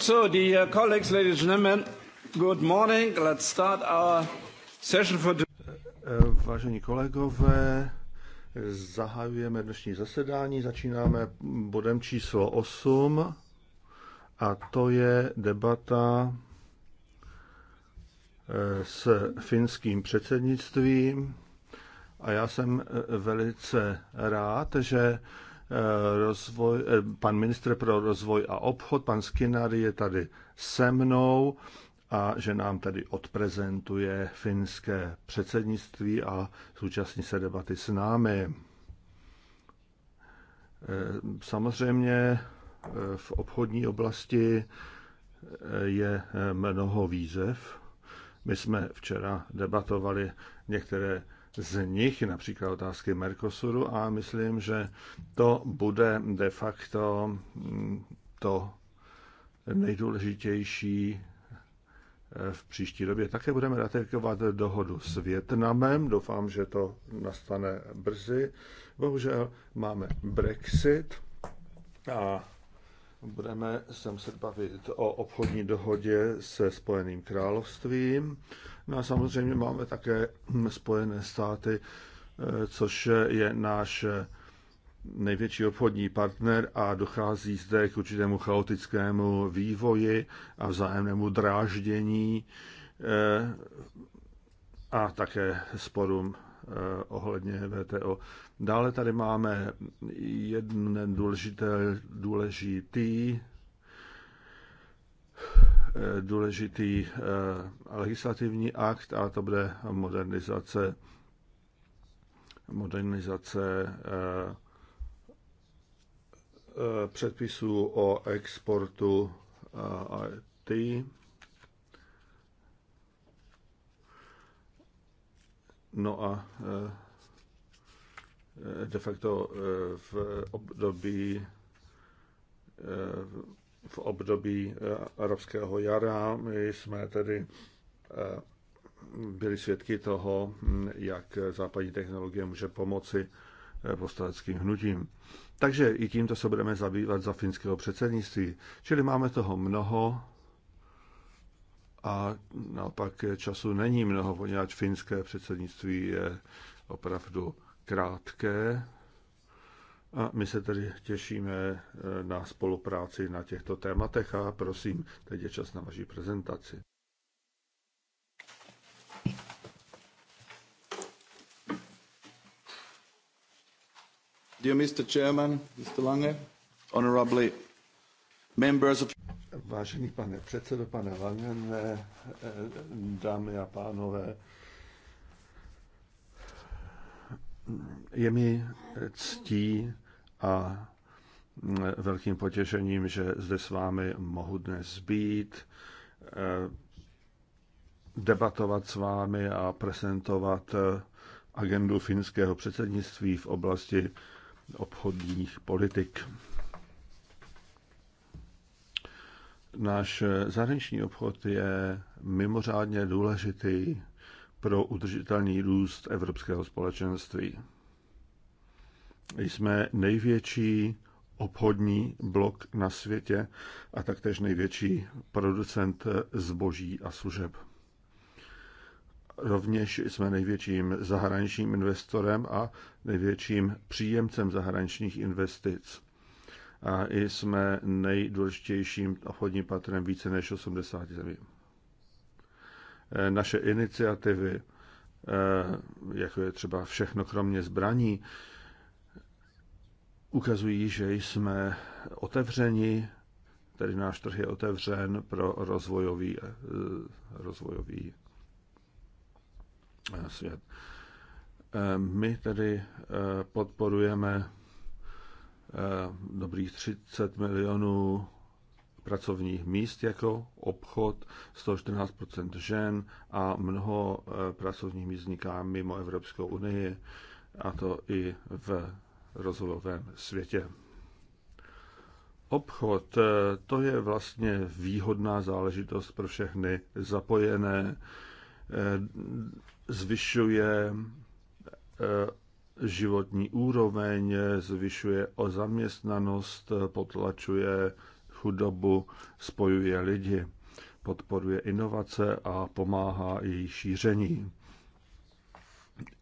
So, dear colleagues, ladies and gentlemen, good morning. Let's start our session for today. Vážení kolegové, zahajujeme dnešní zasedání. Začínáme bodem číslo 8 a to je debata eh, s finským předsednictvím. A já jsem eh, velice rád, že rozvoj, eh, pan ministr pro rozvoj a obchod, pan Skinner je tady se mnou a že nám tady odprezentuje finské předsednictví a zúčastní se debaty s námi. Eh, samozřejmě eh, v obchodní oblasti je mnoho výzev. My jsme včera debatovali některé z nich, například otázky Mercosuru, a myslím, že to bude de facto mm, to nejdůležitější eh, v příští době. Také budeme ratifikovat dohodu s Větnamem. Doufám, že to nastane brzy. Bohužel máme Brexit a budeme sem se bavit o obchodní dohodě se Spojeným královstvím No a samozřejmě máme také Spojené státy, eh, což je náš eh, největší obchodní partner a dochází zde k určitému chaotickému vývoji a vzájemnému dráždění eh, a také sporům ohledně VTO. Dále tady máme jeden důležitý, důležitý Eh, důležitý eh, legislativní akt a to bude modernizace modernizace eh, předpisů o exportu IT. No a de facto v období v období eh, arabského jara. My jsme tedy eh, byli svědky toho, hm, jak západní technologie může pomoci eh, postaleckým hnutím. Takže i tímto se budeme zabývat za finského předsednictví. Čili máme toho mnoho a naopak času není mnoho, poněvadž finské předsednictví je opravdu krátké, a my se tedy těšíme eh, na spolupráci na těchto tématech a prosím, teď je čas na vaší prezentaci. Dear Mr. Chairman, Mr. Lange, honorably members of... Vážený pane předsedo, pane Lange, eh, eh, dámy a pánové, je mi ctí a velkým potěšením, že zde s vámi mohu dnes být, eh, debatovat s vámi a prezentovat eh, agendu finského předsednictví v oblasti obchodních politik. Náš eh, zahraniční obchod je mimořádně důležitý pro udržitelný růst Evropského společenství. Jsme největší obchodní blok na světě a taktéž největší producent zboží a služeb. Rovněž jsme největším zahraničním investorem a největším příjemcem zahraničních investic. A jsme nejdůležitějším obchodním patrem více než 80 zemí. Eh, naše iniciativy, eh, jako je třeba všechno kromě zbraní, ukazují, že jsme otevřeni, tedy náš trh je otevřen pro rozvojový, eh, rozvojový svět. My tedy podporujeme dobrých 30 milionů pracovních míst jako obchod, 114 žen a mnoho e, pracovních míst vzniká mimo Evropskou unii, a to i v rozvojovém světě. Obchod e, to je vlastně výhodná záležitost pro všechny zapojené, e, zvyšuje životní úroveň, zvyšuje o zaměstnanost, potlačuje chudobu, spojuje lidi, podporuje inovace a pomáhá její šíření.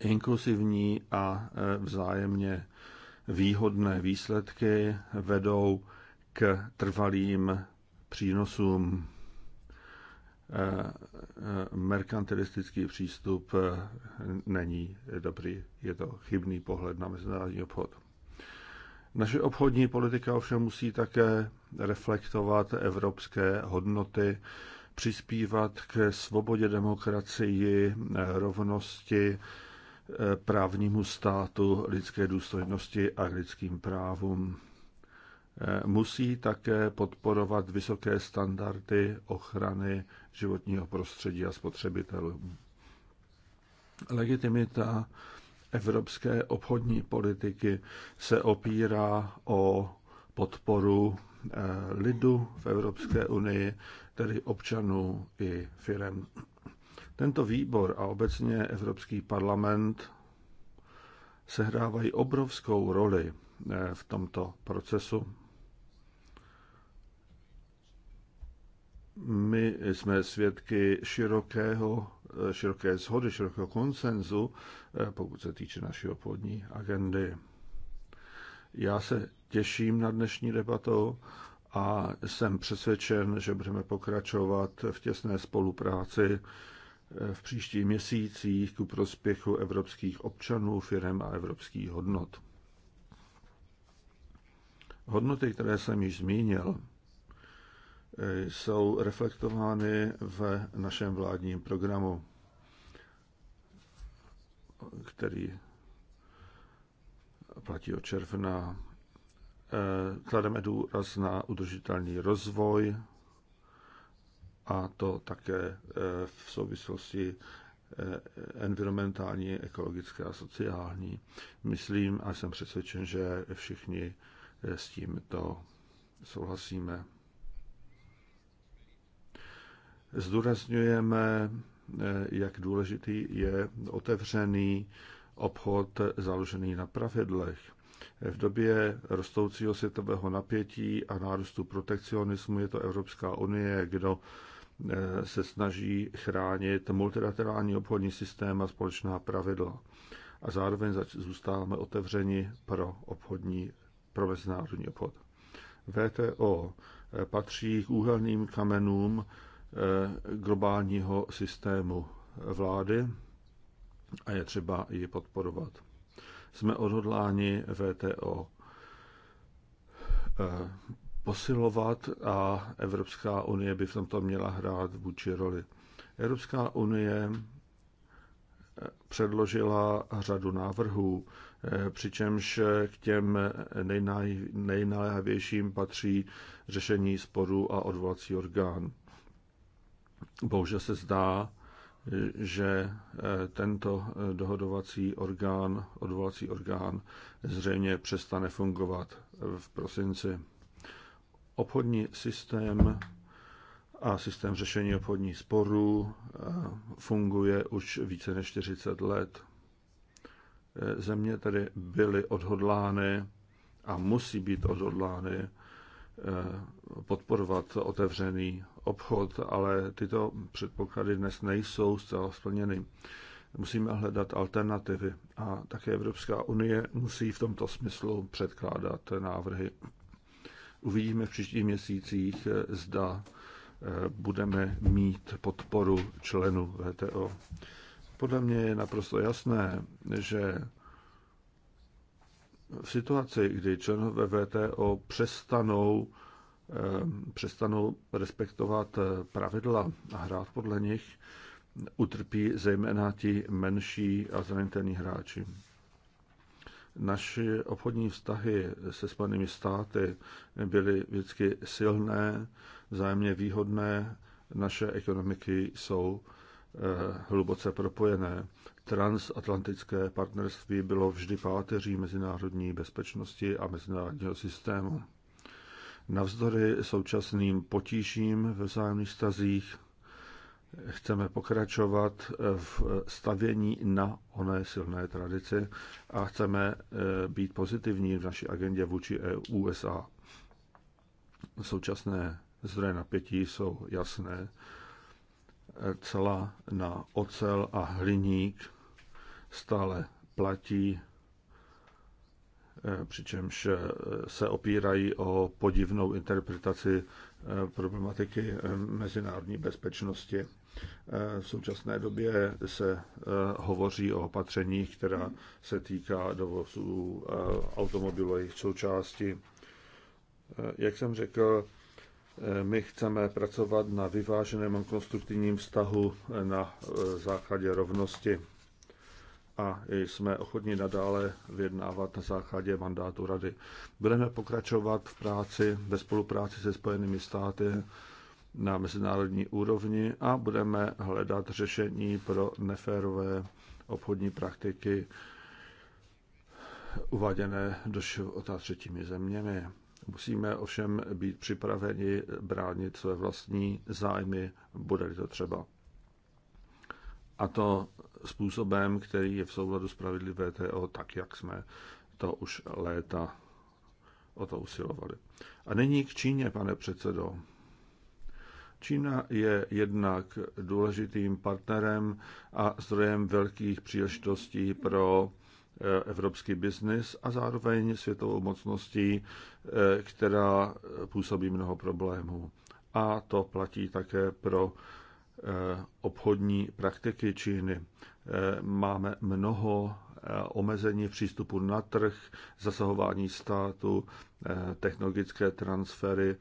Inkluzivní a e, vzájemně výhodné výsledky vedou k trvalým přínosům. E, e, merkantilistický přístup není dobrý, je to chybný pohled na mezinárodní obchod. Naše obchodní politika ovšem musí také reflektovat evropské hodnoty, přispívat k svobodě demokracii, rovnosti, právnímu státu, lidské důstojnosti a lidským právům. Musí také podporovat vysoké standardy ochrany životního prostředí a spotřebitelů. Legitimita evropské obchodní politiky se opírá o podporu eh, lidu v Evropské unii, tedy občanů i firem. Tento výbor a obecně Evropský parlament sehrávají obrovskou roli eh, v tomto procesu. My jsme svědky širokého, široké shody, širokého konsenzu, eh, pokud se týče naší obchodní agendy. Já se těším na dnešní debatu a jsem přesvědčen, že budeme pokračovat v těsné spolupráci eh, v příštích měsících ku prospěchu evropských občanů, firm a evropských hodnot. Hodnoty, které jsem již zmínil, jsou reflektovány v našem vládním programu, který platí od června. Eh, klademe důraz na udržitelný rozvoj a to také eh, v souvislosti eh, environmentální, ekologické a sociální. Myslím a jsem přesvědčen, že všichni s tímto souhlasíme zdůrazňujeme, eh, jak důležitý je otevřený obchod založený na pravidlech. V době rostoucího světového napětí a nárůstu protekcionismu je to Evropská unie, kdo eh, se snaží chránit multilaterální obchodní systém a společná pravidla. A zároveň zůstáváme otevřeni pro obchodní, pro mezinárodní obchod. VTO eh, patří k úhelným kamenům Eh, globálního systému vlády a je třeba ji podporovat. Jsme odhodláni VTO eh, posilovat a Evropská unie by v tomto měla hrát vůči roli. Evropská unie eh, předložila řadu návrhů, přičemž k těm nejnáhavějším patří řešení sporů a odvolací orgán. Bohužel se zdá, že eh, tento eh, dohodovací orgán, odvolací orgán, zřejmě přestane fungovat eh, v prosinci. Obchodní systém a systém řešení obchodních sporů funguje už více než 40 let. Země tedy byly odhodlány a musí být odhodlány Eh, podporovat otevřený obchod, ale tyto předpoklady dnes nejsou zcela splněny. Musíme hledat alternativy a také Evropská unie musí v tomto smyslu předkládat návrhy. Uvidíme v příštích měsících, eh, zda eh, budeme mít podporu členů VTO. Podle mě je naprosto jasné, že v situaci, kdy členové VTO přestanou, přestanou respektovat eh, pravidla a hrát podle nich, utrpí zejména ti menší a zranitelní hráči. Naše obchodní vztahy se Spojenými státy byly vždycky silné, vzájemně výhodné, naše ekonomiky jsou Eh, hluboce propojené. Transatlantické partnerství bylo vždy páteří mezinárodní bezpečnosti a mezinárodního systému. Navzdory současným potížím ve vzájemných stazích chceme pokračovat v stavění na oné silné tradici a chceme eh, být pozitivní v naší agendě vůči e USA. Současné zdroje napětí jsou jasné cela na ocel a hliník stále platí, e, přičemž e, se opírají o podivnou interpretaci e, problematiky mezinárodní bezpečnosti. V současné době se hovoří o opatřeních, která se týká dovozu automobilových součástí. Jak jsem řekl, my chceme pracovat na vyváženém a konstruktivním vztahu na e, základě rovnosti a jsme ochotni nadále vyjednávat na základě mandátu Rady. Budeme pokračovat v práci, ve spolupráci se Spojenými státy na mezinárodní úrovni a budeme hledat řešení pro neférové obchodní praktiky uváděné do života třetími zeměmi. Musíme ovšem být připraveni bránit své vlastní zájmy, bude-li to třeba. A to způsobem, který je v souladu s pravidly VTO, tak jak jsme to už léta o to usilovali. A nyní k Číně, pane předsedo. Čína je jednak důležitým partnerem a zdrojem velkých příležitostí pro Eh, evropský biznis a zároveň světovou mocností, eh, která působí mnoho problémů. A to platí také pro eh, obchodní praktiky Číny. Máme mnoho omezení v přístupu na trh, zasahování státu, technologické transfery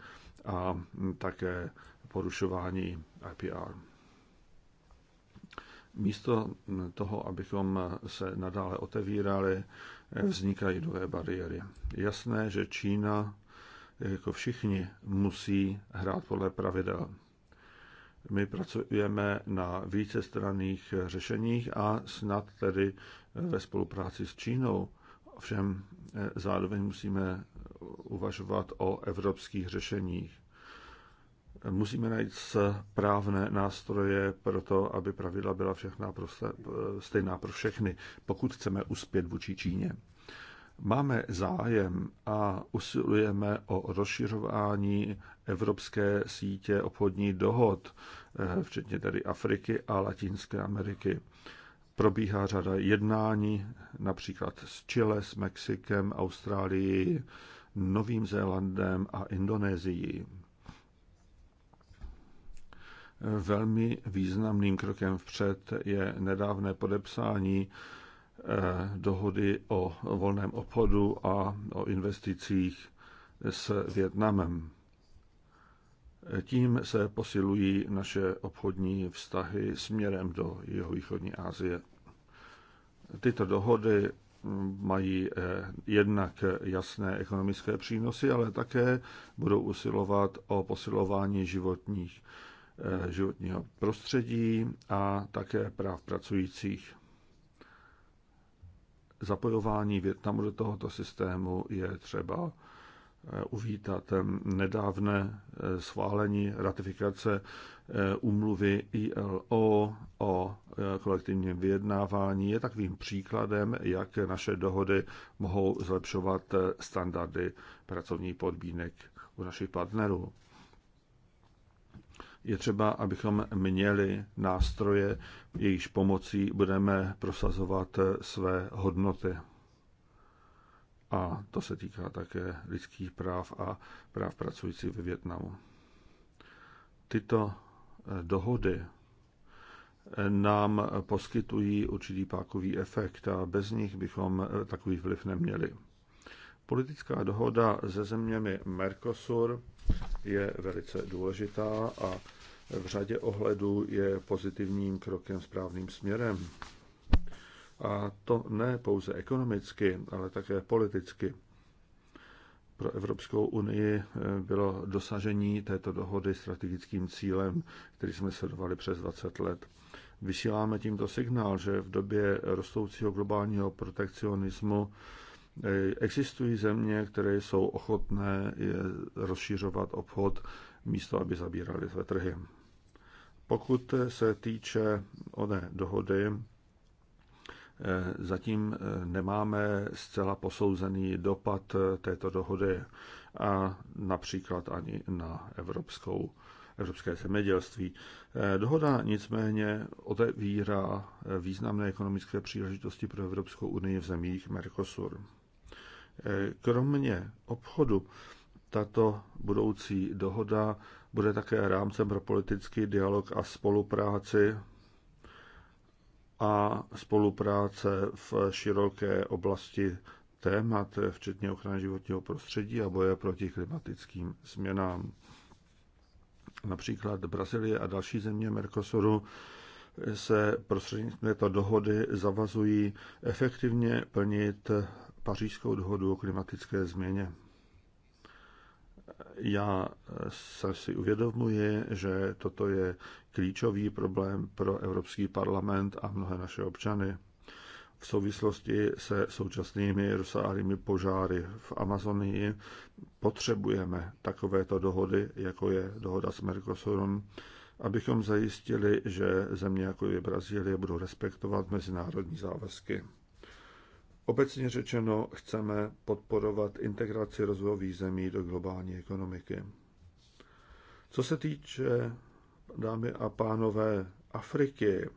a také porušování IPR místo toho, abychom se nadále otevírali, vznikají nové bariéry. Jasné, že Čína, jako všichni, musí hrát podle pravidel. My pracujeme na vícestranných řešeních a snad tedy ve spolupráci s Čínou. Ovšem eh, zároveň musíme uvažovat o evropských řešeních. Musíme najít správné nástroje pro to, aby pravidla byla všechna pro se, stejná pro všechny, pokud chceme uspět vůči Číně. Máme zájem a usilujeme o rozšiřování evropské sítě obchodní dohod, eh, včetně tedy Afriky a Latinské Ameriky. Probíhá řada jednání, například s Chile, s Mexikem, Austrálií, Novým Zélandem a Indonésií. Velmi významným krokem vpřed je nedávné podepsání eh, dohody o volném obchodu a o investicích s Větnamem. Tím se posilují naše obchodní vztahy směrem do jihovýchodní Asie. Tyto dohody mají eh, jednak jasné ekonomické přínosy, ale také budou usilovat o posilování životních Eh, životního prostředí a také práv pracujících. Zapojování Větnamu do tohoto systému je třeba eh, uvítat nedávné eh, schválení ratifikace umluvy ILO o kolektivním vyjednávání je takovým příkladem, jak naše dohody mohou zlepšovat standardy pracovních podmínek u našich partnerů je třeba, abychom měli nástroje, jejichž pomocí budeme prosazovat své hodnoty. A to se týká také lidských práv a práv pracujících ve Větnamu. Tyto eh, dohody eh, nám poskytují určitý pákový efekt a bez nich bychom eh, takový vliv neměli. Politická dohoda se zeměmi Mercosur je velice důležitá a v řadě ohledů je pozitivním krokem správným směrem. A to ne pouze ekonomicky, ale také politicky. Pro Evropskou unii bylo dosažení této dohody strategickým cílem, který jsme sledovali přes 20 let. Vysíláme tímto signál, že v době rostoucího globálního protekcionismu existují země, které jsou ochotné rozšířovat obchod místo, aby zabírali své trhy. Pokud se týče oné dohody, eh, zatím eh, nemáme zcela posouzený dopad eh, této dohody a například ani na evropskou, evropské zemědělství. Dohoda nicméně otevírá významné ekonomické příležitosti pro Evropskou unii v zemích Mercosur. Kromě obchodu tato budoucí dohoda bude také rámcem pro politický dialog a spolupráci a spolupráce v široké oblasti témat, včetně ochrany životního prostředí a boje proti klimatickým změnám. Například Brazílie a další země Mercosuru se prostřednictvím této dohody zavazují efektivně plnit pařížskou dohodu o klimatické změně já eh, se si uvědomuji, že toto je klíčový problém pro Evropský parlament a mnohé naše občany. V souvislosti se současnými rozsáhlými požáry v Amazonii potřebujeme takovéto dohody, jako je dohoda s Mercosurem, abychom zajistili, že země jako je Brazílie budou respektovat mezinárodní závazky. Obecně řečeno chceme podporovat integraci rozvojových zemí do globální ekonomiky. Co se týče, dámy a pánové, Afriky,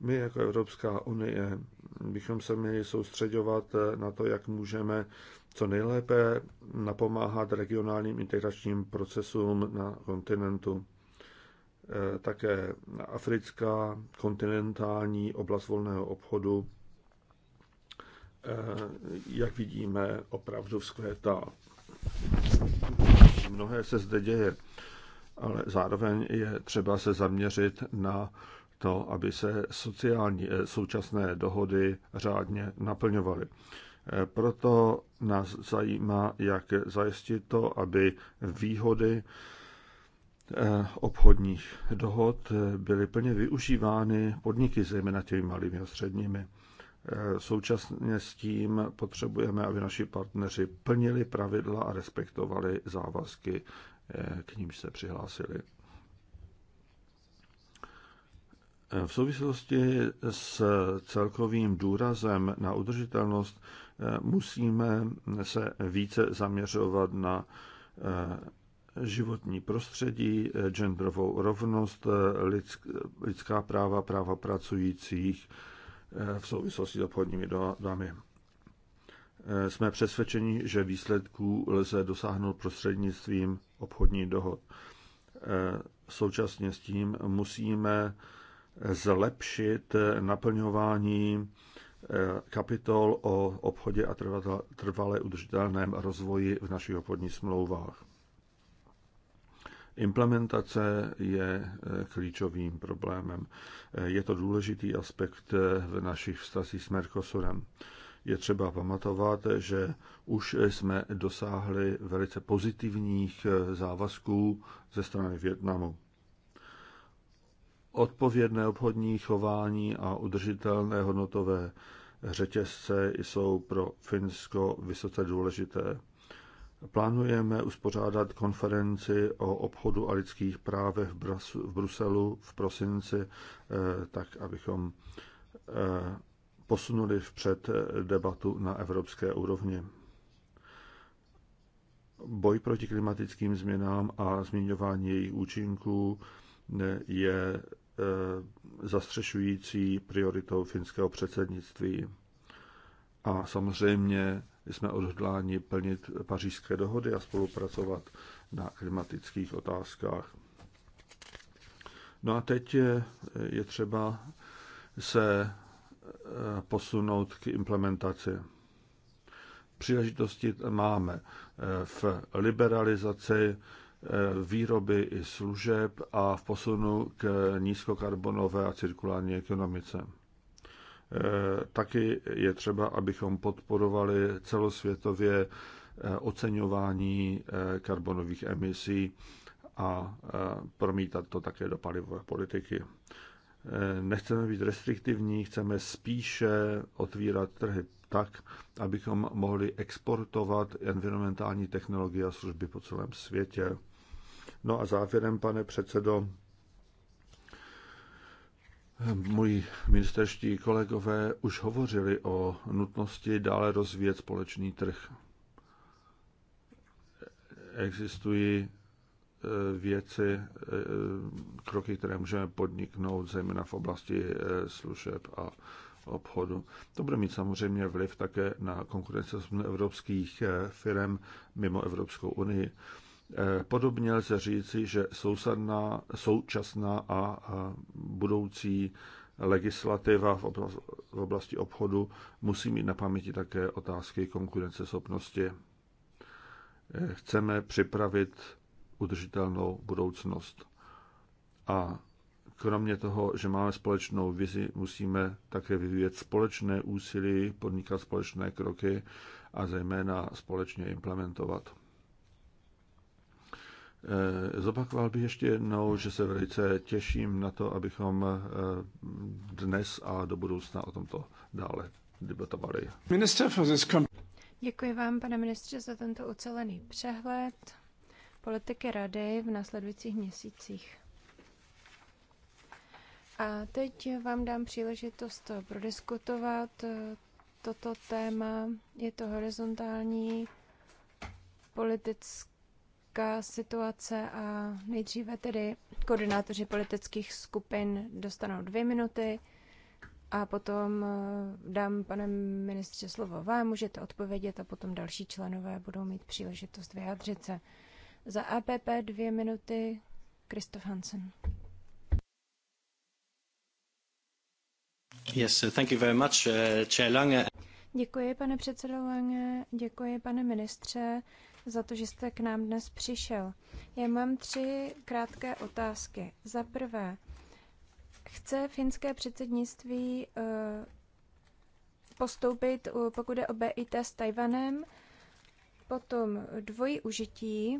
my jako Evropská unie bychom se měli soustředovat na to, jak můžeme co nejlépe napomáhat regionálním integračním procesům na kontinentu. Eh, také africká kontinentální oblast volného obchodu, eh, jak vidíme, opravdu vzkvétá. Mnohé se zde děje, ale zároveň je třeba se zaměřit na to, aby se sociální, eh, současné dohody řádně naplňovaly. Proto nás zajímá, jak zajistit to, aby výhody Eh, obchodních dohod eh, byly plně využívány podniky, zejména těmi malými a středními. Eh, současně s tím potřebujeme, aby naši partneři plnili pravidla a respektovali závazky, k nímž se přihlásili. V souvislosti s celkovým důrazem na udržitelnost musíme se více zaměřovat na životní prostředí, eh, genderovou rovnost, eh, lidská práva, práva pracujících eh, v souvislosti s obchodními dohodami. Jsme přesvědčeni, že výsledků lze dosáhnout prostřednictvím obchodních dohod. Současně s tím musíme zlepšit naplňování kapitol o obchodě a trvalé udržitelném rozvoji v našich obchodních smlouvách. Implementace je eh, klíčovým problémem. Eh, je to důležitý aspekt eh, v našich vztazích s Mercosurem. Je třeba pamatovat, že už jsme dosáhli velice pozitivních závazků ze strany Větnamu. Odpovědné obchodní chování a udržitelné hodnotové řetězce jsou pro Finsko vysoce důležité. Plánujeme uspořádat konferenci o obchodu a lidských právech v Bruselu v prosinci, eh, tak abychom eh, posunuli vpřed eh, debatu na evropské úrovni. Boj proti klimatickým změnám a zmiňování jejich účinků je zastřešující prioritou finského předsednictví. A samozřejmě my jsme odhodláni plnit pařížské dohody a spolupracovat na klimatických otázkách. No a teď je, je třeba se eh, posunout k implementaci. Příležitosti máme eh, v liberalizaci eh, výroby i služeb a v posunu k nízkokarbonové a cirkulární ekonomice. Eh, taky je třeba, abychom podporovali celosvětově eh, oceňování eh, karbonových emisí a promítat to také do palivové politiky. Nechceme být restriktivní, chceme spíše otvírat trhy tak, abychom mohli exportovat environmentální technologie a služby po celém světě. No a závěrem, pane předsedo, Moji ministerští kolegové už hovořili o nutnosti dále rozvíjet společný trh. Existují e, věci, e, kroky, které můžeme podniknout, zejména v oblasti e, služeb a obchodu. To bude mít samozřejmě vliv také na konkurence evropských firm mimo Evropskou unii. Eh, podobně lze říci, že sousadná, současná a budoucí legislativa v oblasti obchodu musí mít na paměti také otázky konkurenceschopnosti. Eh, chceme připravit udržitelnou budoucnost. A kromě toho, že máme společnou vizi, musíme také vyvíjet společné úsilí, podnikat společné kroky a zejména společně implementovat. Eh, zopakoval bych ještě jednou, že se velice těším na to, abychom eh, dnes a do budoucna o tomto dále debatovali. Děkuji vám, pane ministře, za tento ucelený přehled politiky rady v následujících měsících. A teď vám dám příležitost prodiskutovat eh, toto téma. Je to horizontální politický politická situace a nejdříve tedy koordinátoři politických skupin dostanou dvě minuty a potom eh, dám, pane ministře, slovo vám, můžete odpovědět a potom další členové budou mít příležitost vyjádřit se. Za APP dvě minuty, Kristof Hansen. Yes, thank you very much, uh, Chair Lange. Děkuji, pane předsedo Lange, děkuji, pane ministře, za to, že jste k nám dnes přišel. Já mám tři krátké otázky. Za prvé, chce finské předsednictví eh, postoupit, eh, pokud je o BIT s Tajvanem, potom dvojí užití.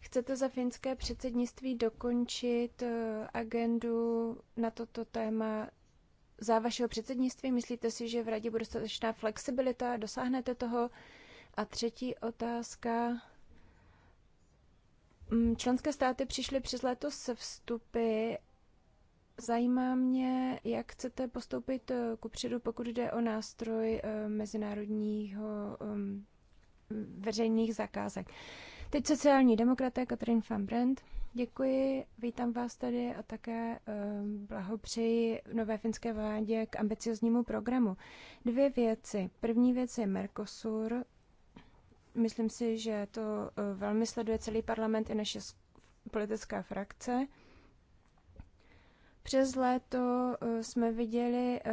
Chcete za finské předsednictví dokončit eh, agendu na toto téma za vašeho předsednictví? Myslíte si, že v radě bude dostatečná flexibilita? Dosáhnete toho? A třetí otázka. Mm, členské státy přišly přes léto se vstupy. Zajímá mě, jak chcete postoupit eh, kupředu, pokud jde o nástroj eh, mezinárodního mm, veřejných zakázek. Teď sociální demokraté Katrin van Brandt. Děkuji, vítám vás tady a také eh, blahopřeji nové finské vládě k ambicioznímu programu. Dvě věci. První věc je Mercosur, Myslím si, že to e, velmi sleduje celý parlament i naše politická frakce. Přes léto e, jsme viděli e,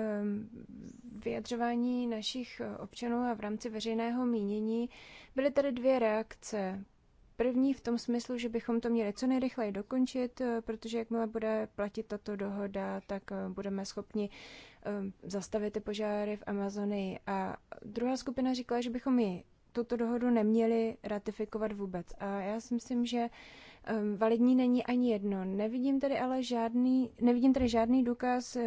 vyjadřování našich občanů a v rámci veřejného mínění byly tady dvě reakce. První v tom smyslu, že bychom to měli co nejrychleji dokončit, protože jakmile bude platit tato dohoda, tak budeme schopni zastavit ty požáry v Amazonii. A druhá skupina říkala, že bychom ji tuto dohodu neměli ratifikovat vůbec. A já si myslím, že um, validní není ani jedno. Nevidím tady ale žádný, nevidím tady žádný důkaz, um,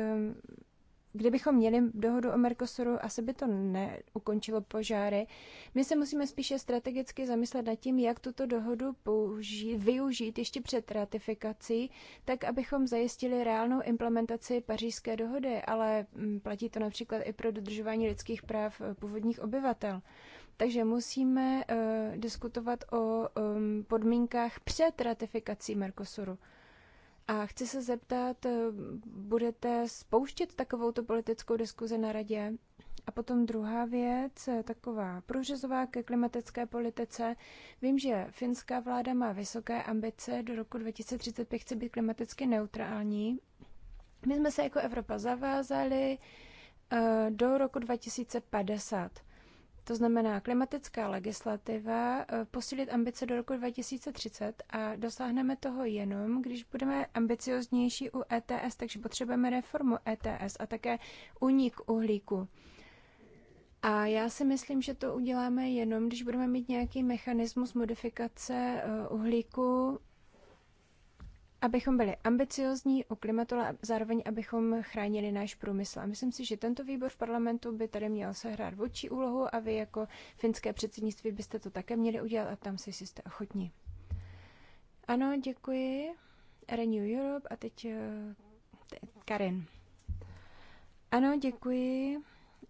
kdybychom měli dohodu o Mercosuru, asi by to neukončilo požáry. My se musíme spíše strategicky zamyslet nad tím, jak tuto dohodu použít, využít ještě před ratifikací, tak abychom zajistili reálnou implementaci pařížské dohody, ale mm, platí to například i pro dodržování lidských práv eh, původních obyvatel. Takže musíme uh, diskutovat o um, podmínkách před ratifikací Mercosuru. A chci se zeptat, eh, budete spouštět takovou politickou diskuzi na radě? A potom druhá věc, eh, taková průřezová ke klimatické politice. Vím, že finská vláda má vysoké ambice, do roku 2035 chce být klimaticky neutrální. My jsme se jako Evropa zavázali do roku 2050. To znamená klimatická legislativa, eh, posílit ambice do roku 2030 a dosáhneme toho jenom, když budeme ambicioznější u ETS, takže potřebujeme reformu ETS a také unik uhlíku. A já si myslím, že to uděláme jenom, když budeme mít nějaký mechanismus modifikace eh, uhlíku abychom byli ambiciozní u klimatu, ale zároveň abychom chránili náš průmysl. A myslím si, že tento výbor v parlamentu by tady měl sehrát vůči úlohu a vy jako finské předsednictví byste to také měli udělat a tam si jste ochotní. Ano, děkuji. Renew Europe a teď eh, Karin. Ano, děkuji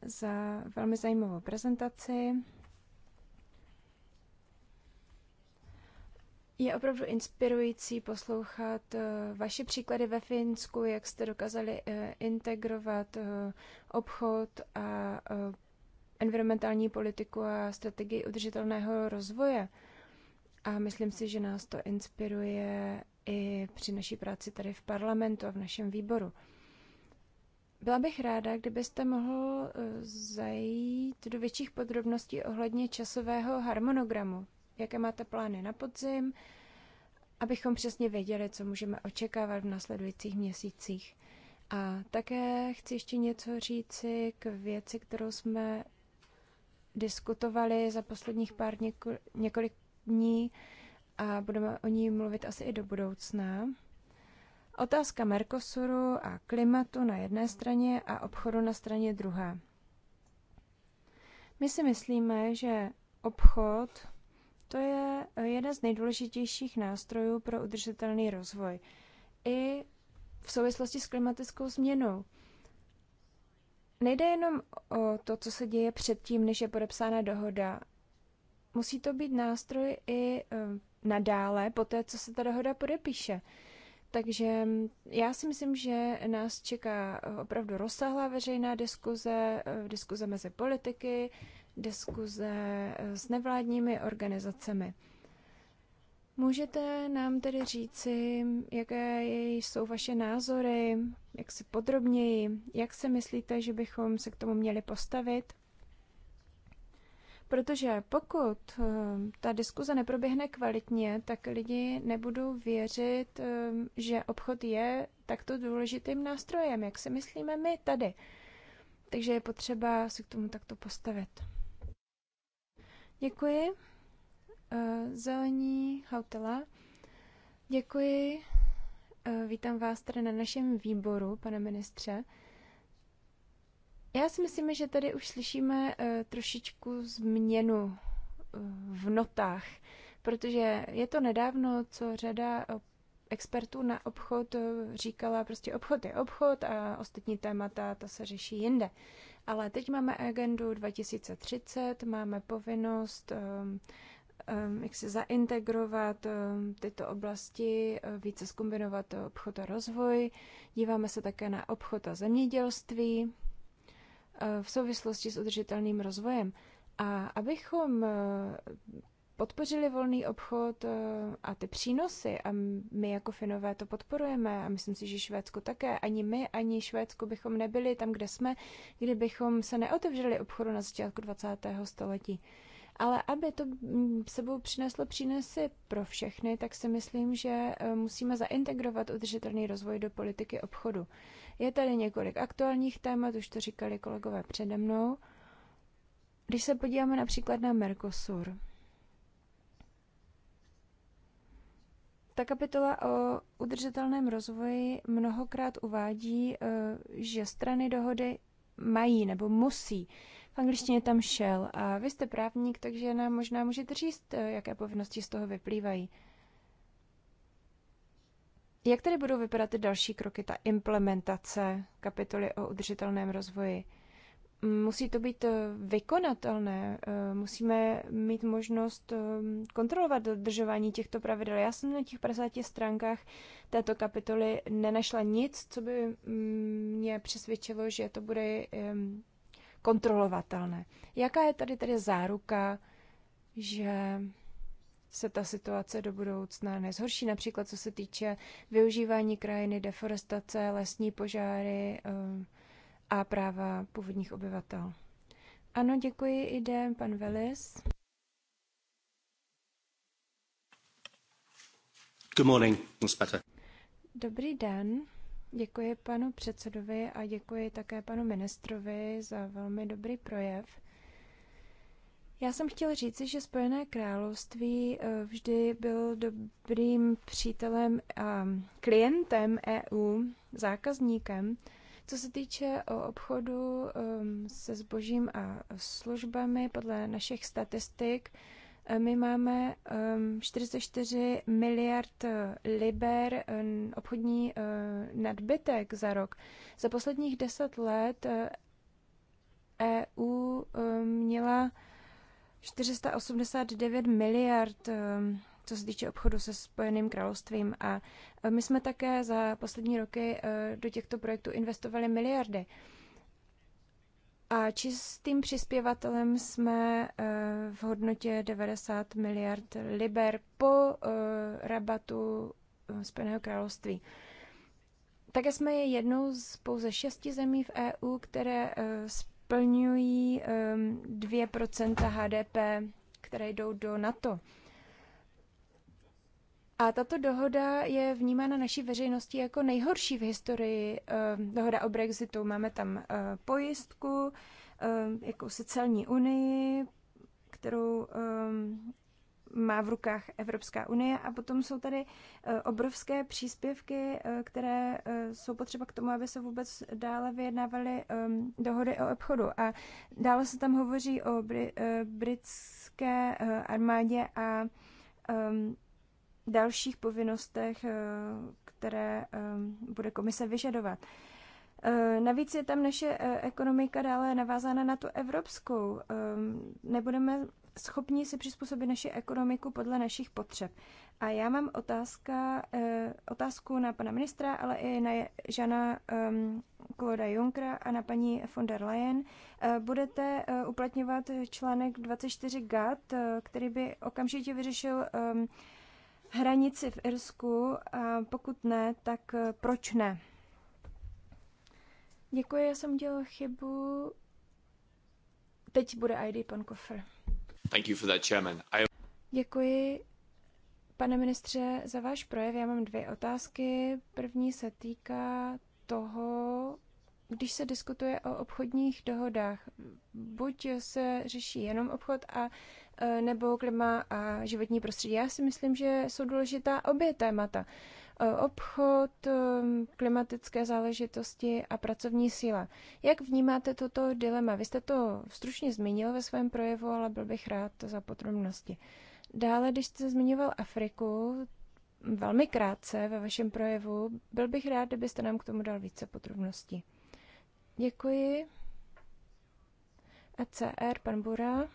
za velmi zajímavou prezentaci. Je opravdu inspirující poslouchat eh, vaše příklady ve Finsku, jak jste dokázali eh, integrovat eh, obchod a environmentální politiku a strategii udržitelného rozvoje. A myslím si, že nás to inspiruje i při naší práci tady v parlamentu a v našem výboru. Byla bych ráda, kdybyste mohl zajít do větších podrobností ohledně časového harmonogramu jaké máte plány na podzim, abychom přesně věděli, co můžeme očekávat v následujících měsících. A také chci ještě něco říci k věci, kterou jsme diskutovali za posledních pár něko- několik dní a budeme o ní mluvit asi i do budoucna. Otázka Mercosuru a klimatu na jedné straně a obchodu na straně druhé. My si myslíme, že obchod to je jeden z nejdůležitějších nástrojů pro udržitelný rozvoj. I v souvislosti s klimatickou změnou. Nejde jenom o to, co se děje předtím, než je podepsána dohoda. Musí to být nástroj i ehm, nadále, po té, co se ta dohoda podepíše. Takže ehm, já si myslím, že nás čeká eh, opravdu rozsáhlá veřejná diskuze, eh, diskuze mezi politiky, diskuze eh, s nevládními organizacemi. Můžete nám tedy říci, jaké jsou vaše názory, jak si podrobněji, jak se myslíte, že bychom se k tomu měli postavit? Protože pokud eh, ta diskuze neproběhne kvalitně, tak lidi nebudou věřit, eh, že obchod je takto důležitým nástrojem, jak si myslíme my tady. Takže je potřeba se k tomu takto postavit. Děkuji. Eh, zelení Hautela. Děkuji. Eh, vítám vás tady na našem výboru, pane ministře. Já si myslím, že tady už slyšíme eh, trošičku změnu v notách, protože je to nedávno, co řada expertů na obchod říkala, prostě obchod je obchod a ostatní témata, to se řeší jinde. Ale teď máme agendu 2030, máme povinnost um, um, jak se zaintegrovat um, tyto oblasti, eh, více zkombinovat obchod a rozvoj. Díváme se také na obchod a zemědělství eh, v souvislosti s udržitelným rozvojem. A abychom eh, podpořili volný obchod eh, a ty přínosy a my jako Finové to podporujeme a myslím si, že Švédsko také. Ani my, ani Švédsko bychom nebyli tam, kde jsme, kdybychom se neotevřeli obchodu na začátku 20. století. Ale aby to sebou přineslo přínosy pro všechny, tak si myslím, že eh, musíme zaintegrovat udržitelný rozvoj do politiky obchodu. Je tady několik aktuálních témat, už to říkali kolegové přede mnou. Když se podíváme například na Mercosur, Ta kapitola o udržitelném rozvoji mnohokrát uvádí, eh, že strany dohody mají nebo musí. V angličtině tam šel a vy jste právník, takže nám možná můžete říct, eh, jaké povinnosti z toho vyplývají. Jak tedy budou vypadat ty další kroky, ta implementace kapitoly o udržitelném rozvoji? musí to být eh, vykonatelné, eh, musíme mít možnost eh, kontrolovat dodržování těchto pravidel. Já jsem na těch 50 stránkách této kapitoly nenašla nic, co by mm, mě přesvědčilo, že to bude kontrolovatelné. Jaká je tady tedy záruka, že se ta situace do budoucna nezhorší, například co se týče využívání krajiny, deforestace, lesní požáry, a práva původních obyvatel. Ano, děkuji, jde pan Velis. Good morning, Dobrý den. Děkuji panu předsedovi a děkuji také panu ministrovi za velmi dobrý projev. Já jsem chtěl říci, že Spojené království eh, vždy byl dobrým přítelem a klientem EU, zákazníkem, co se týče o obchodu um, se zbožím a službami, podle našich statistik, eh, my máme 44 um, miliard eh, liber eh, obchodní nadbytek za rok. Za posledních 10 let EU e měla 489 miliard co se týče obchodu se Spojeným královstvím. A e, my jsme také za poslední roky e, do těchto projektů investovali miliardy. A čistým přispěvatelem jsme e, v hodnotě 90 miliard liber po rabatu Spojeného království. Také jsme je jednou z pouze šesti zemí v EU, které splňují 2% HDP, které jdou do NATO. A tato dohoda je vnímána naší veřejností jako nejhorší v historii ehm, dohoda o Brexitu. Máme tam eh, pojistku, ehm, jako celní unii, kterou ehm, má v rukách Evropská unie a potom jsou tady eh, obrovské příspěvky, eh, které jsou potřeba k tomu, aby se vůbec dále vyjednávaly dohody o obchodu. A dále se tam hovoří o britské armádě a dalších povinnostech, eh, které eh, bude komise vyžadovat. Eh, navíc je tam naše ekonomika dále navázána na tu evropskou. Nebudeme schopni si přizpůsobit naši ekonomiku podle našich potřeb. A já mám otázka, otázku na pana ministra, ale i na Žana Kloda Junkra a na paní von der Leyen. Budete uplatňovat článek 24 GAT, který by okamžitě vyřešil hranici v Irsku? A pokud ne, tak e, proč ne? Děkuji, já jsem udělal chybu. Teď bude ID pan Kofr. Thank you for that, chairman. I... Děkuji, pane ministře, za váš projev. Já mám dvě otázky. První se týká toho, když se diskutuje o obchodních dohodách, buď se řeší jenom obchod a e, nebo klima a životní prostředí. Já si myslím, že jsou důležitá obě témata. E, obchod, e, klimatické záležitosti a pracovní síla. Jak vnímáte toto dilema? Vy jste to stručně zmínil ve svém projevu, ale byl bych rád za podrobnosti. Dále, když jste zmiňoval Afriku, velmi krátce ve vašem projevu, byl bych rád, kdybyste nám k tomu dal více podrobností. Děkuji. ECR, pan Bura.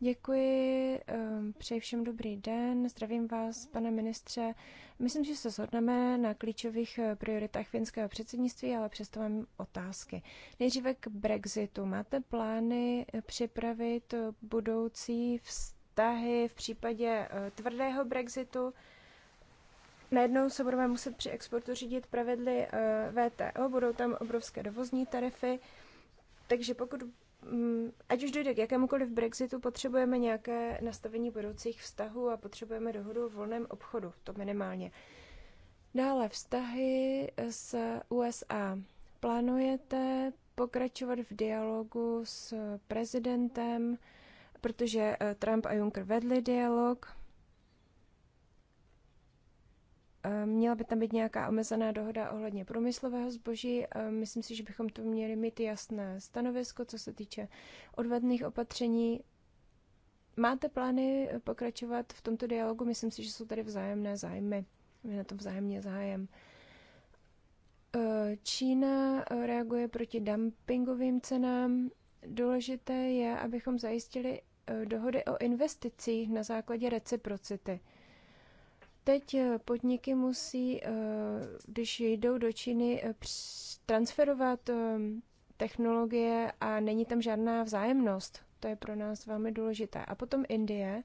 Děkuji, ehm, přeji všem dobrý den, zdravím vás, pane ministře. Myslím, že se shodneme na klíčových eh, prioritách finského předsednictví, ale přesto mám otázky. Nejdříve k Brexitu. Máte plány eh, připravit eh, budoucí vztahy v případě tvrdého Brexitu? Najednou se budeme muset při exportu řídit pravidly eh, VTO, budou tam obrovské dovozní tarify, takže pokud, mm, ať už dojde k jakémukoliv Brexitu, potřebujeme nějaké nastavení budoucích vztahů a potřebujeme dohodu o volném obchodu, to minimálně. Dále vztahy s USA. Plánujete pokračovat v dialogu s prezidentem, protože eh, Trump a Juncker vedli dialog. Eh, měla by tam být nějaká omezená dohoda ohledně průmyslového zboží. Eh, myslím si, že bychom tu měli mít jasné stanovisko, co se týče odvedných opatření. Máte plány eh, pokračovat v tomto dialogu? Myslím si, že jsou tady vzájemné zájmy. Je na tom vzájemně zájem. Čína reaguje proti dumpingovým cenám. Důležité je, abychom zajistili dohody o investicích na základě reciprocity. Teď eh, podniky musí, eh, když jdou do Číny, eh, transferovat technologie a není tam žádná vzájemnost. To je pro nás velmi důležité. A potom Indie.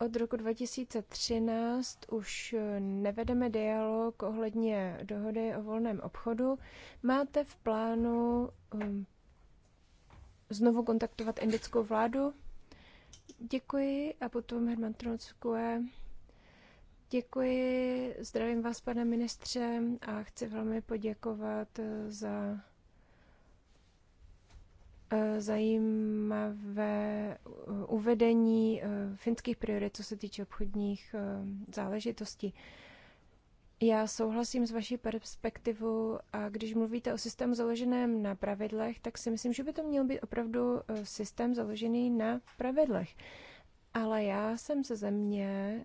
Od roku 2013 už nevedeme dialog ohledně dohody o volném obchodu. Máte v plánu hm, znovu kontaktovat indickou vládu? Děkuji a potom Herman Tronskue. Děkuji, zdravím vás, pane ministře, a chci velmi poděkovat eh, za eh, zajímavé eh, uvedení finských priorit, co se týče obchodních záležitostí. Já souhlasím s vaší perspektivou a když mluvíte o systému založeném na pravidlech, tak si myslím, že by to měl být opravdu systém založený na pravidlech. Ale já jsem ze země,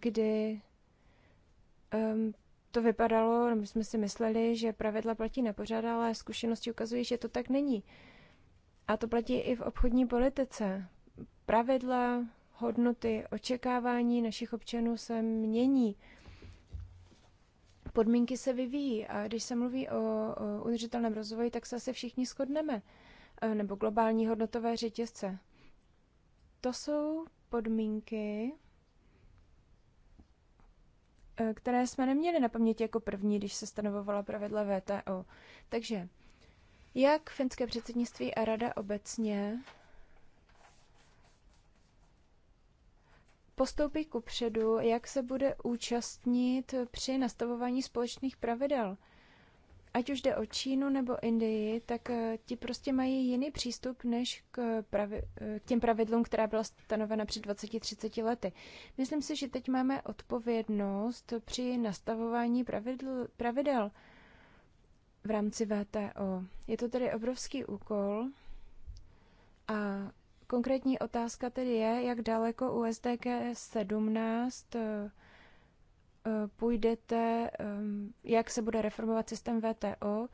kdy um, to vypadalo, my jsme si mysleli, že pravidla platí na pořád, ale zkušenosti ukazují, že to tak není. A to platí i v obchodní politice. Pravidla, hodnoty, očekávání našich občanů se mění. Podmínky se vyvíjí a když se mluví o, o udržitelném rozvoji, tak se asi všichni shodneme. E, nebo globální hodnotové řetězce. To jsou podmínky, Eh, které jsme neměli na paměti jako první, když se stanovovala pravidla VTO. Takže jak finské předsednictví a rada obecně postoupí ku předu, jak se bude účastnit při nastavování společných pravidel – ať už jde o Čínu nebo Indii, tak eh, ti prostě mají jiný přístup než k, pravi, eh, k těm pravidlům, která byla stanovena před 20-30 lety. Myslím si, že teď máme odpovědnost při nastavování pravidl, pravidel v rámci VTO. Je to tedy obrovský úkol a konkrétní otázka tedy je, jak daleko USDG 17 Eh, půjdete, jak se bude reformovat systém VTO,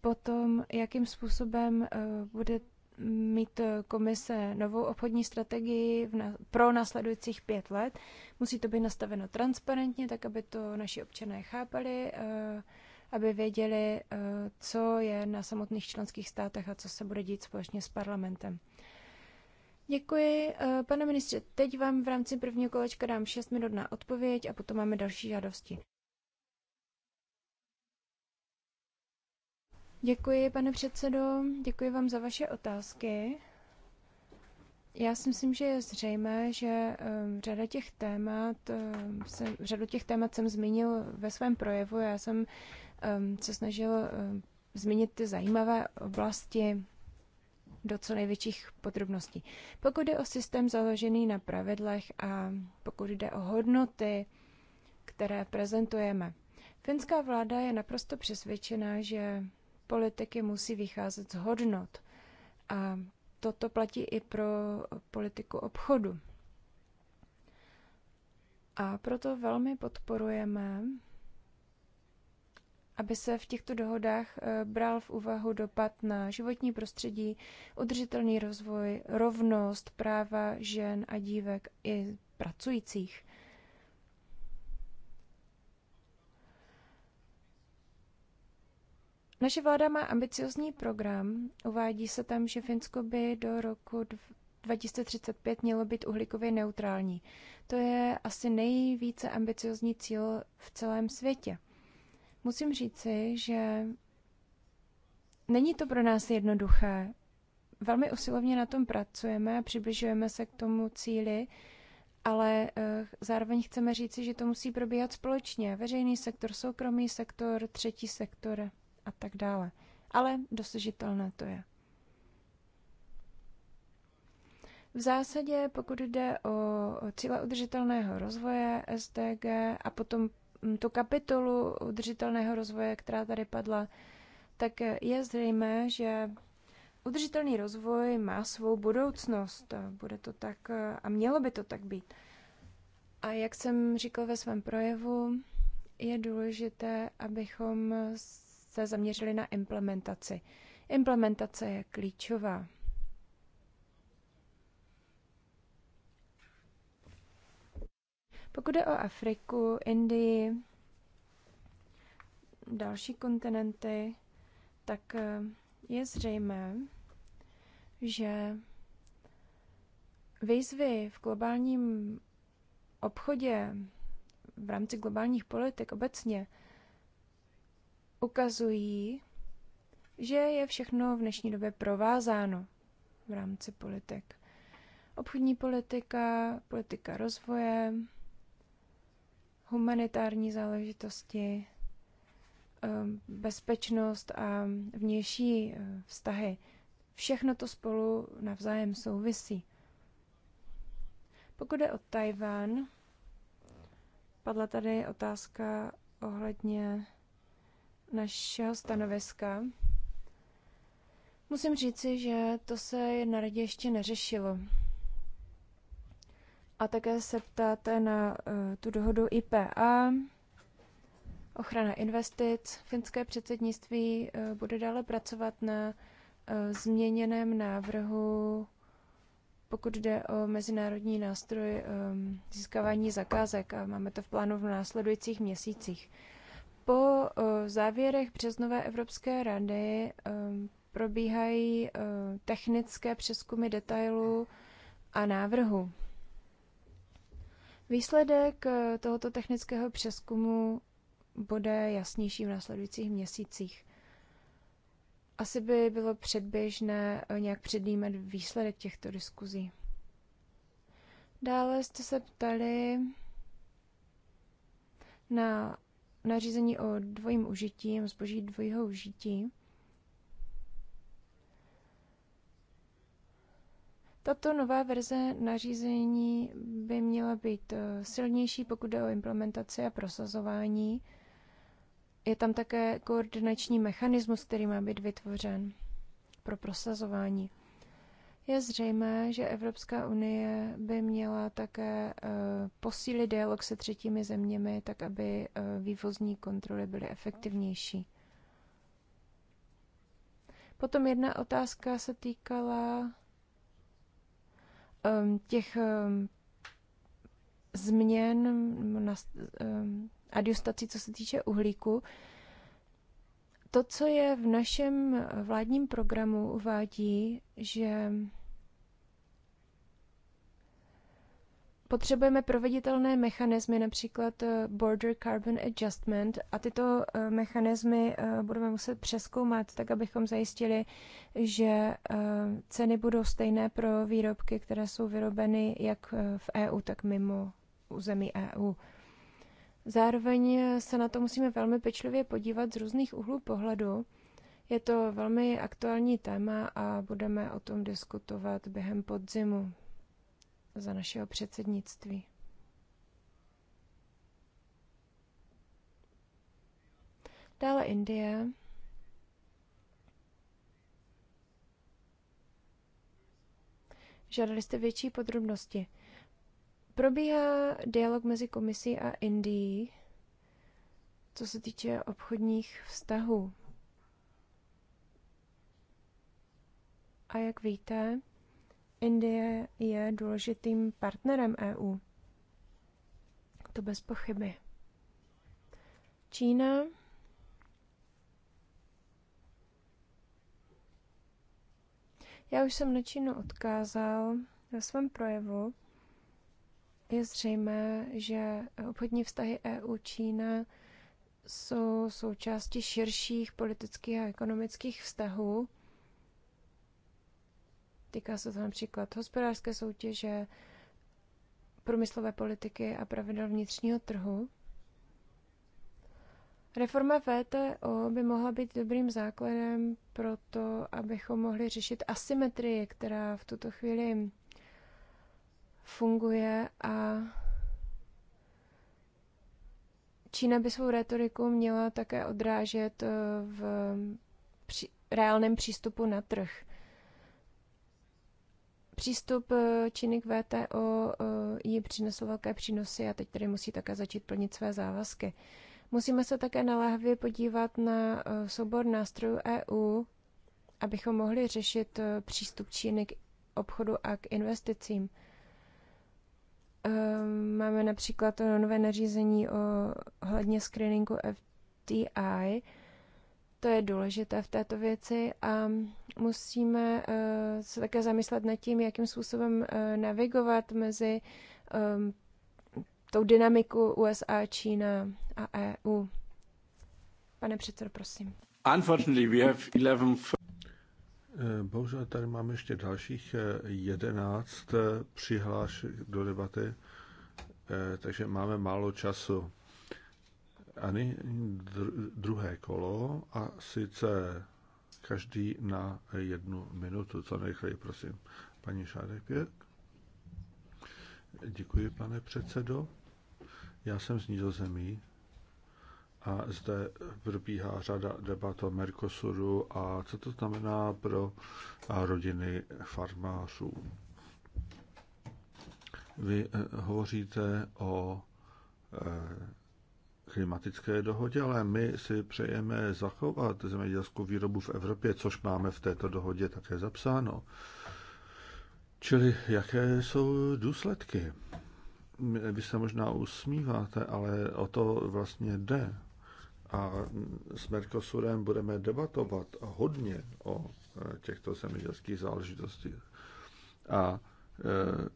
potom, jakým způsobem eh, bude mít komise novou obchodní strategii pro následujících pět let. Musí to být nastaveno transparentně, tak aby to naši občané chápali, eh, aby věděli, co je na samotných členských státech a co se bude dít společně s parlamentem. Děkuji. Eh, pane ministře, teď vám v rámci prvního kolečka dám 6 minut na odpověď a potom máme další žádosti. Děkuji, pane předsedo. Děkuji vám za vaše otázky. Já si myslím, že je zřejmé, že ehm, řada těch témat, ehm, jsem, řadu těch témat jsem zmínil ve svém projevu. Já jsem ehm, se snažil zmínit ty zajímavé oblasti, do co největších podrobností. Pokud jde o systém založený na pravidlech a pokud jde o hodnoty, které prezentujeme, finská vláda je naprosto přesvědčena, že politiky musí vycházet z hodnot. A toto platí i pro politiku obchodu. A proto velmi podporujeme aby se v těchto dohodách eh, bral v úvahu dopad na životní prostředí, udržitelný rozvoj, rovnost, práva žen a dívek i pracujících. Naše vláda má ambiciozní program. Uvádí se tam, že Finsko by do roku 2035 mělo být uhlíkově neutrální. To je asi nejvíce ambiciozní cíl v celém světě. Musím říci, že není to pro nás jednoduché. Velmi usilovně na tom pracujeme a přibližujeme se k tomu cíli, ale eh, zároveň chceme říci, že to musí probíhat společně. Veřejný sektor, soukromý sektor, třetí sektor a tak dále. Ale dosažitelné to je. V zásadě, pokud jde o cíle udržitelného rozvoje SDG a potom Mm, tu kapitolu udržitelného rozvoje, která tady padla, tak je zřejmé, že udržitelný rozvoj má svou budoucnost. Bude to tak a mělo by to tak být. A jak jsem říkal ve svém projevu, je důležité, abychom se zaměřili na implementaci. Implementace je klíčová. Pokud jde o Afriku, Indii, další kontinenty, tak eh, je zřejmé, že výzvy v globálním obchodě v rámci globálních politik obecně ukazují, že je všechno v dnešní době provázáno v rámci politik. Obchodní politika, politika rozvoje, humanitární záležitosti, ehm, bezpečnost a vnější eh, vztahy. Všechno to spolu navzájem souvisí. Pokud je o Tajván, padla tady otázka ohledně našeho stanoviska. Musím říci, že to se na radě ještě neřešilo. A také se ptáte na eh, tu dohodu IPA, ochrana investic. Finské předsednictví eh, bude dále pracovat na eh, změněném návrhu, pokud jde o mezinárodní nástroj získávání zakázek a máme to v plánu v následujících měsících. Po závěrech březnové Evropské rady probíhají technické přeskumy detailů a návrhu. Výsledek eh, tohoto technického přeskumu bude jasnější v následujících měsících. Asi by bylo předběžné eh, nějak předjímat výsledek těchto diskuzí. Dále jste se ptali na nařízení o dvojím užití, zboží dvojího užití. Tato nová verze nařízení by měla být eh, silnější, pokud jde o implementaci a prosazování. Je tam také koordinační mechanismus, který má být vytvořen pro prosazování. Je zřejmé, že Evropská unie by měla také eh, posílit dialog se třetími zeměmi, tak aby eh, vývozní kontroly byly efektivnější. Potom jedna otázka se týkala Ehm, těch ehm, změn, ehm, adjustací, co se týče uhlíku, to, co je v našem eh, vládním programu, uvádí, že Potřebujeme proveditelné mechanismy, například eh, Border Carbon Adjustment, a tyto eh, mechanismy eh, budeme muset přeskoumat, tak abychom zajistili, že ceny budou stejné pro výrobky, které jsou vyrobeny jak v EU, tak mimo území EU. Zároveň se na to musíme velmi pečlivě podívat z různých úhlů pohledu. Je to velmi aktuální téma a budeme o tom diskutovat během podzimu za našeho předsednictví. Dále Indie. Žádali jste větší podrobnosti. Probíhá dialog mezi komisí a Indií, co se týče obchodních vztahů. A jak víte, Indie je důležitým partnerem EU. To bez pochyby. Čína Já už jsem na Čínu odkázal ve svém projevu. Je zřejmé, že obchodní vztahy EU-Čína jsou součástí širších politických a ekonomických vztahů Týká se to například hospodářské soutěže, průmyslové politiky a pravidel vnitřního trhu. Reforma VTO by mohla být dobrým základem pro to, abychom mohli řešit asymetrii, která v tuto chvíli funguje a Čína by svou retoriku měla také odrážet v při, reálném přístupu na trh. Přístup eh, Číny k VTO eh, jí přinesl velké přínosy a teď tedy musí také začít plnit své závazky. Musíme se také naléhavě podívat na eh, soubor nástrojů EU, abychom mohli řešit přístup Číny k obchodu a k investicím. Máme například nové nařízení o hledně screeningu FTI, to je důležité v této věci a musíme eh, se také zamyslet nad tím, jakým způsobem eh, navigovat mezi eh, tou dynamiku USA, Čína a EU. Pane předsedo, prosím. Unfortunately, we have 11... Bohužel tady máme ještě dalších jedenáct přihlášek do debaty, takže máme málo času. A druhé kolo a sice každý na jednu minutu, co nejrychleji, prosím. Paní Šádek pět. Děkuji, pane předsedo. Já jsem z nízozemí a zde probíhá řada debat o Mercosuru a co to znamená pro rodiny farmářů. Vy eh, hovoříte o eh, klimatické dohodě, ale my si přejeme zachovat zemědělskou výrobu v Evropě, což máme v této dohodě také zapsáno. Čili jaké jsou důsledky? Vy se možná usmíváte, ale o to vlastně jde. A s Mercosurem budeme debatovat hodně o eh, těchto zemědělských záležitostech. A eh,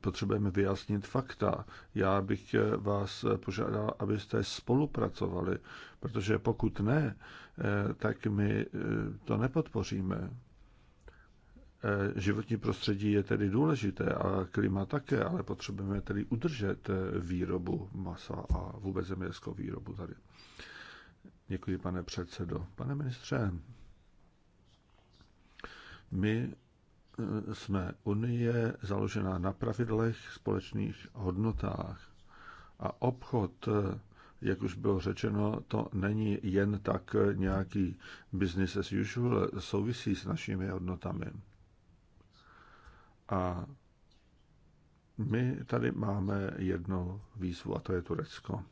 potřebujeme vyjasnit fakta. Já bych vás požádal, abyste spolupracovali, protože pokud ne, eh, tak my eh, to nepodpoříme. Eh, životní prostředí je tedy důležité a klima také, ale potřebujeme tedy udržet výrobu masa a vůbec zemědělskou výrobu tady. Děkuji, pane předsedo. Pane ministře, my jsme Unie založená na pravidlech, společných hodnotách. A obchod, jak už bylo řečeno, to není jen tak nějaký business as usual, souvisí s našimi hodnotami. A my tady máme jednu výzvu, a to je Turecko.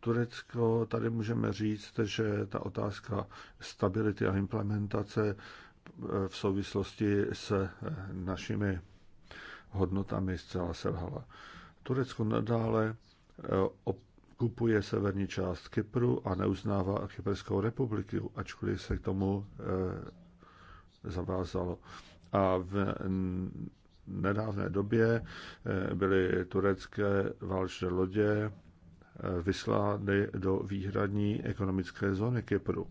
Turecko, tady můžeme říct, že ta otázka stability a implementace eh, v souvislosti s eh, našimi hodnotami zcela selhala. Turecko nadále eh, kupuje severní část Kypru a neuznává Kyperskou republiku, ačkoliv se k tomu zavázalo. A v nedávné době byly turecké válčné lodě vyslány do výhradní ekonomické zóny Kypru.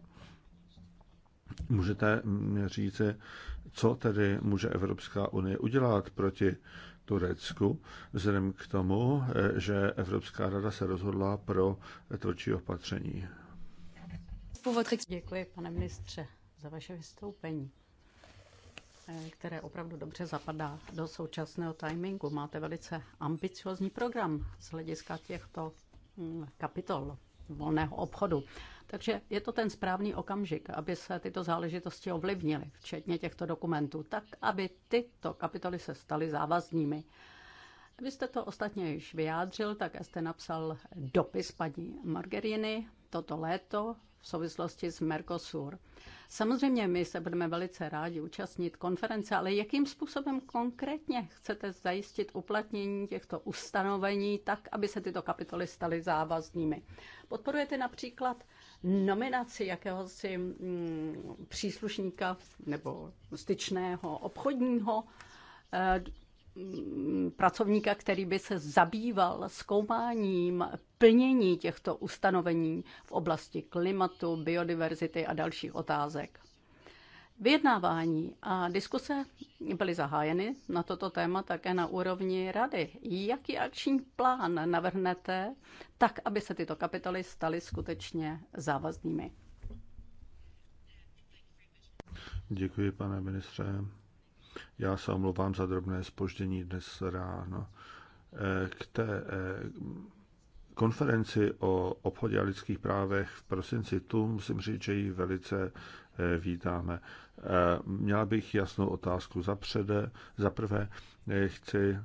Můžete mě říci, co tedy může Evropská unie udělat proti Turecku, vzhledem k tomu, že Evropská rada se rozhodla pro tvrdší opatření. Děkuji, pane ministře, za vaše vystoupení, eh, které opravdu dobře zapadá do současného timingu. Máte velice ambiciozní program z hlediska těchto Mm, kapitol volného obchodu. Takže je to ten správný okamžik, aby se tyto záležitosti ovlivnily, včetně těchto dokumentů, tak aby tyto kapitoly se staly závaznými. Vy jste to ostatně již vyjádřil, tak jste napsal dopis paní Margeriny toto léto v souvislosti s Mercosur. Samozřejmě my se budeme velice rádi účastnit konference, ale jakým způsobem konkrétně chcete zajistit uplatnění těchto ustanovení tak, aby se tyto kapitoly staly závaznými? Podporujete například nominaci jakéhosi mm, příslušníka nebo styčného obchodního eh, Mm, pracovníka, který by se zabýval zkoumáním plnění těchto ustanovení v oblasti klimatu, biodiverzity a dalších otázek. Vyjednávání a diskuse byly zahájeny na toto téma také na úrovni rady. Jaký akční plán navrhnete, tak aby se tyto kapitoly staly skutečně závaznými? Děkuji, pane ministře. Já se omlouvám za drobné spoždění dnes ráno. Eh, k té eh, konferenci o obchodě a lidských právech v prosinci, tu musím říct, že ji velice eh, vítáme. Měla bych jasnou otázku zapřede. Za prvé chci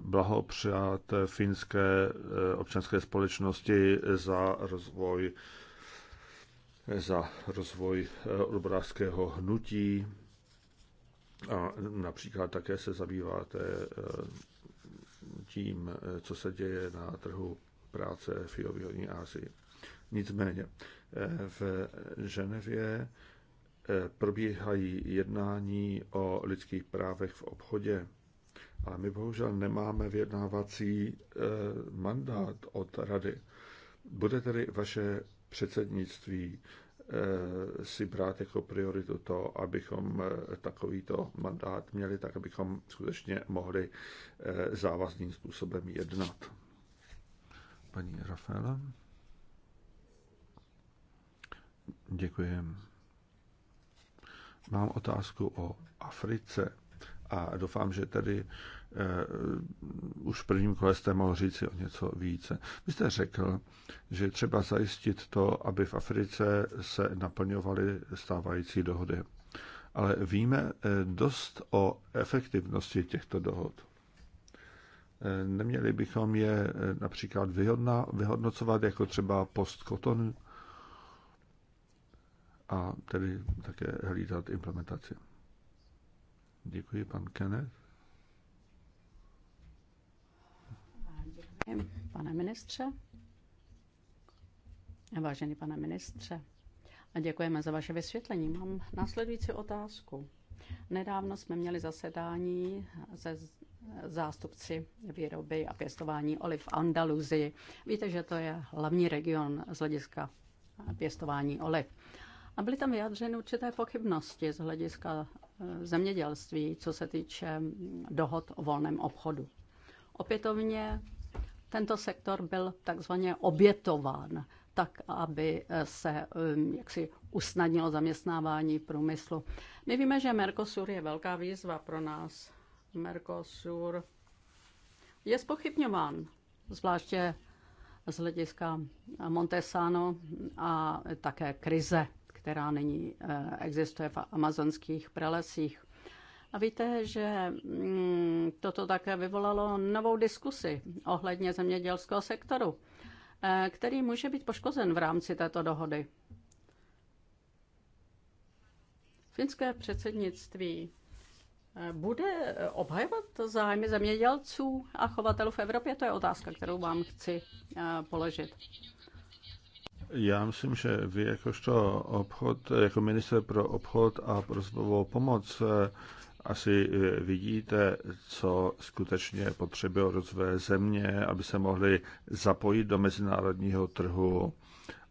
blahopřát finské občanské společnosti za rozvoj za rozvoj odborářského hnutí, a například také se zabýváte eh, tím, eh, co se děje na trhu práce v Jihovýchodní Asii. Nicméně eh, v Ženevě probíhají jednání o lidských právech v obchodě, ale my bohužel nemáme vyjednávací mandát od rady. Bude tedy vaše předsednictví Eh, si brát jako prioritu to, abychom eh, takovýto mandát měli, tak abychom skutečně mohli eh, závazným způsobem jednat. Paní Rafaela. Děkuji. Mám otázku o Africe a doufám, že tedy Eh, už v prvním kole jste mohl říci o něco více. Vy jste řekl, že třeba zajistit to, aby v Africe se naplňovaly stávající dohody. Ale víme eh, dost o efektivnosti těchto dohod. Eh, neměli bychom je například vyhodna, vyhodnocovat jako třeba postkoton a tedy také hlídat implementaci. Děkuji, pan Kenneth. Pane ministře, vážený pane ministře, a děkujeme za vaše vysvětlení. Mám následující otázku. Nedávno jsme měli zasedání se zástupci výroby a pěstování oliv v Andaluzii. Víte, že to je hlavní region z hlediska pěstování oliv. A byly tam vyjádřeny určité pochybnosti z hlediska eh, zemědělství, co se týče hm, dohod o volném obchodu. Opětovně tento sektor byl takzvaně obětován, tak aby eh, se eh, jaksi usnadnilo zaměstnávání v průmyslu. My víme, že Mercosur je velká výzva pro nás. Mercosur je spochybňován, zvláště z hlediska Montesano a také krize, která nyní eh, existuje v amazonských pralesích. A víte, že mm, toto také vyvolalo novou diskusi ohledně zemědělského sektoru, eh, který může být poškozen v rámci této dohody. Finské předsednictví eh, bude eh, obhajovat zájmy zemědělců a chovatelů v Evropě? To je otázka, kterou vám chci položit. Já myslím, že vy jakožto obchod, jako minister pro obchod a pro pomoc asi eh, vidíte, co skutečně potřebuje rozvoje země, aby se mohli zapojit do mezinárodního trhu,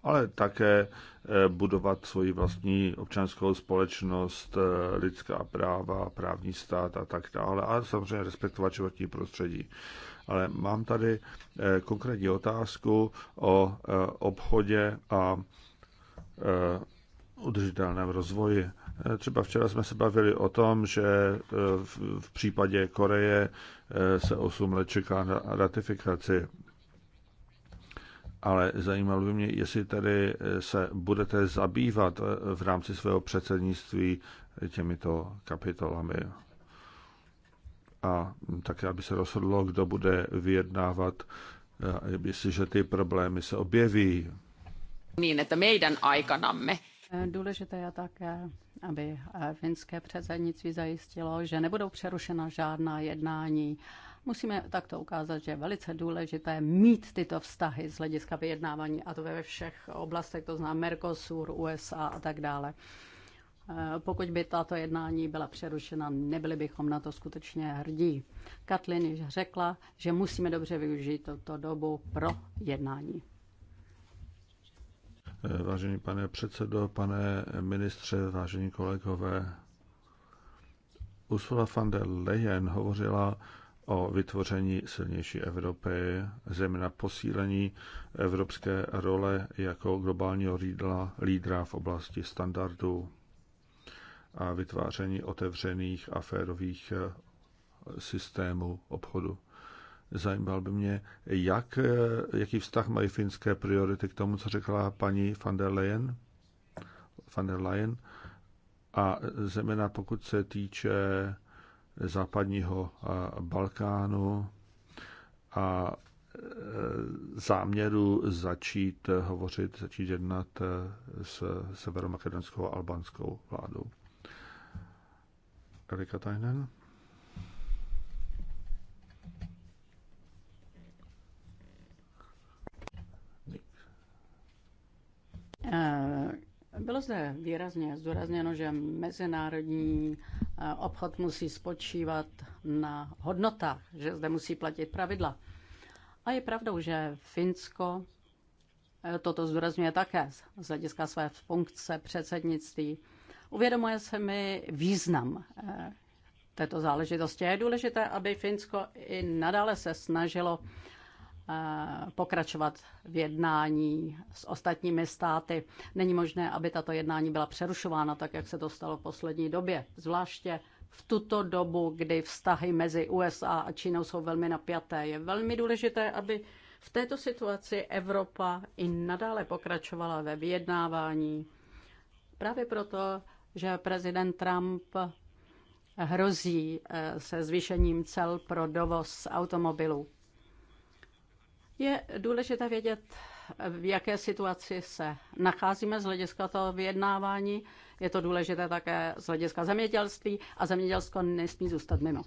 ale také eh, budovat svoji vlastní občanskou společnost, eh, lidská práva, právní stát a tak dále a samozřejmě respektovat životní prostředí. Ale mám tady konkrétní otázku o obchodě a udržitelném rozvoji. Eh, třeba včera jsme se bavili o tom, že eh, v případě Koreje eh, se 8 let čeká na ratifikaci. Ale zajímalo by mě, jestli tady se budete zabývat v rámci svého předsednictví těmito kapitolami. A také, aby se rozhodlo, kdo bude vyjednávat, jestliže ty problémy se objeví. Niin, että meidän aikanamme Eh, důležité je také, aby eh, finské předsednictví zajistilo, že nebudou přerušena žádná jednání. Musíme takto ukázat, že je velice důležité mít tyto vztahy z hlediska vyjednávání, a to ve všech oblastech, to znamená Mercosur, USA a tak dále. Eh, pokud by tato jednání byla přerušena, nebyli bychom na to skutečně hrdí. Katlin již řekla, že musíme dobře využít tuto dobu pro jednání. Eh, vážený pane předsedo, pane ministře, vážení kolegové, Ursula von der Leyen hovořila o vytvoření silnější Evropy, zejména posílení evropské role jako globálního lídla, lídra v oblasti standardů a vytváření otevřených a férových eh, systémů obchodu. Zajímal by mě, jak, eh, jaký vztah mají finské priority k tomu, co řekla paní van der Leyen, van der Leyen a zejména pokud se týče západního eh, Balkánu a eh, záměru začít hovořit, začít jednat s severomakedonskou a albánskou vládou. Erika Tajnen. Bylo zde výrazně zdůrazněno, že mezinárodní eh, obchod musí spočívat na hodnotách, že zde musí platit pravidla. A je pravdou, že Finsko eh, toto zdůrazňuje také z hlediska své funkce předsednictví. Uvědomuje se mi význam eh, této záležitosti. Je důležité, aby Finsko i nadále se snažilo Eh, pokračovat v jednání s ostatními státy. Není možné, aby tato jednání byla přerušována tak, jak se to stalo v poslední době, zvláště v tuto dobu, kdy vztahy mezi USA a Čínou jsou velmi napjaté. Je velmi důležité, aby v této situaci Evropa i nadále pokračovala ve vyjednávání. Právě proto, že prezident Trump hrozí eh, se zvýšením cel pro dovoz automobilů. Je důležité vědět, v jaké situaci se nacházíme z hlediska toho vyjednávání. Je to důležité také z hlediska zemědělství a zemědělsko nesmí zůstat mimo.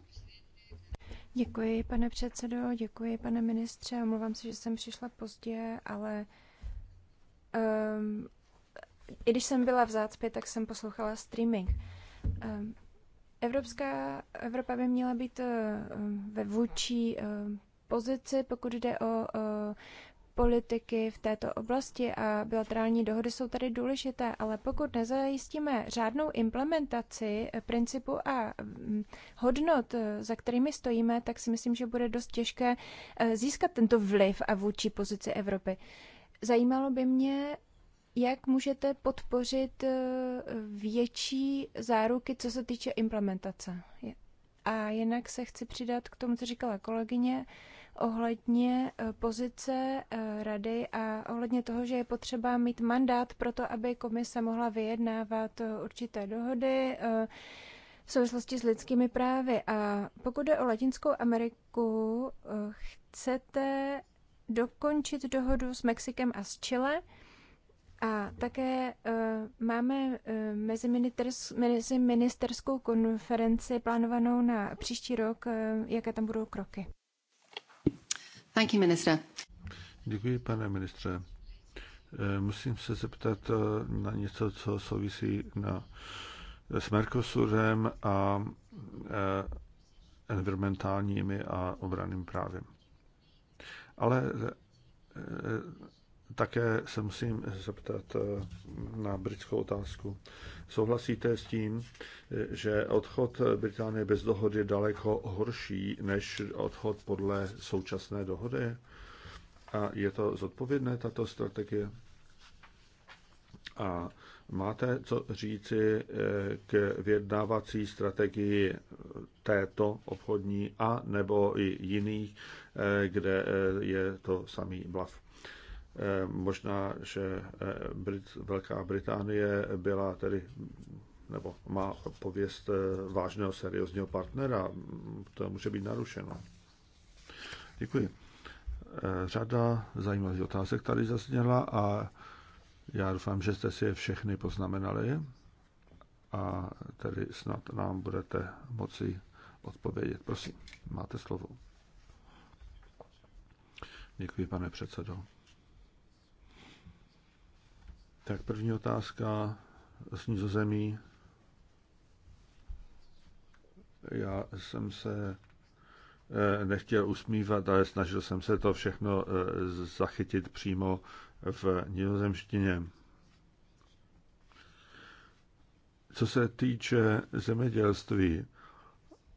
Děkuji, pane předsedo, děkuji, pane ministře. Omlouvám se, že jsem přišla pozdě, ale um, i když jsem byla v zácpě, tak jsem poslouchala streaming. Um, Evropská, Evropa by měla být uh, ve vůči uh, pozici, pokud jde o, uh, politiky v této oblasti a bilaterální dohody jsou tady důležité, ale pokud nezajistíme řádnou implementaci eh, principu a mm, hodnot, eh, za kterými stojíme, tak si myslím, že bude dost těžké eh, získat tento vliv a vůči pozici Evropy. Zajímalo by mě, jak můžete podpořit větší záruky, co se týče implementace. A jinak se chci přidat k tomu, co říkala kolegyně ohledně eh, pozice eh, rady a ohledně toho, že je potřeba mít mandát pro to, aby komise mohla vyjednávat eh, určité dohody v souvislosti s lidskými právy. A pokud jde o Latinskou Ameriku, chcete dokončit dohodu s Mexikem a s Chile? A také uh, máme uh, meziministers, meziministerskou konferenci plánovanou na příští rok. Uh, jaké tam budou kroky? Thank you, minister. Děkuji, pane ministře. Eh, musím se zeptat eh, na něco, co souvisí na, s Mercosurem a eh, environmentálními a obraným právem. Ale také se musím zeptat eh, na britskou otázku. Souhlasíte s tím, eh, že odchod Británie bez dohody je daleko horší než odchod podle současné dohody? A je to zodpovědné, tato strategie? A máte co říci eh, k vyjednávací strategii této obchodní a nebo i jiných, kde je to samý blav? Eh, možná, že eh, Brit, Velká Británie byla tedy nebo má pověst eh, vážného, seriózního partnera, to může být narušeno. Děkuji. Řada zajímavých otázek tady zazněla a já doufám, že jste si je všechny poznamenali a tedy snad nám budete moci odpovědět. Prosím, máte slovo. Děkuji, pane předsedo. Tak první otázka z Nizozemí. Já jsem se eh, nechtěl usmívat, ale snažil jsem se to všechno eh, zachytit přímo v nizozemštině. Co se týče zemědělství,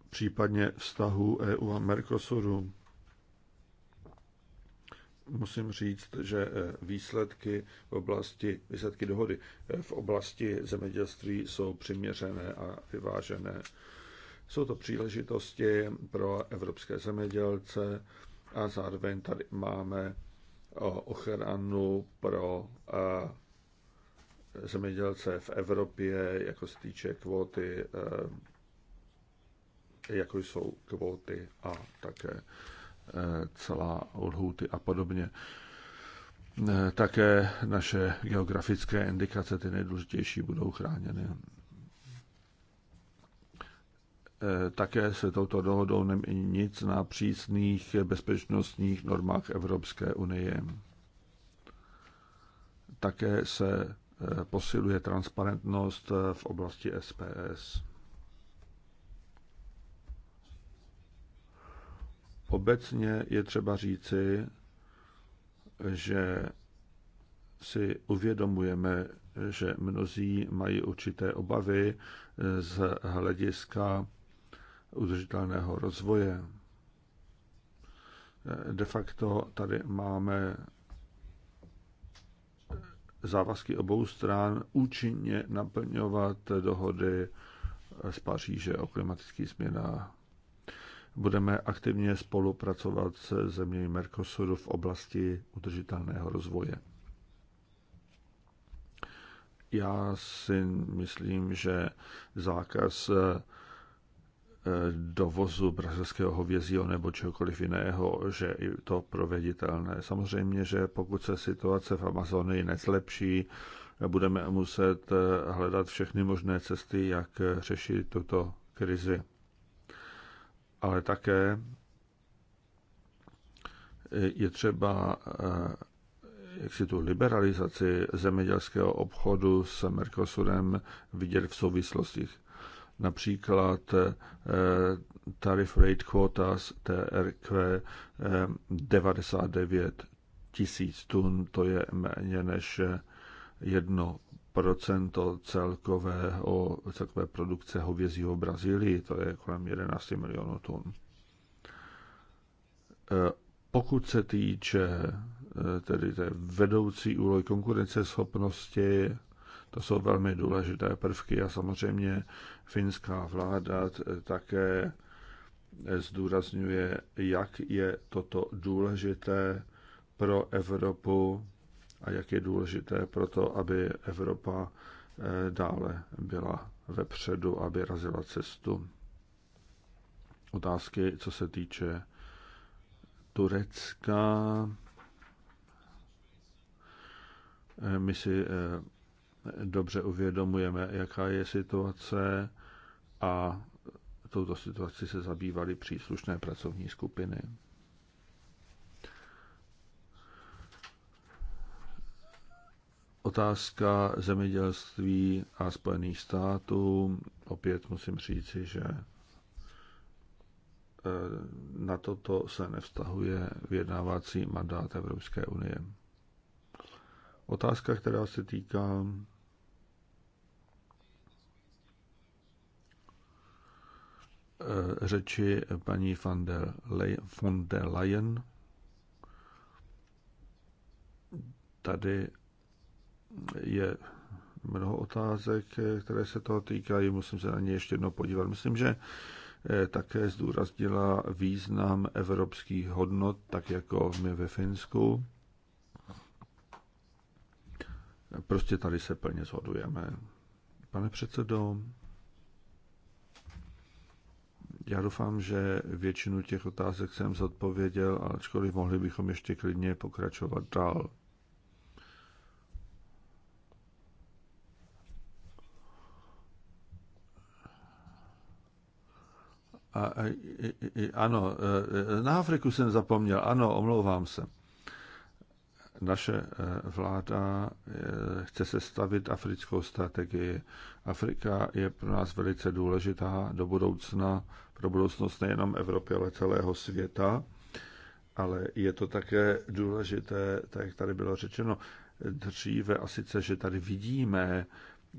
případně vztahu EU a Mercosuru, musím říct, že eh, výsledky v oblasti, výsledky dohody eh, v oblasti zemědělství jsou přiměřené a vyvážené. Jsou to příležitosti pro evropské zemědělce a zároveň tady máme eh, ochranu pro zemědělce v Evropě, jako se týče kvóty, jako jsou kvóty a také celá lhůty a podobně. Také naše geografické indikace, ty nejdůležitější, budou chráněny. Také se touto dohodou nemí nic na přísných bezpečnostních normách Evropské unie. Také se posiluje transparentnost v oblasti SPS. Obecně je třeba říci, že si uvědomujeme, že mnozí mají určité obavy z hlediska udržitelného rozvoje. De facto tady máme závazky obou stran účinně naplňovat dohody z Paříže o klimatických změnách budeme aktivně spolupracovat se zeměmi Mercosuru v oblasti udržitelného rozvoje. Já si myslím, že zákaz eh, dovozu brazilského hovězího nebo čehokoliv jiného, že je to proveditelné. Samozřejmě, že pokud se situace v Amazonii nezlepší, budeme muset eh, hledat všechny možné cesty, jak řešit tuto krizi ale také je třeba eh, jak si tu liberalizaci zemědělského obchodu s Mercosurem vidět v souvislostích. Například eh, tarif rate quotas TRQ 99 tisíc tun, to je méně než jedno procento celkového, celkové produkce hovězího v Brazílii, to je kolem 11 milionů tun. E, pokud se týče e, tedy té vedoucí úlohy konkurenceschopnosti, to jsou velmi důležité prvky a samozřejmě finská vláda také zdůrazňuje, jak je toto důležité pro Evropu a jak je důležité pro to, aby Evropa eh, dále byla vepředu, aby razila cestu. Otázky, co se týče Turecka. Eh, my si eh, dobře uvědomujeme, jaká je situace a touto situaci se zabývaly příslušné pracovní skupiny. Otázka zemědělství a Spojených států. Opět musím říci, že eh, na toto se nevztahuje vyjednávací mandát Evropské unie. Otázka, která se týká eh, řeči paní von der, Le- von der Leyen. Tady je mnoho otázek, eh, které se toho týkají, musím se na ně ještě jednou podívat. Myslím, že eh, také zdůraznila význam evropských hodnot, tak jako my ve Finsku. Prostě tady se plně shodujeme. Pane předsedo, já doufám, že většinu těch otázek jsem zodpověděl, ačkoliv mohli bychom ještě klidně pokračovat dál. A, ano, e, e, na Afriku jsem zapomněl, ano, omlouvám se. Naše e, vláda chce sestavit africkou strategii. Afrika je pro nás velice důležitá do budoucna, pro budoucnost nejenom Evropy, ale celého světa. Ale je to také důležité, tak jak tady bylo řečeno, dříve, a sice, že tady vidíme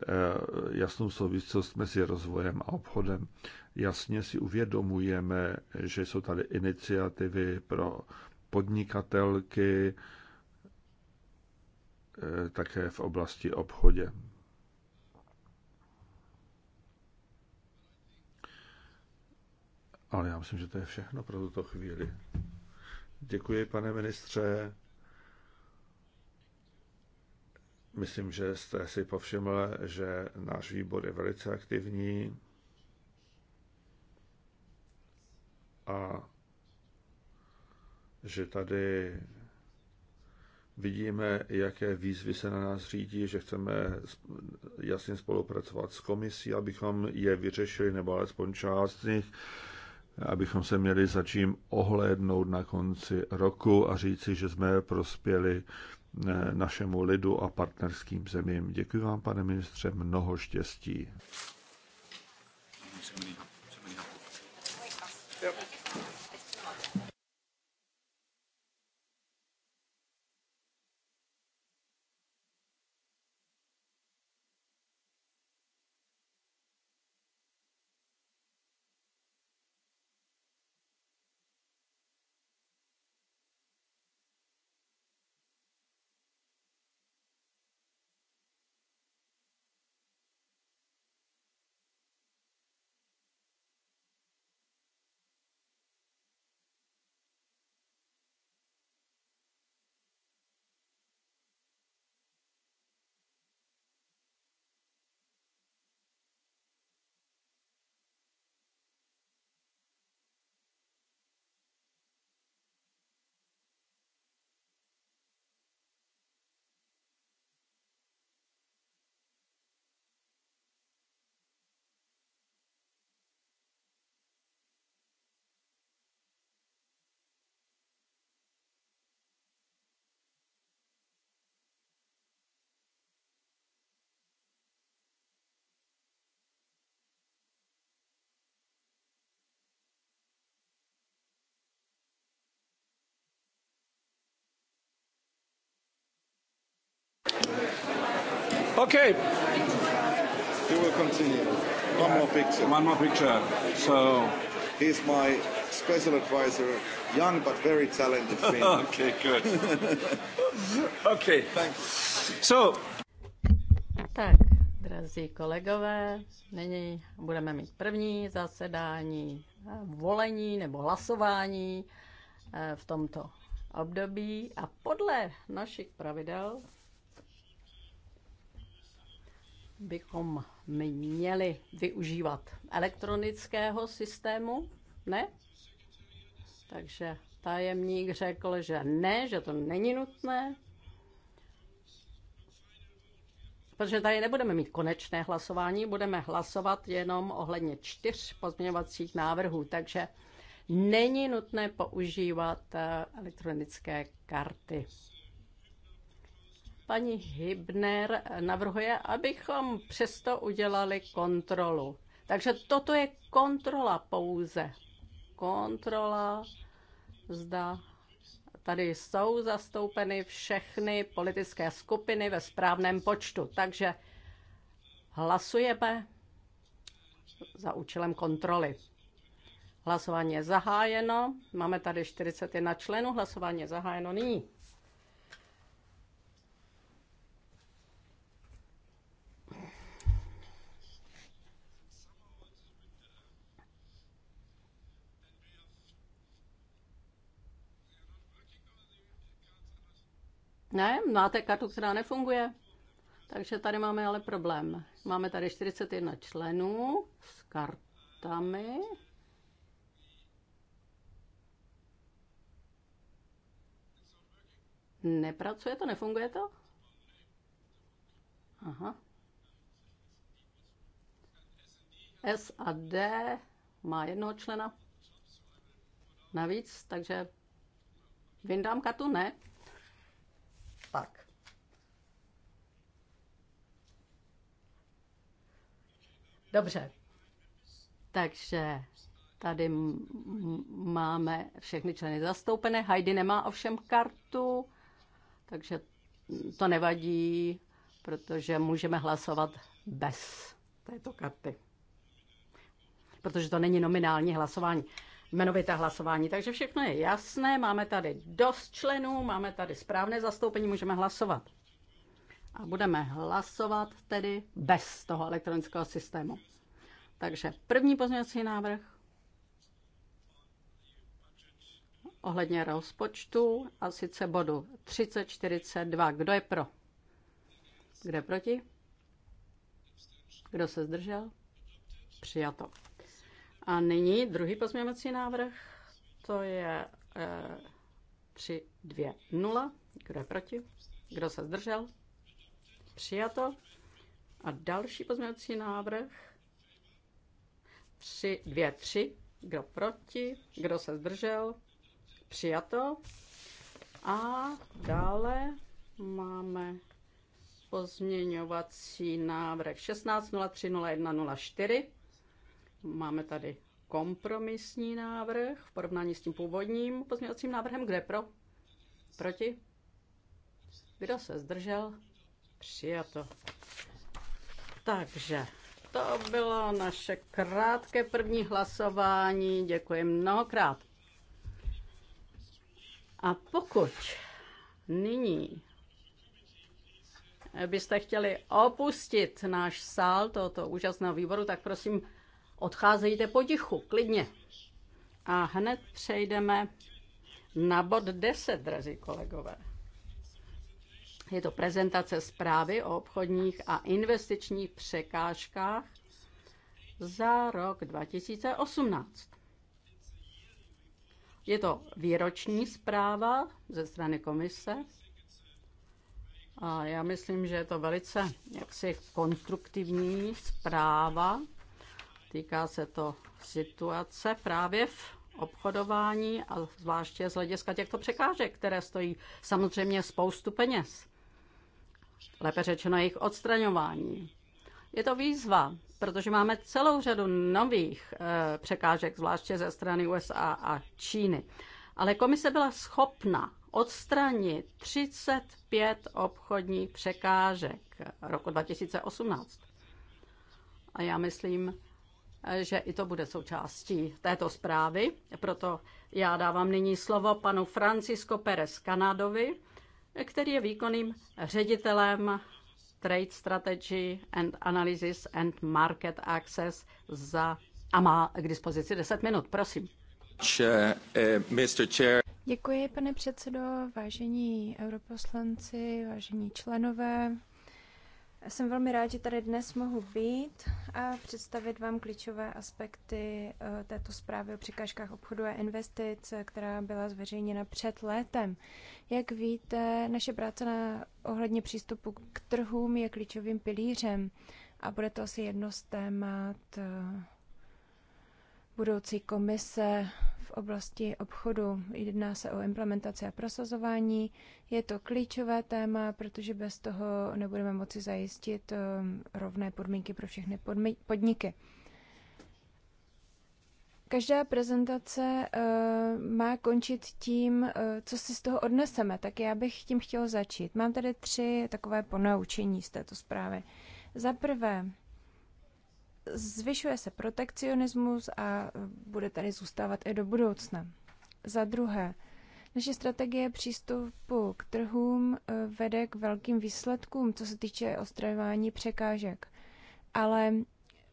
Eh, jasnou souvislost mezi rozvojem a obchodem. Jasně si uvědomujeme, že jsou tady iniciativy pro podnikatelky eh, také v oblasti obchodě. Ale já myslím, že to je všechno pro tuto chvíli. Děkuji, pane ministře. Myslím, že jste si povšiml, že náš výbor je velice aktivní a že tady vidíme, jaké výzvy se na nás řídí, že chceme jasně spolupracovat s komisí, abychom je vyřešili, nebo alespoň část z nich, abychom se měli začím ohlédnout na konci roku a říci, že jsme prospěli našemu lidu a partnerským zemím. Děkuji vám, pane ministře, mnoho štěstí. Okay. We will continue. One more picture. One more picture. So. He's my special advisor, young but very talented okay, good. okay. Thanks. So. Tak, drazí kolegové, nyní budeme mít první zasedání eh, volení nebo hlasování eh, v tomto období a podle našich pravidel bychom měli využívat elektronického systému, ne? Takže tajemník řekl, že ne, že to není nutné, protože tady nebudeme mít konečné hlasování, budeme hlasovat jenom ohledně čtyř pozměňovacích návrhů, takže není nutné používat eh, elektronické karty. Paní Hybner navrhuje, abychom přesto udělali kontrolu. Takže toto je kontrola pouze. Kontrola, zda tady jsou zastoupeny všechny politické skupiny ve správném počtu. Takže hlasujeme za účelem kontroly. Hlasování je zahájeno. Máme tady 41 členů. Hlasování je zahájeno nyní. Ne? Máte kartu, která nefunguje? Takže tady máme ale problém. Máme tady 41 členů s kartami. Nepracuje to? Nefunguje to? Aha. S a D má jednoho člena navíc, takže vyndám kartu? Ne. Dobře. Takže tady máme všechny členy zastoupené. Heidi nemá ovšem kartu, takže to nevadí, protože můžeme hlasovat bez této karty. Protože to není nominální hlasování, jmenovité hlasování. Takže všechno je jasné, máme tady dost členů, máme tady správné zastoupení, můžeme hlasovat. A budeme hlasovat tedy bez toho elektronického systému. Takže první pozměňovací návrh ohledně rozpočtu a sice bodu 3042. Kdo je pro? Kdo je proti? Kdo se zdržel? Přijato. A nyní druhý pozměňovací návrh, to je e, 3, 2, 0. Kdo je proti? Kdo se zdržel? Přijato. A další pozměňovací návrh. 3, 2, 3. Kdo proti? Kdo se zdržel? Přijato. A dále máme pozměňovací návrh 16.03.01.04. Máme tady kompromisní návrh v porovnání s tím původním pozměňovacím návrhem. Kde pro? Proti? Kdo se zdržel? Přijato. Takže to bylo naše krátké první hlasování. Děkuji mnohokrát. A pokud nyní byste chtěli opustit náš sál tohoto úžasného výboru, tak prosím odcházejte potichu, klidně. A hned přejdeme na bod 10, drazí kolegové. Je to prezentace zprávy o obchodních a investičních překážkách za rok 2018. Je to výroční zpráva ze strany komise a já myslím, že je to velice jaksi konstruktivní zpráva. Týká se to situace právě v obchodování a zvláště z hlediska těchto překážek, které stojí samozřejmě spoustu peněz lépe řečeno jejich odstraňování. Je to výzva, protože máme celou řadu nových e, překážek, zvláště ze strany USA a Číny. Ale komise byla schopna odstranit 35 obchodních překážek roku 2018. A já myslím, eh, že i to bude součástí této zprávy. Proto já dávám nyní slovo panu Francisco Perez Kanadovi, který je výkonným ředitelem Trade Strategy and Analysis and Market Access za a má k dispozici 10 minut. Prosím. Eh, Děkuji, pane předsedo, vážení europoslanci, vážení členové jsem velmi rád, že tady dnes mohu být a představit vám klíčové aspekty eh, této zprávy o překážkách obchodu a investic, eh, která byla zveřejněna před létem. Jak víte, naše práce na ohledně přístupu k trhům je klíčovým pilířem a bude to asi jedno z témat eh, budoucí komise v oblasti obchodu. Jedná se o implementaci a prosazování. Je to klíčové téma, protože bez toho nebudeme moci zajistit um, rovné podmínky pro všechny podniky. Každá prezentace uh, má končit tím, uh, co si z toho odneseme, tak já bych tím chtěla začít. Mám tady tři takové ponaučení z této zprávy. Za prvé, zvyšuje se protekcionismus a bude tady zůstávat i do budoucna. Za druhé, naše strategie přístupu k trhům eh, vede k velkým výsledkům, co se týče ostrojování překážek. Ale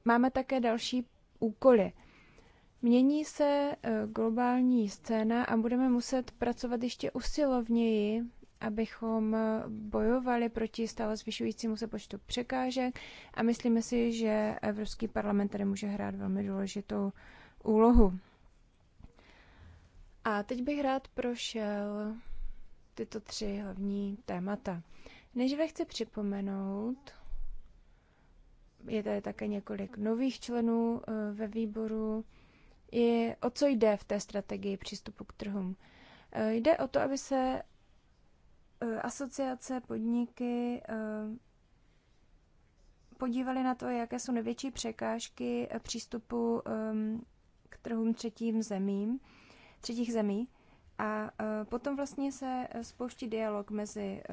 máme také další úkoly. Mění se eh, globální scéna a budeme muset pracovat ještě usilovněji abychom bojovali proti stále zvyšujícímu se počtu překážek a myslíme si, že Evropský parlament tady může hrát velmi důležitou úlohu. A teď bych rád prošel tyto tři hlavní témata. Než ve chci připomenout, je tady také několik nových členů eh, ve výboru, je, o co jde v té strategii přístupu k trhům. Eh, jde o to, aby se Eh, asociace, podniky eh, podívali na to, jaké jsou největší překážky eh, přístupu ehm, k trhům třetím zemím, třetích zemí. A potom vlastně se spouští dialog mezi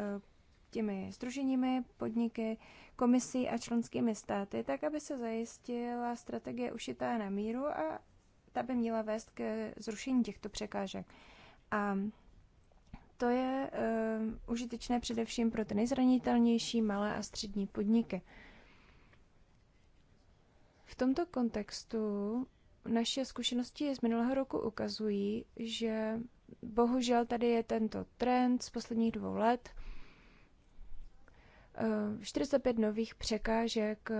těmi združeními, podniky, komisí a členskými státy, tak aby se zajistila strategie ušitá na míru a ta by měla vést ke zrušení těchto překážek. A to je uh, užitečné především pro ty nejzranitelnější malé a střední podniky. V tomto kontextu naše zkušenosti z minulého roku ukazují, že bohužel tady je tento trend z posledních dvou let. 45 ehm, nových překážek eh,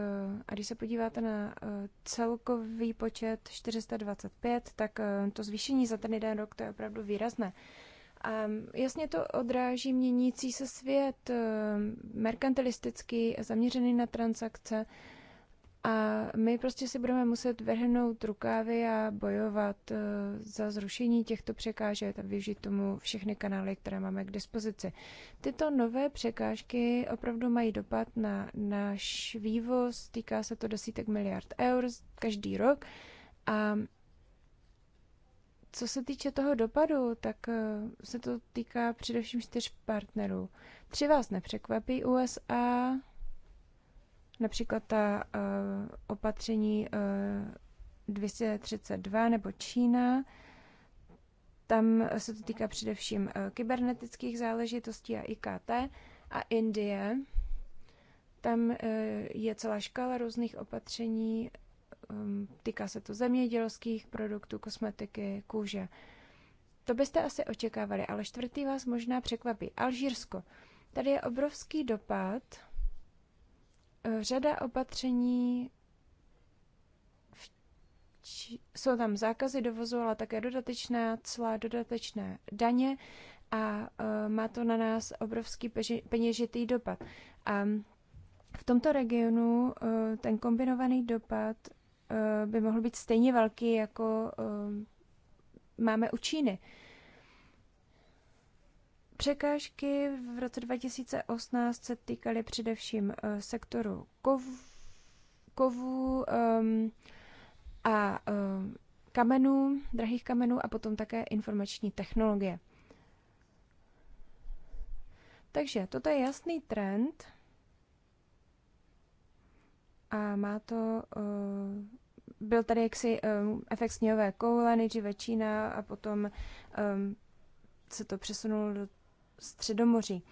a když se podíváte na eh, celkový počet 425, tak eh, to zvýšení za ten jeden rok to je opravdu výrazné. Ehm, jasně to odráží měnící se svět, ehm, merkantilistický, zaměřený na transakce. A my prostě si budeme muset vrhnout rukávy a bojovat eh, za zrušení těchto překážek a využít tomu všechny kanály, které máme k dispozici. Tyto nové překážky opravdu mají dopad na náš vývoz, týká se to desítek miliard eur každý rok a co se týče toho dopadu, tak eh, se to týká především čtyř partnerů. Tři vás nepřekvapí USA, například ta uh, opatření uh, eh, 232 nebo Čína. Tam se to týká především uh, kybernetických záležitostí a IKT a Indie. Tam uh, je celá škala různých opatření Ehm, týká se to zemědělských produktů, kosmetiky, kůže. To byste asi očekávali, ale čtvrtý vás možná překvapí. Alžírsko. Tady je obrovský dopad. Eh, řada opatření jsou tam zákazy dovozu, ale také dodatečná cla, dodatečné daně a uh, má to na nás obrovský peži, peněžitý dopad. A v tomto regionu uh, ten kombinovaný dopad by mohl být stejně velký, jako ehm, máme u Číny. Překážky v roce 2018 se týkaly především eh, sektoru kovů, kovů um, ehm, a um, kamenů, drahých kamenů a potom také informační technologie. Takže toto je jasný trend a má to uh, byl tady jaksi um, efekt sněhové koule, nejdříve Čína a potom um, se to přesunulo do Středomoří.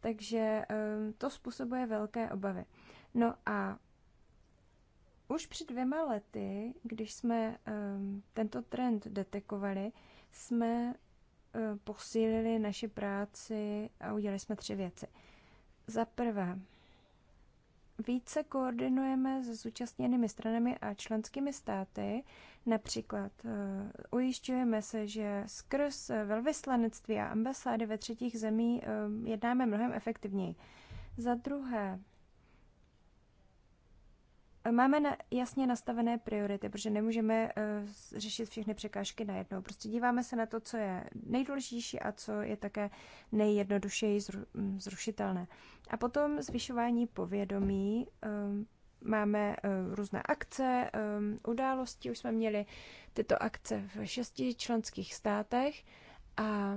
Takže um, to způsobuje velké obavy. No a už před dvěma lety, když jsme um, tento trend detekovali, jsme um, posílili naši práci a udělali jsme tři věci. Za prvé, více koordinujeme se zúčastněnými stranami a členskými státy. Například eh, ujišťujeme se, že skrz eh, velvyslanectví a ambasády ve třetích zemí eh, jednáme mnohem efektivněji. Za druhé, Máme na, jasně nastavené priority, protože nemůžeme uh, řešit všechny překážky najednou. Prostě díváme se na to, co je nejdůležitější a co je také nejjednodušeji zru, mm, zrušitelné. A potom zvyšování povědomí. Um, máme uh, různé akce, um, události. Už jsme měli tyto akce v šesti členských státech a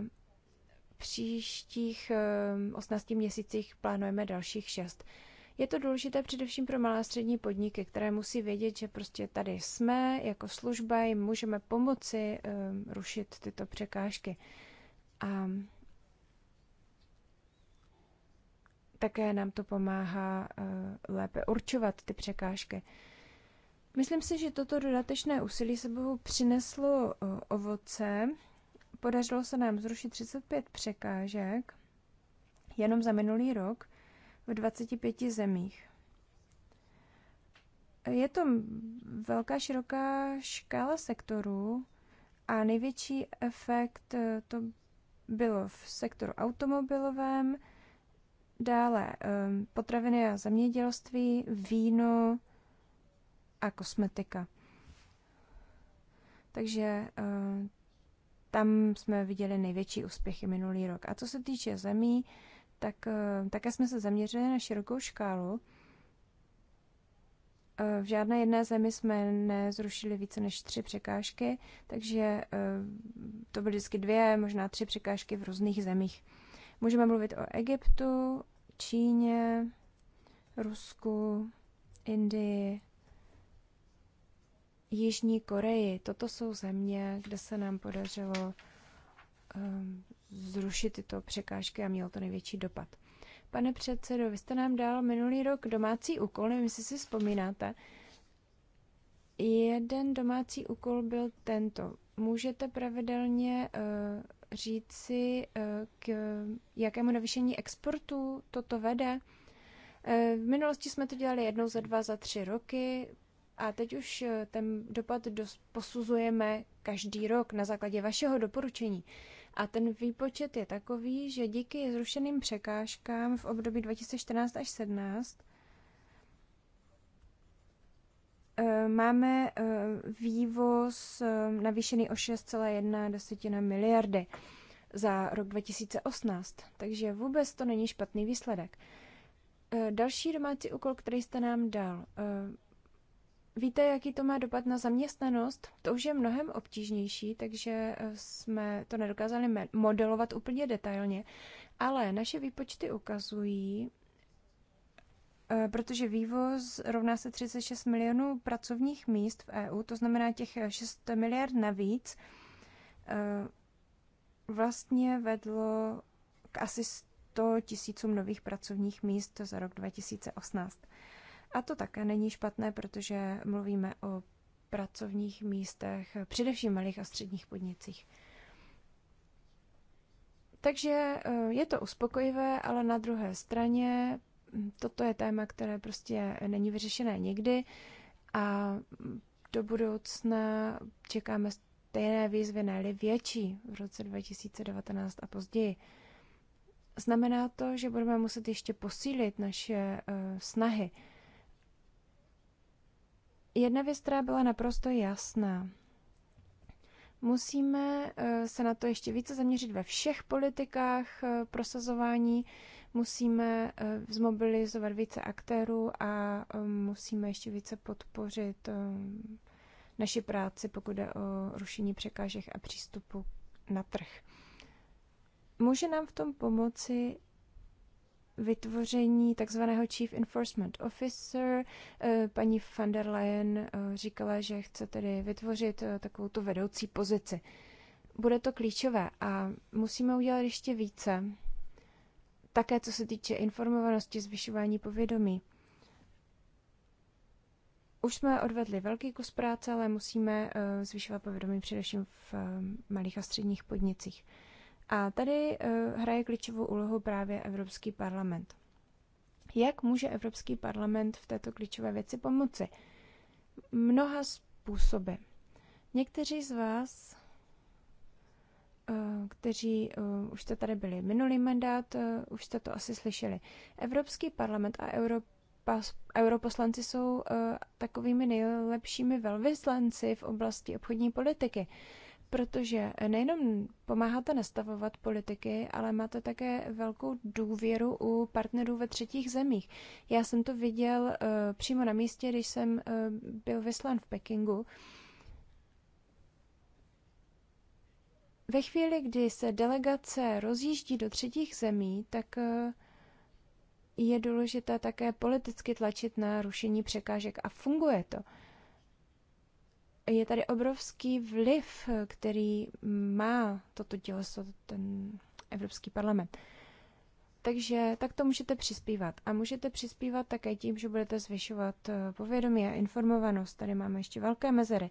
příštích um, ehm, 18 měsících plánujeme dalších šest. Uh, je to důležité především pro malé a střední podniky, které musí vědět, že prostě tady jsme jako služba, jim můžeme pomoci um, rušit tyto překážky. A také nám to pomáhá uh, lépe určovat ty překážky. Myslím si, že toto dodatečné úsilí sebou přineslo uh, ovoce. Podařilo se nám zrušit 35 překážek jenom za minulý rok v 25 zemích. Je to velká, široká škála sektorů a největší efekt eh, to bylo v sektoru automobilovém, dále eh, potraviny a zemědělství, víno a kosmetika. Takže eh, tam jsme viděli největší úspěchy minulý rok. A co se týče zemí, tak eh, také jsme se zaměřili na širokou škálu. Eh, v žádné jedné zemi jsme nezrušili více než tři překážky, takže eh, to byly vždycky dvě, možná tři překážky v různých zemích. Můžeme mluvit o Egyptu, Číně, Rusku, Indii, Jižní Koreji. Toto jsou země, kde se nám podařilo Ehm, zrušit tyto překážky a mělo to největší dopad. Pane předsedo, vy jste nám dal minulý rok domácí úkol, nevím, jestli si vzpomínáte. Jeden domácí úkol byl tento. Můžete pravidelně uh, říci, uh, k jakému navýšení exportu toto vede? Uh, v minulosti jsme to dělali jednou za dva, za tři roky a teď už ten dopad dos- posuzujeme každý rok na základě vašeho doporučení. Uh, a ten výpočet je takový, že díky zrušeným překážkám v období 2014 až 2017 eh, máme eh, vývoz eh, navýšený o 6,1 desetina miliardy za rok 2018, takže vůbec to není špatný výsledek. Další domácí úkol, který jste nám dal, Víte, jaký to má dopad na zaměstnanost? To už je mnohem obtížnější, takže eh, jsme to nedokázali modelovat úplně detailně. Ale naše výpočty ukazují, eh, protože vývoz rovná se 36 milionů pracovních míst v EU, to znamená těch 6 eh, miliard navíc, vlastně vedlo k asi 100 tisícům nových pracovních míst za rok 2018. A to také není špatné, protože mluvíme o pracovních místech, především malých a středních podnicích. Takže eh, je to uspokojivé, ale na druhé straně hm, toto je téma, které prostě není vyřešené nikdy a do budoucna čekáme stejné výzvy, ne větší v roce 2019 a později. Znamená to, že budeme muset ještě posílit naše eh, snahy Jedna věc, která byla naprosto jasná. Musíme eh, se na to ještě více zaměřit ve všech politikách eh, prosazování, musíme eh, zmobilizovat více aktérů a musíme ještě více podpořit naši práci, pokud jde o rušení překážek a přístupu na trh. Může nám v tom pomoci vytvoření takzvaného Chief Enforcement Officer. Eh, paní van der Leyen eh, říkala, že chce tedy vytvořit eh, takovou tu vedoucí pozici. Bude to klíčové a musíme udělat ještě více. Také co se týče informovanosti, zvyšování povědomí. Už jsme odvedli velký kus práce, ale musíme zvyšovat povědomí především v malých a středních podnicích. A tady eh, hraje klíčovou úlohu právě Evropský parlament. Jak může Evropský parlament v této klíčové věci pomoci? Mnoha způsoby. Někteří z vás, eh, kteří eh, už jste tady byli minulý mandát, už jste to asi slyšeli. Evropský parlament a Europa, europoslanci jsou takovými nejlepšími velvyslanci v oblasti obchodní politiky protože nejenom pomáháte nastavovat politiky, ale máte také velkou důvěru u partnerů ve třetích zemích. Já jsem to viděl uh, přímo na místě, když jsem uh, byl vyslán v Pekingu. Ve chvíli, kdy se delegace rozjíždí do třetích zemí, tak uh, je důležité také politicky tlačit na rušení překážek a funguje to je tady obrovský vliv, který má toto těleso, ten Evropský parlament. Takže tak to můžete přispívat. A můžete přispívat také tím, že budete zvyšovat eh, povědomí a informovanost. Tady máme ještě velké mezery.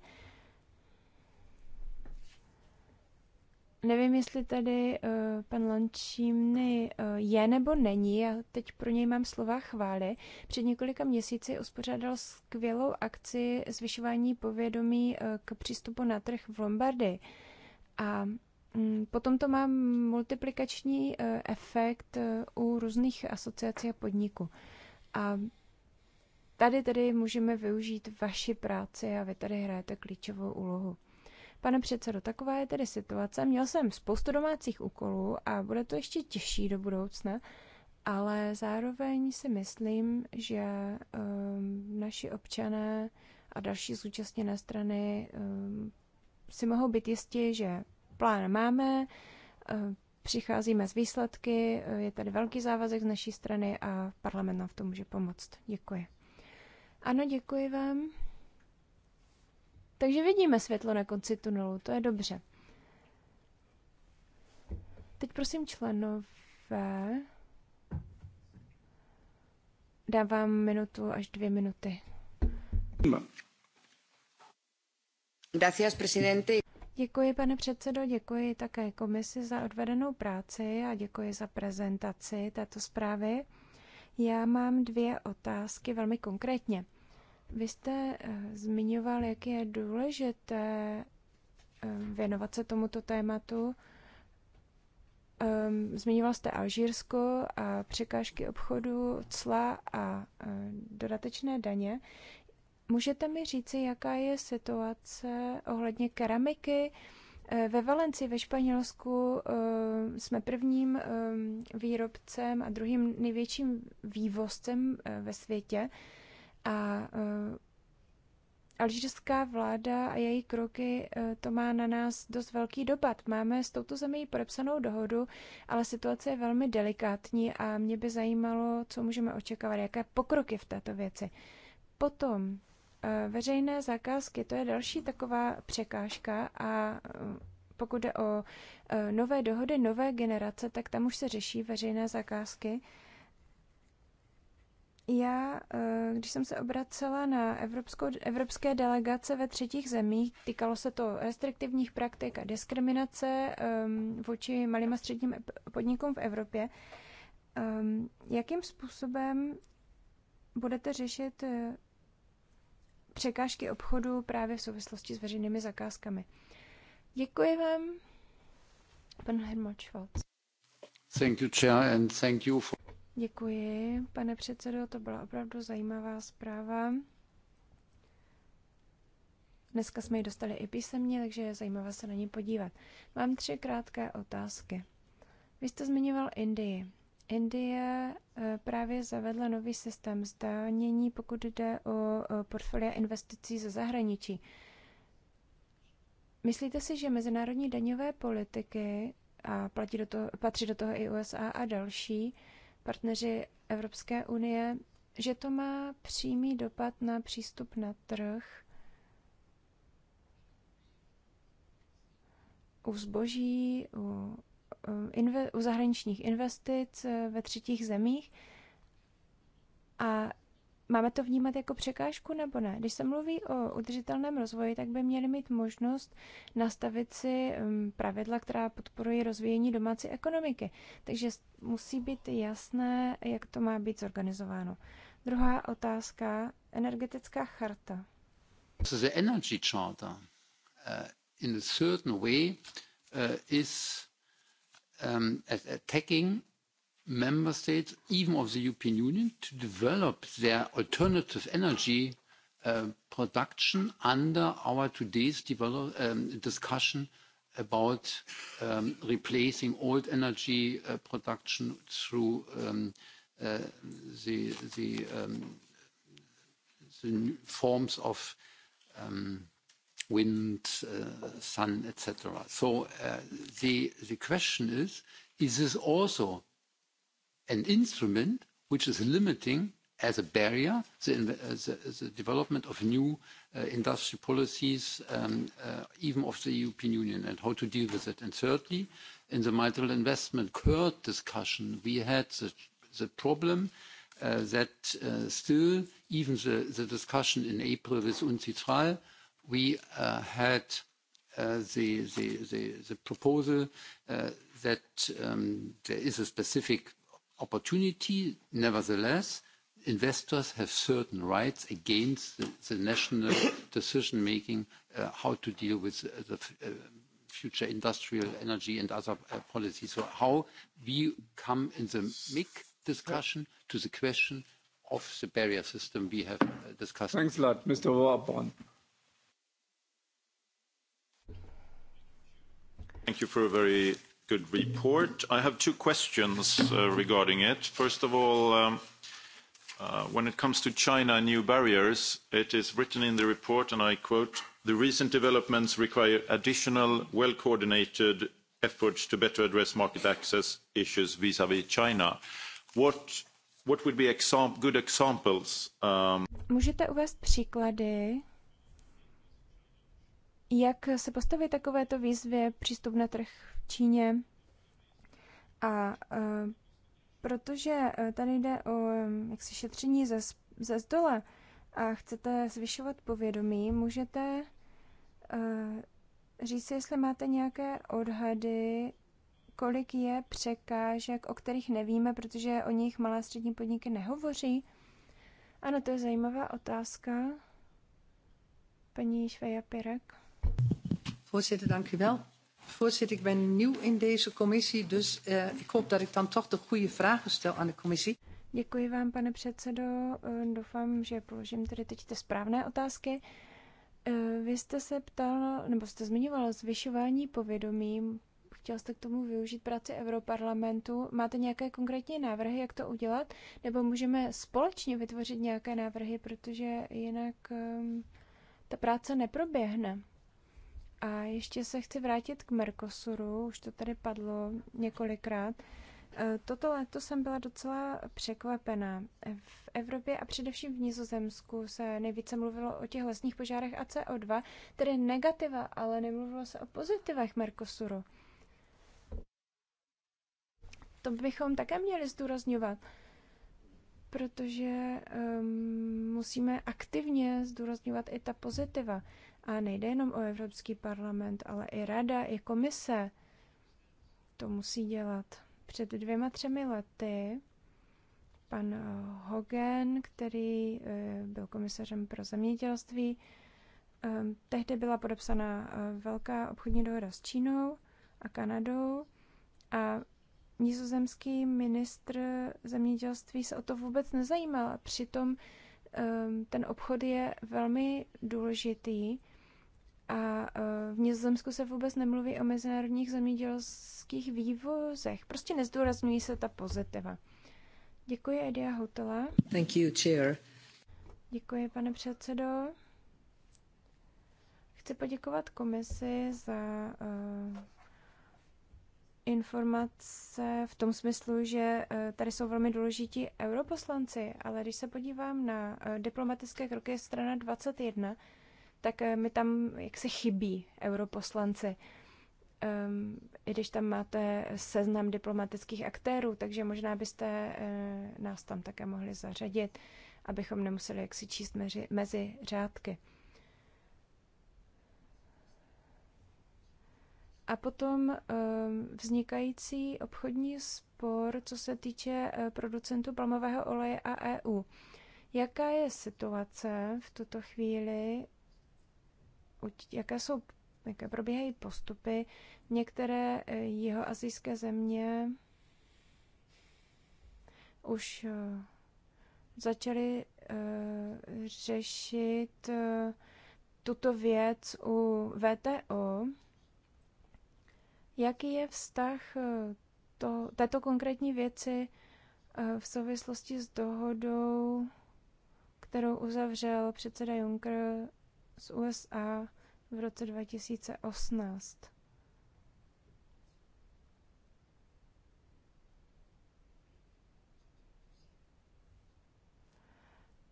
Nevím, jestli tady uh, pan Lančímny uh, eh, je nebo není, já teď pro něj mám slova chvály. Před několika měsíci uspořádal skvělou akci zvyšování povědomí uh, k přístupu na trh v Lombardii. A um, potom to má multiplikační uh, efekt uh, u různých asociací a podniků. A tady tedy můžeme využít vaši práci a vy tady hrajete klíčovou úlohu. Pane předsedo, taková je tedy situace. Měl jsem spoustu domácích úkolů a bude to ještě těžší do budoucna, ale zároveň si myslím, že um, naši občané a další zúčastněné strany um, si mohou být jistí, že plán máme, um, přicházíme s výsledky, eh, je tady velký závazek z naší strany a parlament nám v tom může pomoct. Děkuji. Ano, děkuji vám. Takže vidíme světlo na konci tunelu, to je dobře. Teď prosím členové. Dávám minutu až dvě minuty. Gracias, presidente. Děkuji, pane předsedo, děkuji také komisi za odvedenou práci a děkuji za prezentaci této zprávy. Já mám dvě otázky velmi konkrétně. Vy jste eh, zmiňoval, jak je důležité eh, věnovat se tomuto tématu. Ehm, zmiňoval jste Alžírsko a překážky obchodu, cla a eh, dodatečné daně. Můžete mi říci, jaká je situace ohledně keramiky? Ve Valenci ve Španělsku jsme prvním ehm, výrobcem a druhým největším vývozcem ve světě. A e, alžírská vláda a její kroky, e, to má na nás dost velký dopad. Máme s touto zemí podepsanou dohodu, ale situace je velmi delikátní a mě by zajímalo, co můžeme očekávat, jaké pokroky v této věci. Potom e, veřejné zakázky, to je další taková překážka a pokud jde o nové dohody, nové generace, tak tam už se řeší veřejné zakázky. Já, eh, když jsem se obracela na evropskou, evropské delegace ve třetích zemích, týkalo se to restriktivních praktik a diskriminace um, vůči malým a středním podnikům v Evropě, um, jakým způsobem budete řešit eh, překážky obchodu právě v souvislosti s veřejnými zakázkami? Děkuji vám, pan Hermann Schwarz. Thank you, Chair, and thank you for Děkuji, pane předsedo, to byla opravdu zajímavá zpráva. Dneska jsme ji dostali i písemně, takže je zajímavé se na ní podívat. Mám tři krátké otázky. Vy jste zmiňoval Indii. Indie eh, právě zavedla nový systém zdanění, pokud jde o portfolia investicí ze zahraničí. Myslíte si, že mezinárodní daňové politiky, a platí do toho, patří do toho i USA a další, partneři Evropské unie, že to má přímý dopad na přístup na trh u zboží, u, eh, inve, u zahraničních investic eh, ve třetích zemích. A Máme to vnímat jako překážku nebo ne? Když se mluví o udržitelném rozvoji, tak by měli mít možnost nastavit si mm, pravidla, která podporují rozvíjení domácí ekonomiky. Takže musí být jasné, jak to má být zorganizováno. Druhá otázka, energetická charta. So the energy charter uh, äh, in a certain way uh, is um, attacking member states, even of the European Union, to develop their alternative energy uh, production under our today's um, discussion about um, replacing old energy uh, production through um, uh, the, the, forms of wind, sun, etc. So, the, the question is: Is this also an instrument which is limiting as a barrier the, uh, the, the development of new uh, industry policies, um, uh, even of the European Union, and how to deal with it. And thirdly, in the multiple investment court discussion, we had the, the problem uh, that uh, still, even the discussion in April with UNCITRAL, we uh, had the proposal that um, there is a specific opportunity. Nevertheless, investors have certain rights against the, national decision-making, uh, how to deal with uh, the uh, future industrial energy and other policies. So how we come in the MIC discussion to the question of the barrier system we have discussed. Thanks a lot, Mr. Warborn. Thank you for a very Good report. I have two questions uh, regarding it. First of all, um, uh, when it comes to China and new barriers, it is written in the report, and I quote, "The recent developments require additional well-coordinated efforts to better address market access issues vis-à-vis -vis China." What, what would be exam good examples? Um... Můžete uvést příklady jak se postaví takovéto výzvě přístup na trh v Číně? A e, protože e, tady jde o e, jaksi šetření ze, ze zdola a chcete zvyšovat povědomí, můžete říct, jestli máte nějaké odhady, kolik je překážek, o kterých nevíme, protože o nich malé střední podniky nehovoří. Ano, to je zajímavá otázka. Paní Švejapirek. Pirek. Voorzitter, dank u wel. Voorzitter, ik ben nieuw in deze commissie, dus uh, ik hoop dat ik dan toch de goede vragen stel aan de commissie. Děkuji vám, pane předsedo. Eh, doufám, že položím tedy teď ty správné otázky. Eh, vy jste se ptal, nebo jste zmiňoval zvyšování povědomí. Chtěl jste k tomu využít práci Europarlamentu. Máte nějaké konkrétní návrhy, jak to udělat? Nebo můžeme společně vytvořit nějaké návrhy, protože jinak ehm, ta práce neproběhne. A ještě se chci vrátit k Mercosuru, už to tady padlo několikrát. E, toto léto jsem byla docela překvapená. V Evropě a především v Nizozemsku se nejvíce mluvilo o těch lesních požárech a CO2, tedy negativa, ale nemluvilo se o pozitivech Mercosuru. To bychom také měli zdůrazňovat, protože um, musíme aktivně zdůrazňovat i ta pozitiva. A nejde jenom o Evropský parlament, ale i rada, i komise to musí dělat. Před dvěma, třemi lety pan eh, Hogan, který eh, byl komisařem pro zemědělství, eh, tehdy byla podepsaná velká obchodní dohoda s Čínou a Kanadou a nizozemský ministr zemědělství se o to vůbec nezajímal a přitom ten obchod je velmi důležitý a eh, v Nizozemsku se vůbec nemluví o mezinárodních zemědělských vývozech. Prostě nezdůrazňují se ta pozitiva. Děkuji, Edia Hotela. Thank you, chair. Děkuji, pane předsedo. Chci poděkovat komisi za uh, informace v tom smyslu, že uh, tady jsou velmi důležití europoslanci, ale když se podívám na uh, diplomatické kroky strana 21, tak eh, mi tam jaksi chybí europoslanci. Ehm, I když tam máte seznam diplomatických aktérů, takže možná byste eh, nás tam také mohli zařadit, abychom nemuseli jaksi číst mezi, mezi řádky. A potom ehm, vznikající obchodní spor, co se týče eh, producentů palmového oleje a EU. Jaká je situace v tuto chvíli jaké jsou, jaké probíhají postupy. Některé eh, azijské země už eh, začaly eh, řešit tuto věc u VTO. Jaký je vztah to, této konkrétní věci v souvislosti s dohodou, kterou uzavřel předseda Juncker z USA v roce 2018.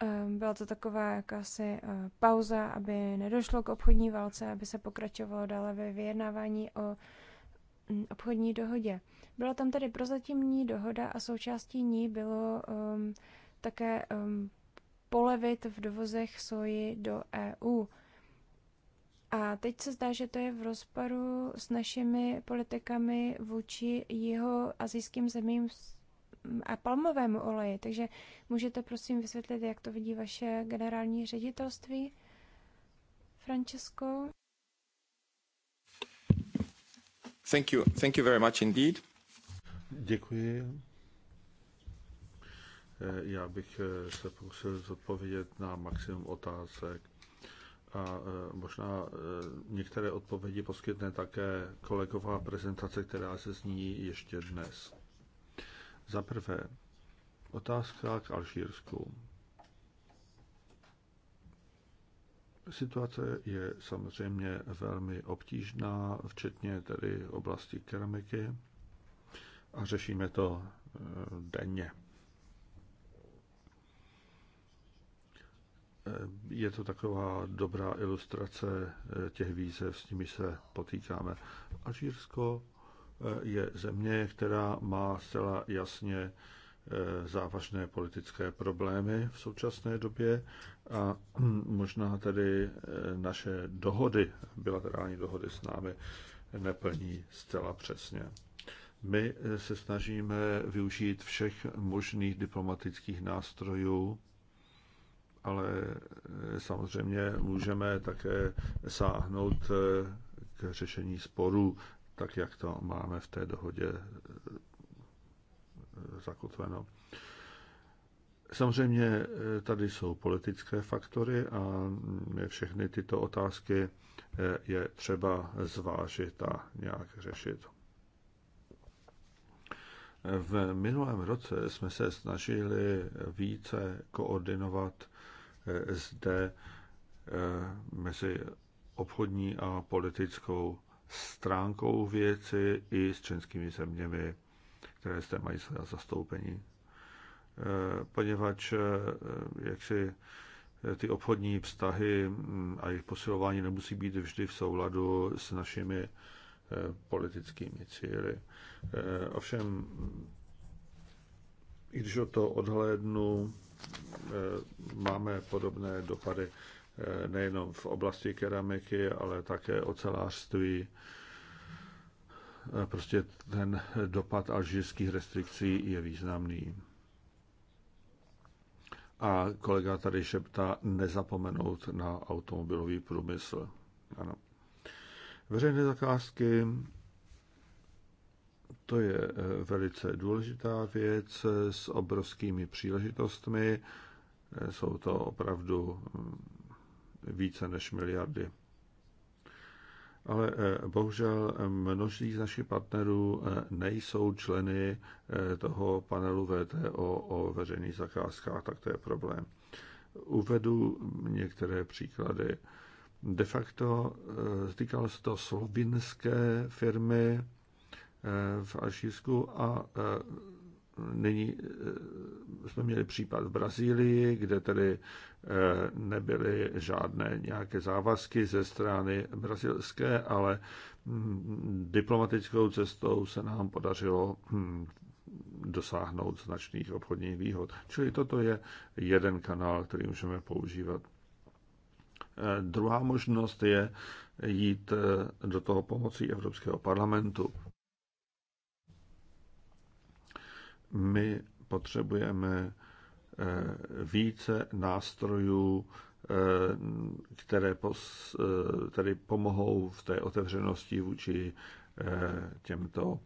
Ehm, byla to taková jakási eh, pauza, aby nedošlo k obchodní válce, aby se pokračovalo dále ve vyjednávání o mm, obchodní dohodě. Byla tam tedy prozatímní dohoda a součástí ní bylo um, také um, polevit v dovozech soji do EU. A teď se zdá, že to je v rozparu s našimi politikami vůči jeho azijským zemím a palmovému oleji. Takže můžete prosím vysvětlit, jak to vidí vaše generální ředitelství, Francesco? Thank you. Thank you very much indeed. Děkuji. Já bych eh, se pokusil zodpovědět na maximum otázek a eh, možná eh, některé odpovědi poskytne také kolegová prezentace, která se zní ještě dnes. Za prvé, otázka k Alžírsku. Situace je samozřejmě velmi obtížná, včetně tedy oblasti keramiky a řešíme to denně. je to taková dobrá ilustrace eh, těch výzev, s nimi se potýkáme. Alžírsko eh, je země, která má zcela jasně eh, závažné politické problémy v současné době a možná tedy naše dohody, bilaterální dohody s námi neplní zcela přesně. My se snažíme využít všech možných diplomatických nástrojů, ale eh, samozřejmě můžeme také sáhnout eh, k řešení sporů, tak jak to máme v té dohodě eh, zakotveno. Samozřejmě tady jsou politické faktory a všechny tyto otázky je třeba zvážit a nějak řešit. V minulém roce jsme se snažili více koordinovat zde e, mezi obchodní a politickou stránkou věci i s členskými zeměmi, které zde mají své zastoupení. E, poněvadž e, jak si ty obchodní vztahy mm, a jejich posilování nemusí být vždy v souladu s našimi politickými cíly. Ovšem, i když o to odhlédnu, Eh, máme podobné dopady eh, nejenom v oblasti keramiky, ale také ocelářství. Eh, prostě ten dopad alžírských restrikcí je významný. A kolega tady šeptá nezapomenout na automobilový průmysl. Ano. Veřejné zakázky to je eh, velice důležitá věc eh, s obrovskými příležitostmi. Eh, jsou to opravdu hm, více než miliardy. Ale bohužel množství z našich partnerů nejsou členy toho panelu VTO o veřejných zakázkách, tak to je problém. Uvedu některé příklady. De facto týkalo se to slovinské firmy, v Alžírsku a e, nyní e, jsme měli případ v Brazílii, kde tedy e, nebyly žádné nějaké závazky ze strany brazilské, ale mm, diplomatickou cestou se nám podařilo hm, dosáhnout značných obchodních výhod. Čili toto je jeden kanál, který můžeme používat. Druhá možnost je jít do toho pomocí Evropského parlamentu. my potřebujeme eh, více nástrojů, eh, které pos, eh, tedy pomohou v té otevřenosti vůči těmto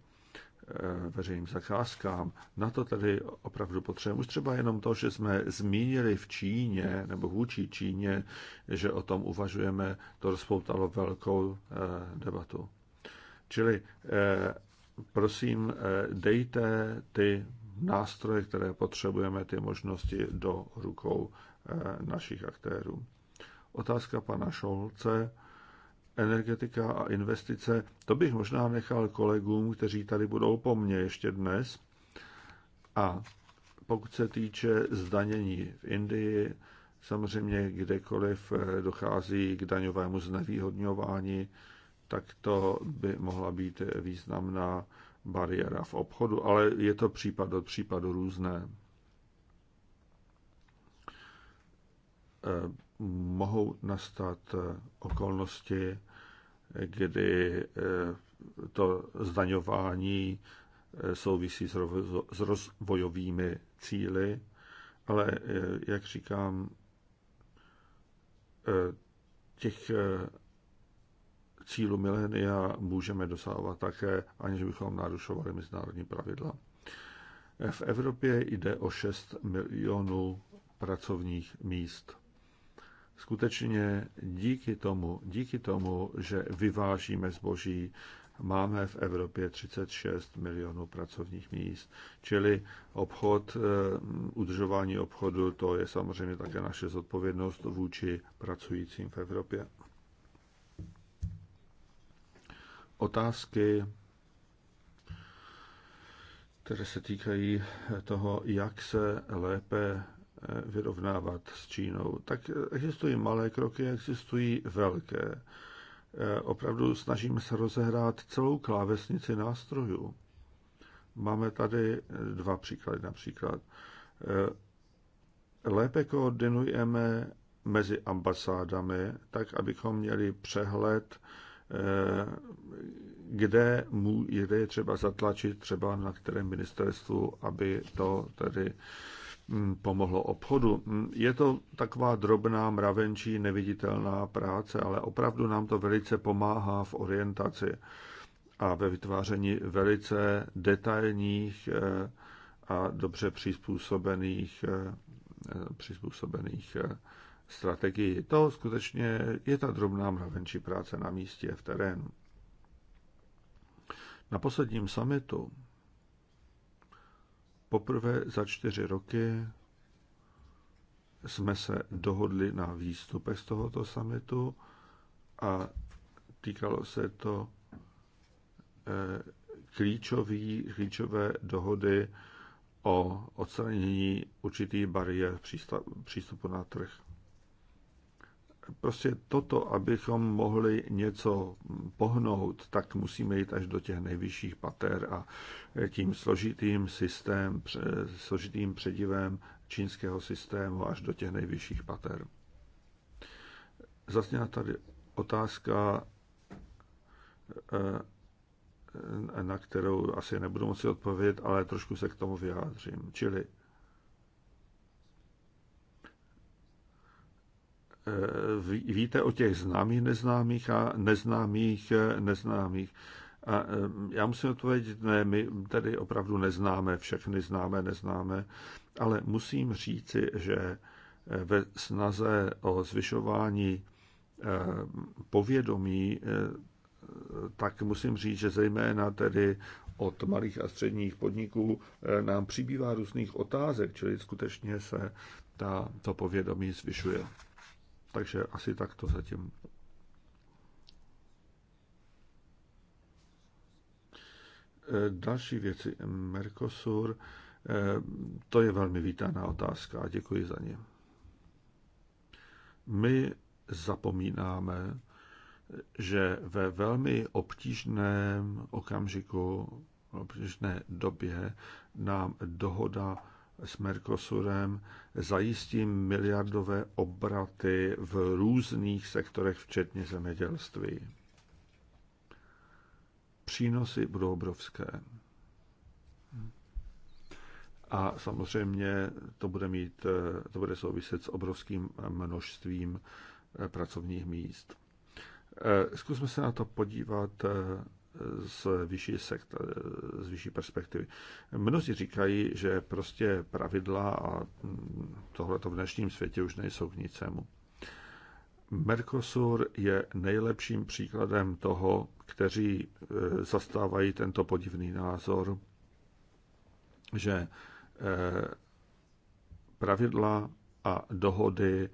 veřejným zakázkám. Na to tedy opravdu potřebujeme. Už třeba jenom to, že jsme zmínili v Číně nebo vůči Číně, že o tom uvažujeme, to rozpoutalo velkou debatu. Čili prosím, eh, dejte ty nástroje, které potřebujeme, ty možnosti do rukou eh, našich aktérů. Otázka pana Šolce. Energetika a investice, to bych možná nechal kolegům, kteří tady budou po mně ještě dnes. A pokud se týče zdanění v Indii, samozřejmě kdekoliv eh, dochází k daňovému znevýhodňování, tak to by mohla být významná bariéra v obchodu, ale je to případ od případu různé. Eh, mohou nastat eh, okolnosti, kdy eh, to zdaňování souvisí s rozvojovými cíly, ale jak říkám, těch cílu milénia můžeme dosávat také, aniž bychom narušovali mezinárodní pravidla. V Evropě jde o 6 milionů pracovních míst. Skutečně díky tomu, díky tomu, že vyvážíme zboží, máme v Evropě 36 milionů pracovních míst. Čili obchod, eh, udržování obchodu, to je samozřejmě také naše zodpovědnost vůči pracujícím v Evropě. otázky, které se týkají toho, jak se lépe eh, vyrovnávat s Čínou. Tak existují malé kroky, existují velké. Eh, opravdu snažíme se rozehrát celou klávesnici nástrojů. Máme tady eh, dva příklady například. Lépe koordinujeme mezi ambasádami, tak abychom měli přehled Eh, kde, mu, kde je třeba zatlačit třeba na kterém ministerstvu, aby to tedy hm, pomohlo obchodu. Hm, je to taková drobná, mravenčí, neviditelná práce, ale opravdu nám to velice pomáhá v orientaci a ve vytváření velice detailních eh, a dobře přizpůsobených, eh, přizpůsobených strategii. To skutečně je ta drobná mravenčí práce na místě, v terénu. Na posledním summitu poprvé za čtyři roky jsme se dohodli na výstupech z tohoto summitu a týkalo se to eh, klíčový, klíčové dohody o odstranění určitých bariér přístupu na trh prostě toto, abychom mohli něco pohnout, tak musíme jít až do těch nejvyšších pater a tím složitým systém, složitým předivem čínského systému až do těch nejvyšších pater. Zasněla tady otázka, eh, na kterou asi nebudu moci odpovědět, ale trošku se k tomu vyjádřím. Čili Eh, víte o těch známých neznámých a neznámých eh, neznámých. A eh, já musím odpovědět, ne, my tady opravdu neznáme všechny známé, neznáme, ale musím říci, že ve snaze o zvyšování povědomí, tak musím říct, že zejména tedy od malých a středních podniků nám přibývá různých otázek, čili skutečně se ta, to povědomí zvyšuje. Takže asi tak to zatím. E, další věci. Mercosur, e, to je velmi vítaná otázka a děkuji za ně. My zapomínáme, že ve velmi obtížném okamžiku, obtížné době nám dohoda s Mercosurem zajistí miliardové obraty v různých sektorech, včetně zemědělství. Přínosy budou obrovské. A samozřejmě to bude, mít, to bude souviset s obrovským množstvím pracovních míst. Eh, zkusme se na to podívat eh, z vyšší, sekta, z vyšší perspektivy. Mnozí říkají, že prostě pravidla a mm, tohle v dnešním světě už nejsou k nicemu. Mercosur je nejlepším příkladem toho, kteří e, zastávají tento podivný názor, že e, pravidla a dohody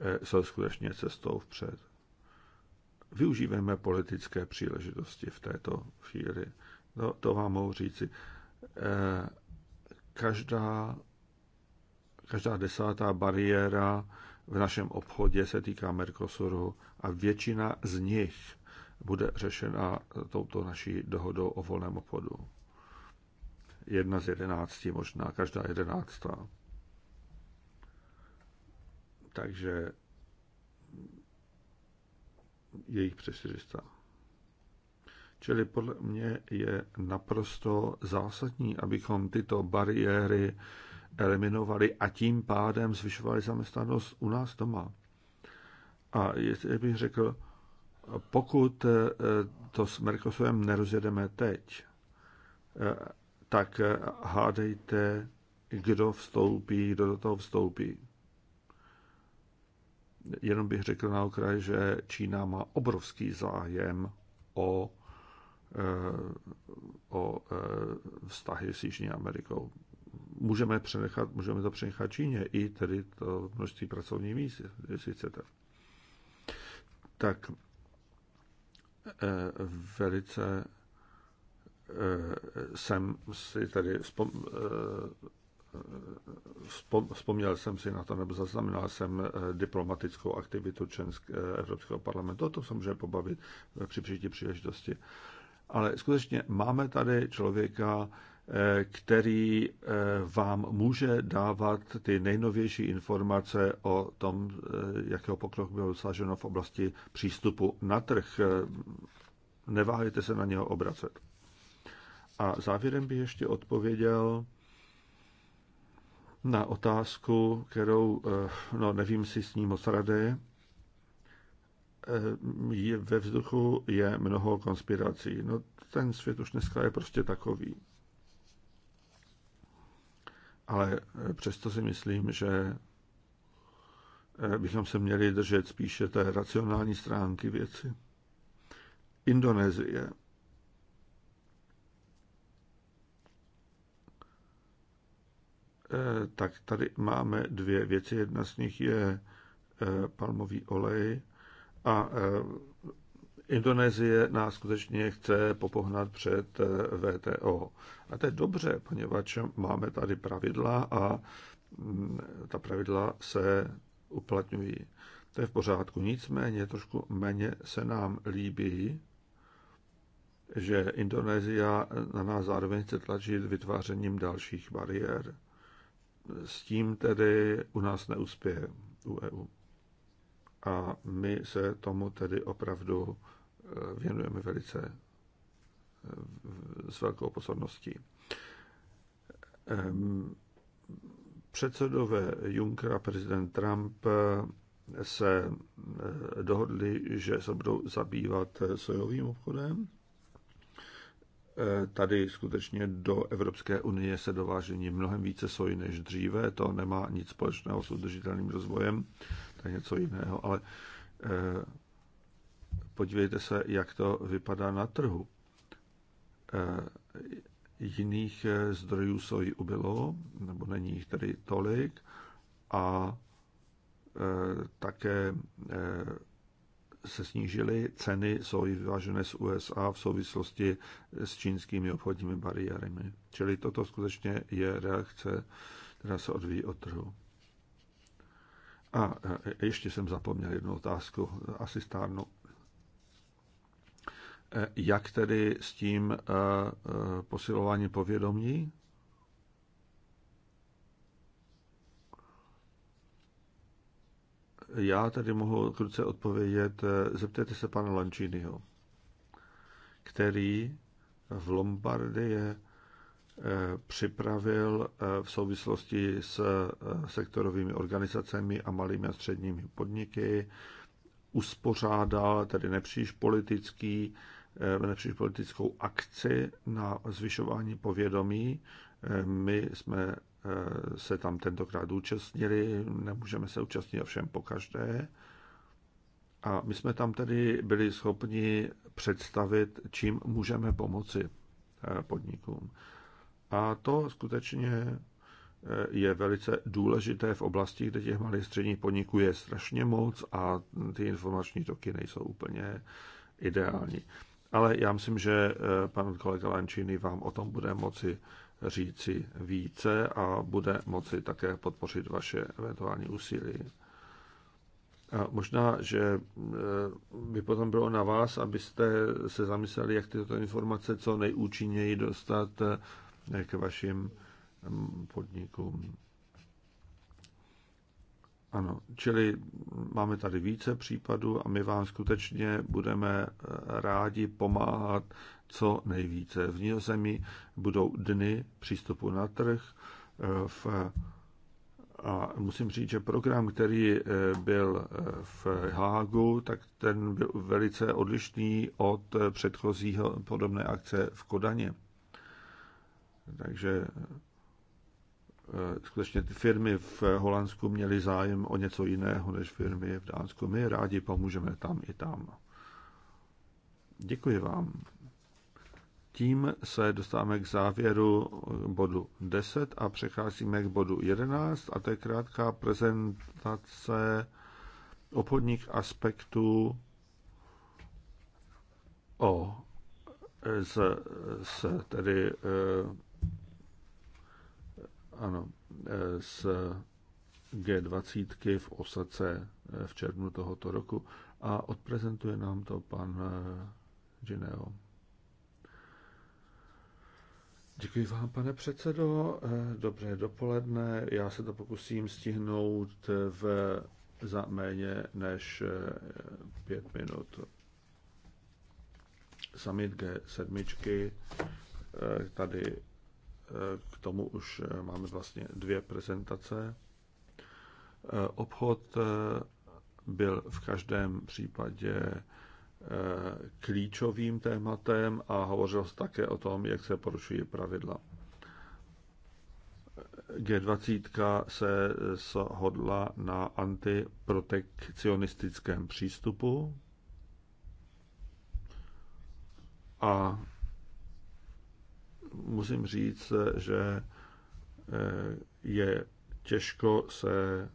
e, jsou skutečně cestou vpřed využíváme politické příležitosti v této chvíli. No, to vám mohu říci. Eh, každá, každá desátá bariéra v našem obchodě se týká Mercosuru a většina z nich bude řešena touto naší dohodou o volném obchodu. Jedna z jedenácti možná, každá jedenáctá. Takže jejich přes 400. Čili podle mě je naprosto zásadní, abychom tyto bariéry eliminovali a tím pádem zvyšovali zaměstnanost u nás doma. A jestli bych řekl, pokud eh, to s Merkosovem nerozjedeme teď, eh, tak eh, hádejte, kdo vstoupí, kdo do toho vstoupí. Jenom bych řekl na okraj, že Čína má obrovský zájem o, eh, o eh, vztahy s Jižní Amerikou. Můžeme, přenechat, můžeme to přenechat Číně i tedy to množství pracovních míst, jestli chcete. Tak eh, velice jsem si tady vzpom, vzpomněl jsem si na to, nebo zaznamenal jsem eh, diplomatickou aktivitu českého eh, Evropského parlamentu. O to se můžeme pobavit eh, při příští příležitosti. Ale skutečně máme tady člověka, který vám může dávat ty nejnovější informace o tom, jakého pokrok bylo dosaženo v oblasti přístupu na trh. Neváhejte se na něho obracet. A závěrem bych ještě odpověděl na otázku, kterou, eh, no nevím si s ní moc rady, eh, ve vzduchu je mnoho konspirací. No ten svět už dneska je prostě takový. Ale eh, přesto si myslím, že bychom se měli držet spíše té racionální stránky věci. Indonésie. Eh, tak tady máme dvě věci. Jedna z nich je eh, palmový olej a eh, Indonésie nás skutečně chce popohnat před VTO. A to je dobře, poněvadž máme tady pravidla a mm, ta pravidla se uplatňují. To je v pořádku. Nicméně trošku méně se nám líbí, že Indonésia na nás zároveň chce tlačit vytvářením dalších bariér s tím tedy u nás neuspěje, u EU. A my se tomu tedy opravdu eh, věnujeme velice eh, s velkou pozorností. Ehm, předsedové Juncker a prezident Trump eh, se dohodli, že se budou zabývat sojovým obchodem Eh, tady skutečně do Evropské unie se dováží mnohem více soji než dříve. To nemá nic společného s udržitelným rozvojem, to je něco jiného, ale eh, podívejte se, jak to vypadá na trhu. Eh, jiných zdrojů soji ubylo, nebo není jich tady tolik, a také se snížily ceny soji vyvážené z USA v souvislosti s čínskými obchodními bariérami. Čili toto skutečně je reakce, která se odvíjí od trhu. A e, ještě jsem zapomněl jednu otázku, asi stárnu. E, jak tedy s tím e, posilováním povědomí? Já tady mohu kruce odpovědět, eh, zeptejte se pana Lančínyho, který v Lombardii eh, připravil eh, v souvislosti s sektorovými organizacemi a malými a středními podniky, uspořádal tedy nepříliš politický, nepříliš politickou akci na zvyšování povědomí. My jsme Eh, se tam tentokrát účastnili, nemůžeme se účastnit všem po každé. A my jsme tam tedy byli schopni představit, čím můžeme pomoci eh, podnikům. A to skutečně eh, je velice důležité v oblasti, kde těch malých středních podniků je strašně moc a ty informační toky nejsou úplně ideální. Ale já myslím, že pan kolega Lančiny vám o tom bude moci říci více a bude moci také podpořit vaše eventuální úsilí. A možná, že e, by potom bylo na vás, abyste se zamysleli, jak tyto informace co nejúčinněji dostat e, k vašim podnikům. Ano, čili máme tady více případů a my vám skutečně budeme e, rádi pomáhat co nejvíce. V Nizozemí budou dny přístupu na trh eh, v a musím říct, že program, který eh, byl eh, v Hágu, tak ten byl velice odlišný od předchozího podobné akce v Kodaně. Takže skutečně ty firmy v Holandsku měly zájem o něco jiného než firmy v Dánsku. My rádi pomůžeme tam i tam. Děkuji vám. Tím se dostáváme k závěru bodu 10 a přecházíme k bodu 11 a to je krátká prezentace obchodních aspektů o z, z tedy eh, ano, eh, z G20 v Osace eh, v červnu tohoto roku a odprezentuje nám to pan Gineo. Děkuji vám, pane předsedo. Eh, dobré dopoledne. Já se to pokusím stihnout eh, v, za méně než eh, pět minut. Summit G7 tady k tomu už máme vlastně dvě prezentace. Obchod byl v každém případě Eh, klíčovým tématem a hovořil se také o tom, jak se porušují pravidla. G20 se shodla na antiprotekcionistickém přístupu a musím říct, že eh, je těžko se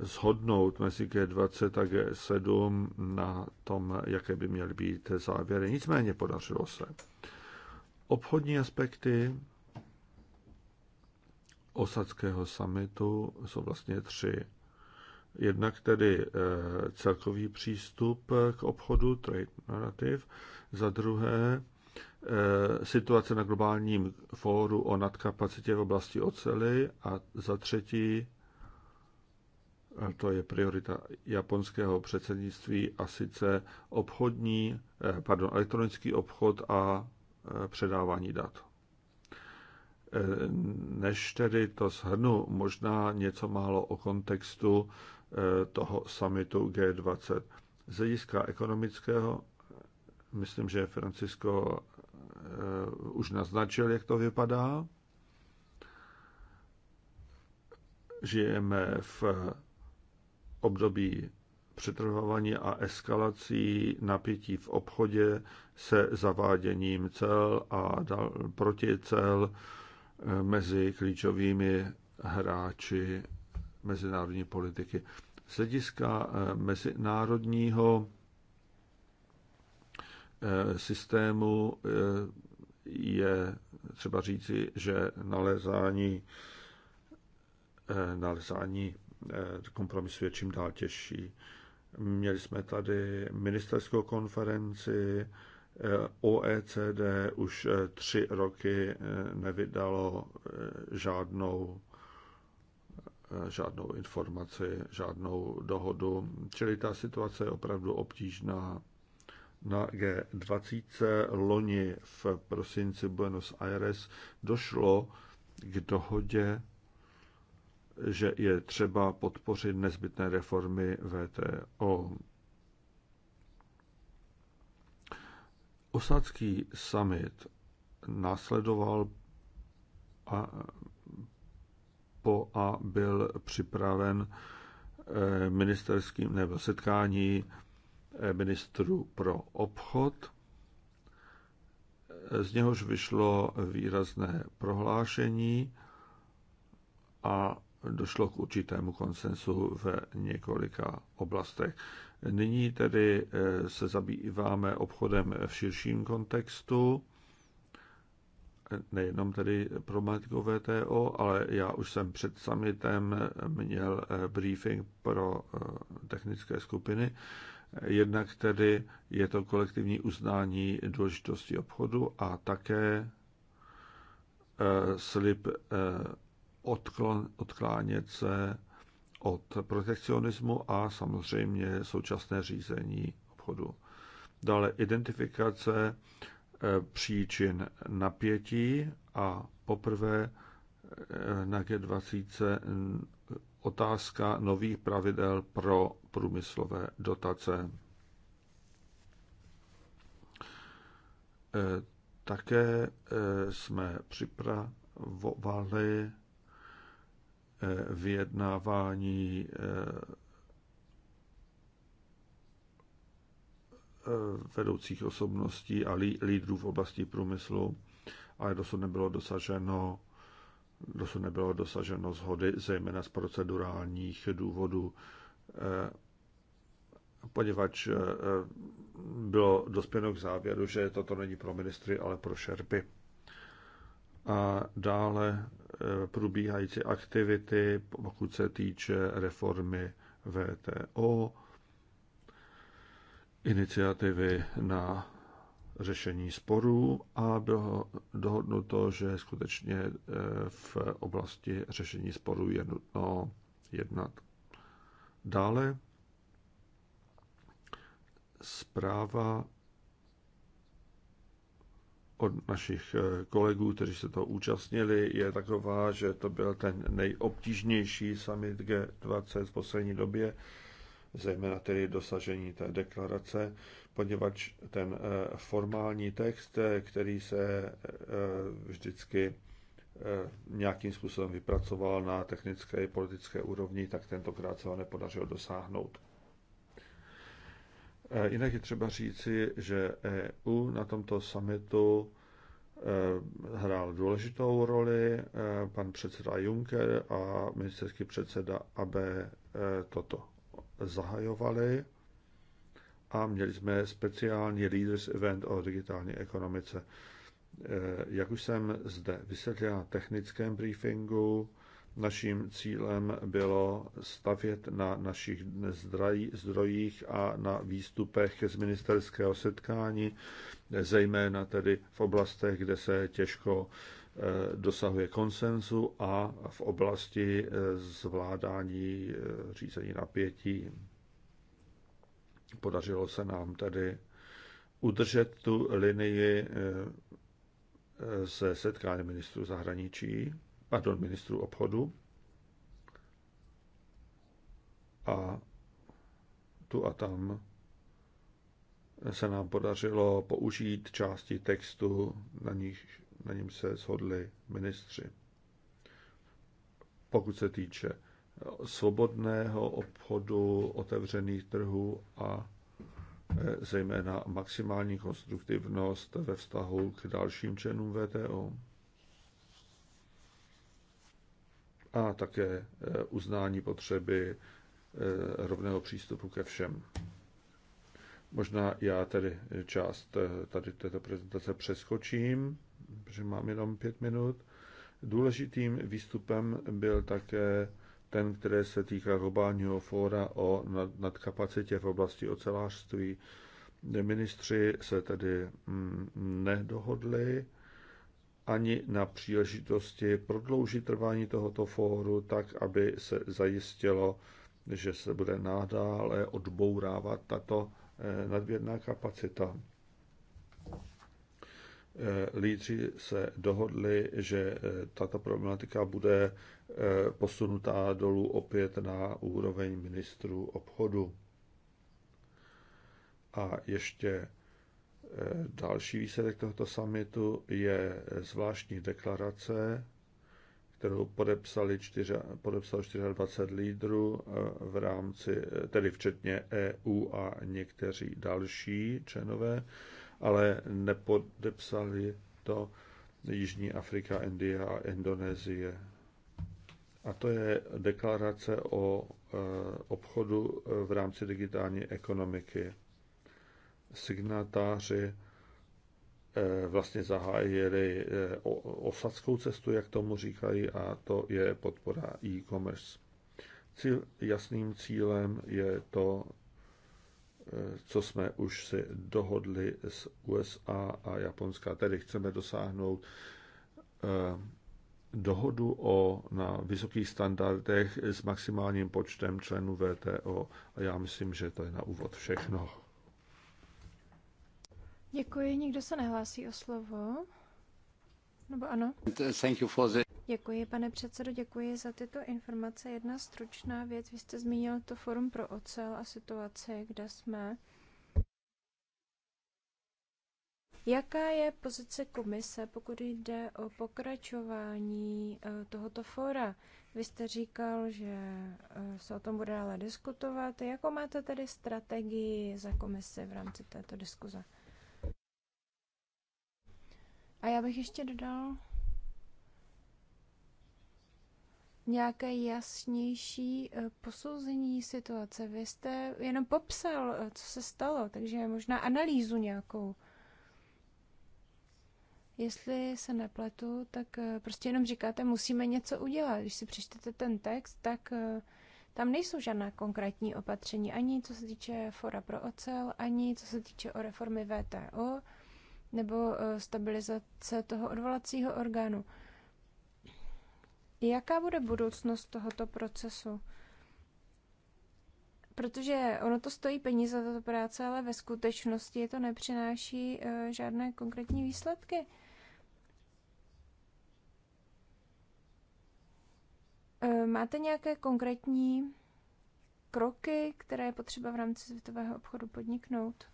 zhodnout mezi G20 a G7 na tom, jaké by měly být závěry. Nicméně podařilo se. Obchodní aspekty osadského summitu jsou vlastně tři. Jednak tedy eh, celkový přístup k obchodu, trade narrative, za druhé eh, situace na globálním fóru o nadkapacitě v oblasti ocely a za třetí to je priorita japonského předsednictví, a sice obchodní, eh, pardon, elektronický obchod a eh, předávání dat. Eh, než tedy to shrnu, možná něco málo o kontextu toho summitu G20. Z hlediska ekonomického, myslím, že Francisco už naznačil, jak to vypadá. Žijeme v období přetrvávání a eskalací napětí v obchodě se zaváděním cel a dal, proticel eh, mezi klíčovými hráči mezinárodní politiky. Z hlediska eh, mezinárodního eh, systému je třeba říci, že nalezání, nalezání Eh, kompromisu je čím dál těžší. Měli jsme tady ministerskou konferenci, eh, OECD už eh, tři roky nevydalo žádnou, žádnou informaci, žádnou dohodu, čili ta situace je opravdu obtížná. Na G20 loni v prosinci Buenos Aires došlo k dohodě že je třeba podpořit nezbytné reformy VTO. Osadský summit následoval a, po a byl připraven eh, ministerským nebo setkání eh, ministru pro obchod. Eh, z něhož vyšlo výrazné prohlášení a došlo k určitému konsensu v několika oblastech. Nyní tedy eh, se zabýváme obchodem v širším kontextu, nejenom tedy problematikou VTO, ale já už jsem před summitem měl eh, briefing pro eh, technické skupiny. Jednak tedy je to kolektivní uznání důležitosti obchodu a také slib odkl, odklánět se od protekcionismu a samozřejmě současné řízení obchodu. Dále identifikace eh, příčin napětí a poprvé eh, na G20 mm, otázka nových pravidel pro průmyslové dotace. Eh, také jsme připravovali Eh, vyjednávání eh, vedoucích osobností a lídrů v oblasti průmyslu, ale dosud nebylo dosaženo dosud nebylo dosaženo zhody, zejména z procedurálních důvodů, eh, poněvadž bylo dospěno k závěru, že toto není pro ministry, ale pro šerpy a dále e, probíhající aktivity, pokud se týče reformy VTO, iniciativy na řešení sporů a dohodnuto, že skutečně e, v oblasti řešení sporů je nutno jednat. Dále zpráva od našich eh, kolegů, kteří se to účastnili, je taková, že to byl ten nejobtížnější summit G20 v poslední době, zejména tedy dosažení té deklarace, poněvadž ten eh, formální text, eh, který se vždycky nějakým způsobem vypracoval na technické i politické úrovni, tak tentokrát se ho nepodařilo dosáhnout. Jinak je třeba říci, že EU na tomto summitu eh, hrál důležitou roli eh, pan předseda Juncker a ministerský předseda AB eh, toto zahajovali a měli jsme speciální Leaders Event o digitální ekonomice. Jak už jsem zde vysvětlil na technickém briefingu, Naším cílem bylo stavět na našich zdrojích a na výstupech z ministerského setkání, zejména tedy v oblastech, kde se těžko eh, dosahuje konsenzu a v oblasti eh, zvládání eh, řízení napětí. Podařilo se nám tedy udržet tu linii se setkání ministrů zahraničí pardon, ministrů obchodu. A tu a tam se nám podařilo použít části textu, na, níž na něm se shodli ministři. Pokud se týče svobodného obchodu, otevřených trhů a e, zejména maximální konstruktivnost ve vztahu k dalším členům VTO. a také eh, uznání potřeby eh, rovného přístupu ke všem. Možná já tedy část eh, tady této prezentace přeskočím, protože mám jenom pět minut. Důležitým výstupem byl také ten, který se týká globálního fóra o nadkapacitě v oblasti ocelářství. Ministři se tedy mm, nedohodli, ani na příležitosti prodloužit trvání tohoto fóru tak, aby se zajistilo, že se bude nadále odbourávat tato eh, nadměrná kapacita. Eh, lídři se dohodli, že eh, tato problematika bude posunutá dolů opět na úroveň ministrů obchodu. A ještě Další výsledek tohoto summitu je zvláštní deklarace, kterou podepsali 4, podepsal 24 lídrů eh, v rámci, eh, tedy včetně EU a někteří další členové, ale nepodepsali to Jižní Afrika, Indie a Indonésie. A to je deklarace o eh, obchodu v rámci digitální ekonomiky signatáři eh, vlastně zahájili eh, osadskou cestu, jak tomu říkají, a to je podpora e-commerce. Cíl, jasným cílem je to, eh, co jsme už si dohodli s USA a Japonska. Tedy chceme dosáhnout dohodu o, na vysokých standardech s maximálním počtem členů VTO. A já myslím, že to je na úvod všechno. Děkuji, nikdo se nehlásí o slovo. Nebo ano? Thank you for the... Děkuji, pane předsedo, děkuji za tyto informace. Jedna stručná věc, vy jste zmínil to forum pro ocel a situaci, kde jsme. Jaká je pozice komise, pokud jde o pokračování eh, tohoto fóra? Vy jste říkal, že eh, se o tom bude dále diskutovat. Jakou máte tedy strategii za komisi v rámci této diskuze? A já bych ještě dodal nějaké jasnější eh, posouzení situace. Vy jste jenom popsal, eh, co se stalo, takže možná analýzu nějakou. Jestli se nepletu, tak eh, prostě jenom říkáte, musíme něco udělat. Když si přečtete ten text, tak tam nejsou žádná konkrétní opatření, ani co se týče fora pro ocel, ani co se týče o reformy VTO nebo eh, stabilizace toho odvolacího orgánu. Jaká bude budoucnost tohoto procesu? Protože ono to stojí peníze za to práce, ale ve skutečnosti to nepřináší eh, žádné konkrétní výsledky. Eh, máte nějaké konkrétní kroky, které je potřeba v rámci světového obchodu podniknout?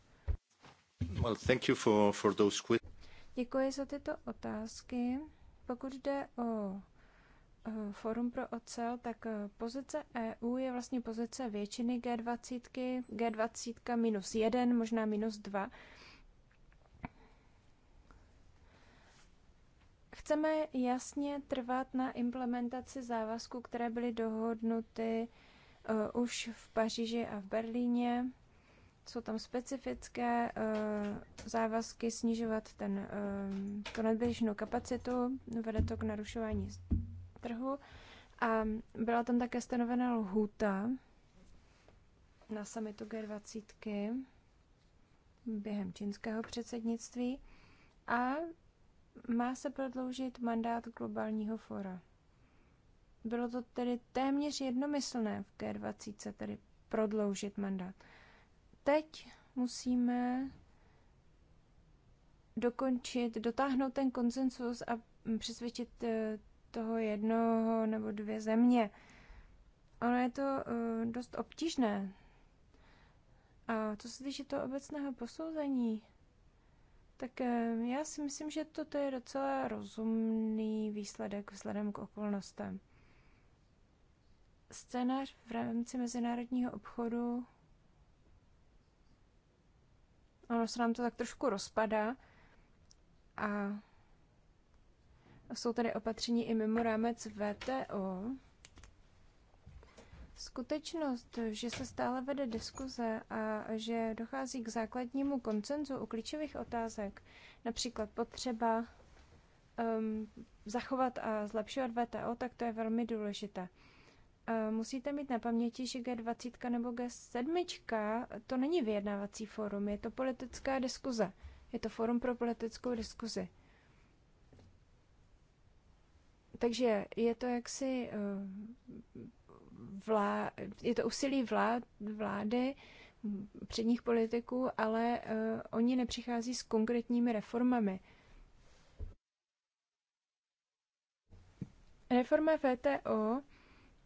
Děkuji za tyto otázky. Pokud jde o eh, Forum pro ocel, tak eh, pozice EU je vlastně pozice většiny G20, G20 minus jeden, možná minus dva. Chceme jasně trvat na implementaci závazků, které byly dohodnuty eh, už v Paříži a v Berlíně jsou tam specifické eh, závazky snižovat ten, eh, tu nadběžnou kapacitu, vede to k narušování trhu. A byla tam také stanovena lhůta na samitu G20 během čínského předsednictví a má se prodloužit mandát globálního fora. Bylo to tedy téměř jednomyslné v G20, tedy prodloužit mandát teď musíme dokončit, dotáhnout ten konsensus a přesvědčit eh, toho jednoho nebo dvě země. Ono je to eh, dost obtížné. A co se týče toho obecného posouzení, tak eh, já si myslím, že toto je docela rozumný výsledek vzhledem k okolnostem. Scénář v rámci mezinárodního obchodu ono se nám to tak trošku rozpadá a jsou tady opatření i mimo rámec VTO. Skutečnost, že se stále vede diskuze a že dochází k základnímu koncenzu u klíčových otázek, například potřeba um, zachovat a zlepšovat VTO, tak to je velmi důležité musíte mít na paměti, že G20 nebo G7 to není vyjednávací fórum, je to politická diskuze. Je to fórum pro politickou diskuzi. Takže je to jaksi eh, vlá, je to úsilí vlád, vlády, předních politiků, ale uh, oni nepřichází s konkrétními reformami. Reforma VTO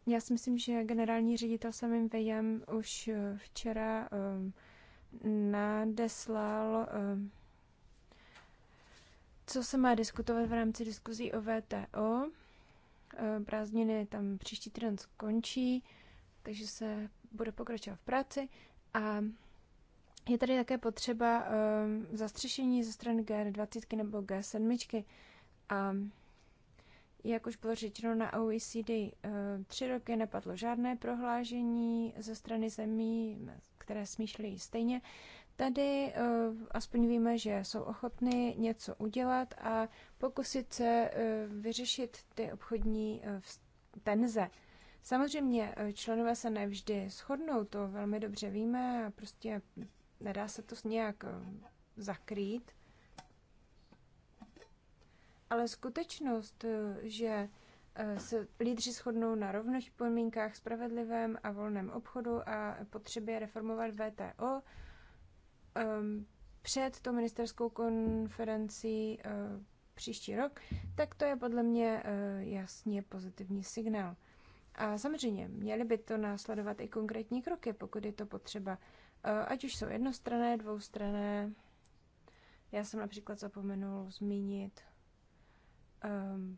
já si myslím, že generální ředitel samým Vejem už eh, včera eh, nadeslal, eh, co se má diskutovat v rámci diskuzí o VTO. Prázdniny tam příští týden skončí, takže se bude pokračovat v práci a je tady také potřeba zastřešení ze strany G20 nebo G7 a jak už bylo řečeno na OECD, eh, tři roky nepadlo žádné prohlášení ze strany zemí, které smýšlí stejně. Tady eh, aspoň víme, že jsou ochotny něco udělat a pokusit se eh, vyřešit ty obchodní tenze. Samozřejmě členové se nevždy shodnou, to velmi dobře víme a prostě nedá se to nějak zakrýt ale skutečnost, eh, že eh, se lídři shodnou na rovných podmínkách, spravedlivém a volném obchodu a potřebě reformovat VTO, ehm, před tou ministerskou konferencí eh, příští rok, tak to je podle mě jasně pozitivní signál. A samozřejmě měly by to následovat i konkrétní kroky, pokud je to potřeba. Ať už jsou jednostrané, dvoustrané. Já jsem například zapomenul zmínit um,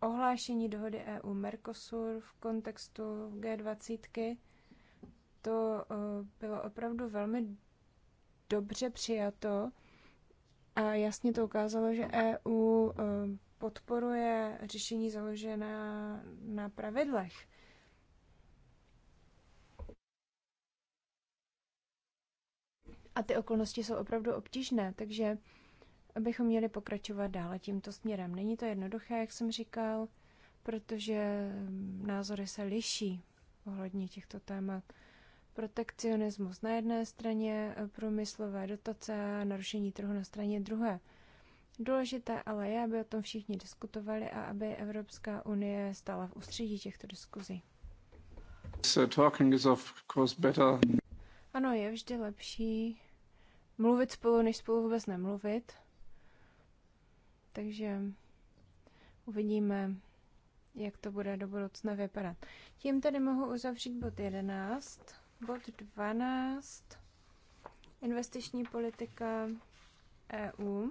ohlášení dohody EU Mercosur v kontextu G20. To uh, bylo opravdu velmi dobře přijato a jasně to ukázalo, že EU uh, ehm, podporuje řešení založená na pravidlech. A ty okolnosti jsou opravdu obtížné, takže Abychom měli pokračovat dále tímto směrem. Není to jednoduché, jak jsem říkal, protože názory se liší ohledně těchto témat. Protekcionismus na jedné straně, průmyslové dotace a narušení trhu na straně druhé. Důležité ale je, aby o tom všichni diskutovali a aby Evropská unie stála v ústředí těchto diskuzí. Ano, je vždy lepší mluvit spolu, než spolu vůbec nemluvit. Takže uvidíme, jak to bude do budoucna vypadat. Tím tedy mohu uzavřít bod 11, bod 12, investiční politika EU.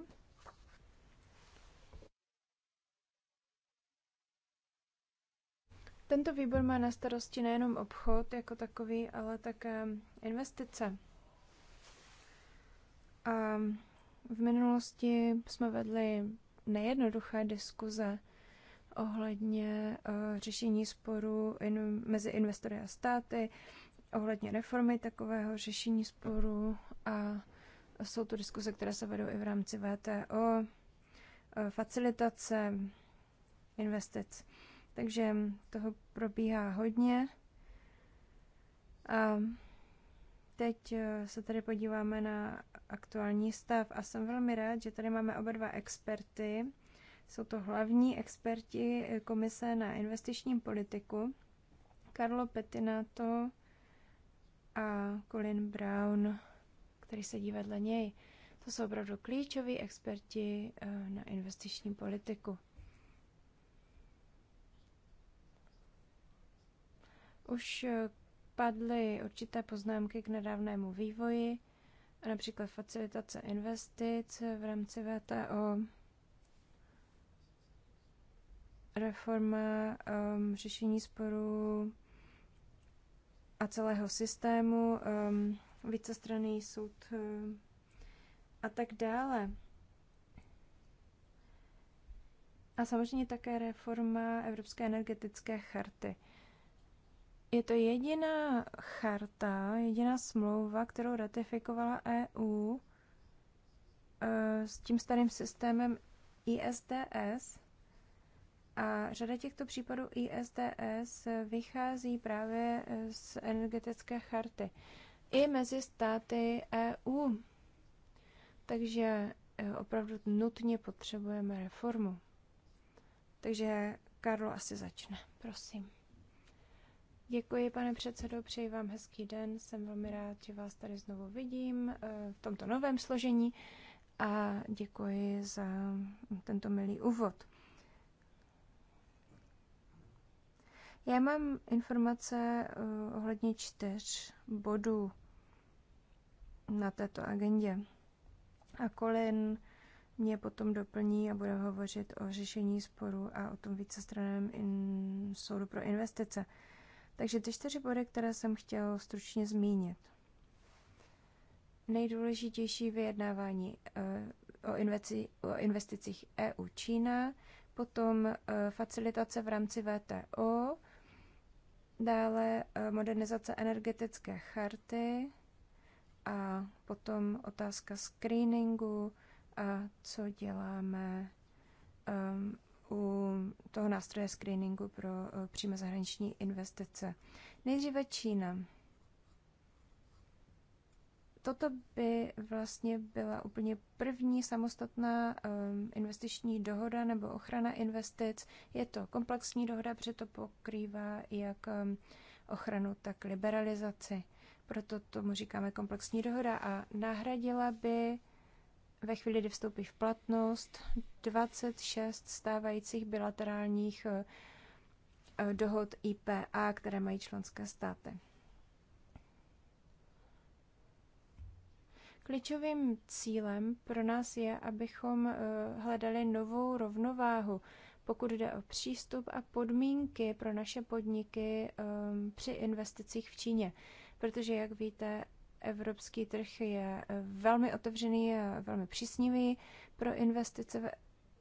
Tento výbor má na starosti nejenom obchod jako takový, ale také investice. A v minulosti jsme vedli nejednoduché diskuze ohledně eh, řešení sporu in, mezi investory a státy, ohledně reformy takového řešení sporu a jsou tu diskuze, které se vedou i v rámci VTO, eh, facilitace investic. Takže toho probíhá hodně. A Teď eh, se tady podíváme na aktuální stav a jsem velmi rád, že tady máme oba dva experty. Jsou to hlavní experti eh, Komise na investiční politiku, Carlo Petinato a Colin Brown, který sedí vedle něj. To jsou opravdu klíčoví experti eh, na investiční politiku. Už padly určité poznámky k nedávnému vývoji, například facilitace investic v rámci VTO, reforma um, řešení sporů a celého systému, um, vícestranný soud um, a tak dále. A samozřejmě také reforma Evropské energetické charty. Je to jediná charta, jediná smlouva, kterou ratifikovala EU eh, s tím starým systémem ISDS. A řada těchto případů ISDS vychází právě eh, z energetické charty i mezi státy EU. Takže eh, opravdu nutně potřebujeme reformu. Takže Karlo asi začne, prosím. Děkuji, pane předsedo, přeji vám hezký den. Jsem velmi rád, že vás tady znovu vidím eh, v tomto novém složení a děkuji za tento milý úvod. Já mám informace eh, ohledně čtyř bodů na této agendě. A Colin mě potom doplní a bude hovořit o řešení sporu a o tom vícestraném in, soudu pro investice. Takže ty čtyři body, které jsem chtěl stručně zmínit. Nejdůležitější vyjednávání eh, o, investi- o investicích EU-Čína, potom eh, facilitace v rámci VTO, dále eh, modernizace energetické charty a potom otázka screeningu a co děláme ehm, u toho nástroje screeningu pro eh, přímé zahraniční investice. Nejdříve Čína. Toto by vlastně byla úplně první samostatná eh, investiční dohoda nebo ochrana investic. Je to komplexní dohoda, protože to pokrývá jak eh, ochranu, tak liberalizaci. Proto tomu říkáme komplexní dohoda a nahradila by ve chvíli, kdy vstoupí v platnost, 26 stávajících bilaterálních eh, eh, dohod IPA, které mají členské státy. Klíčovým cílem pro nás je, abychom eh, hledali novou rovnováhu, pokud jde o přístup a podmínky pro naše podniky při investicích v Číně. Protože, jak víte, Evropský trh je eh, velmi otevřený a velmi přísnivý pro investice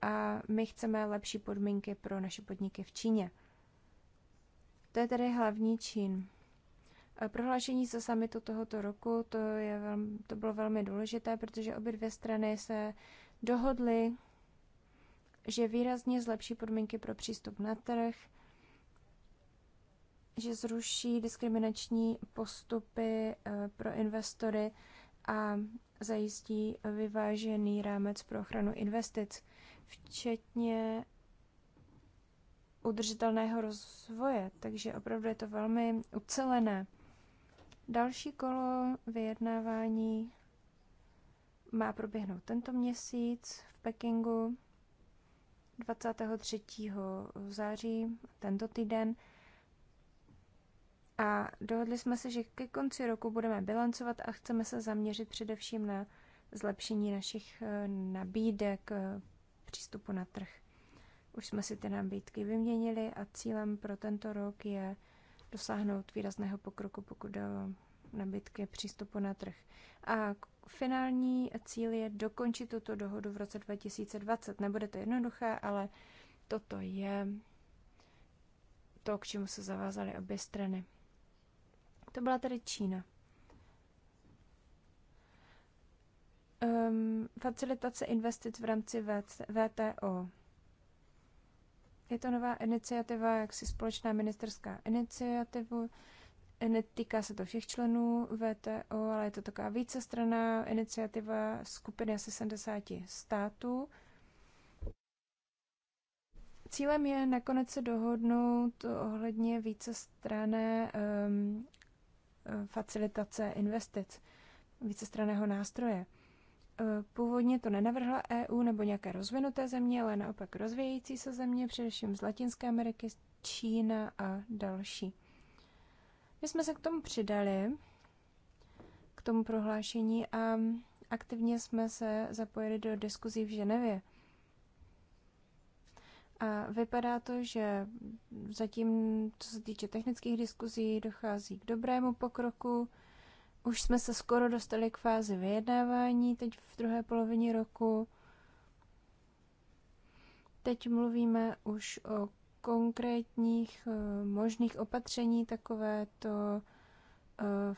a my chceme lepší podmínky pro naše podniky v Číně. To je tedy hlavní čin. Eh, prohlášení ze samitu tohoto roku to, je velmi, to bylo velmi důležité, protože obě dvě strany se dohodly, že výrazně zlepší podmínky pro přístup na trh, že zruší diskriminační postupy eh, pro investory a zajistí vyvážený rámec pro ochranu investic, včetně udržitelného rozvoje, takže opravdu je to velmi ucelené. Další kolo vyjednávání má proběhnout tento měsíc v Pekingu 23. září, tento týden, a dohodli jsme se, že ke konci roku budeme bilancovat a chceme se zaměřit především na zlepšení našich eh, nabídek, eh, přístupu na trh. Už jsme si ty nabídky vyměnili a cílem pro tento rok je dosáhnout výrazného pokroku, pokud jde o nabídky přístupu na trh. A finální cíl je dokončit tuto dohodu v roce 2020. Nebude to jednoduché, ale toto je to, k čemu se zavázaly obě strany. To byla tedy Čína. Um, facilitace investic v rámci VTO. Je to nová iniciativa, jaksi společná ministerská iniciativa. Netýká se to všech členů VTO, ale je to taková vícestranná iniciativa skupiny asi 70 států. Cílem je nakonec se dohodnout ohledně vícestrané um, facilitace investic, vícestraného nástroje. E, původně to nenavrhla EU nebo nějaké rozvinuté země, ale naopak rozvějící se země, především z Latinské Ameriky, Čína a další. My jsme se k tomu přidali, k tomu prohlášení a aktivně jsme se zapojili do diskuzí v Ženevě. A vypadá to, že zatím, co se týče technických diskuzí, dochází k dobrému pokroku. Už jsme se skoro dostali k fázi vyjednávání, teď v druhé polovině roku. Teď mluvíme už o konkrétních eh, možných opatření, takové to eh,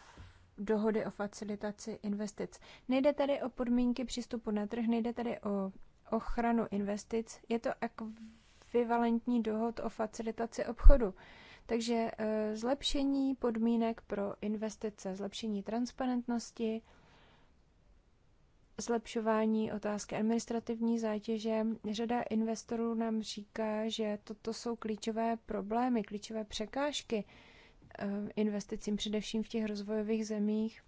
dohody o facilitaci investic. Nejde tady o podmínky přístupu na trh, nejde tady o ochranu investic. Je to ekvivalentní dohod o facilitaci obchodu. Takže eh, zlepšení podmínek pro investice, zlepšení transparentnosti, zlepšování otázky administrativní zátěže. Řada investorů nám říká, že toto jsou klíčové problémy, klíčové překážky eh, investicím, především v těch rozvojových zemích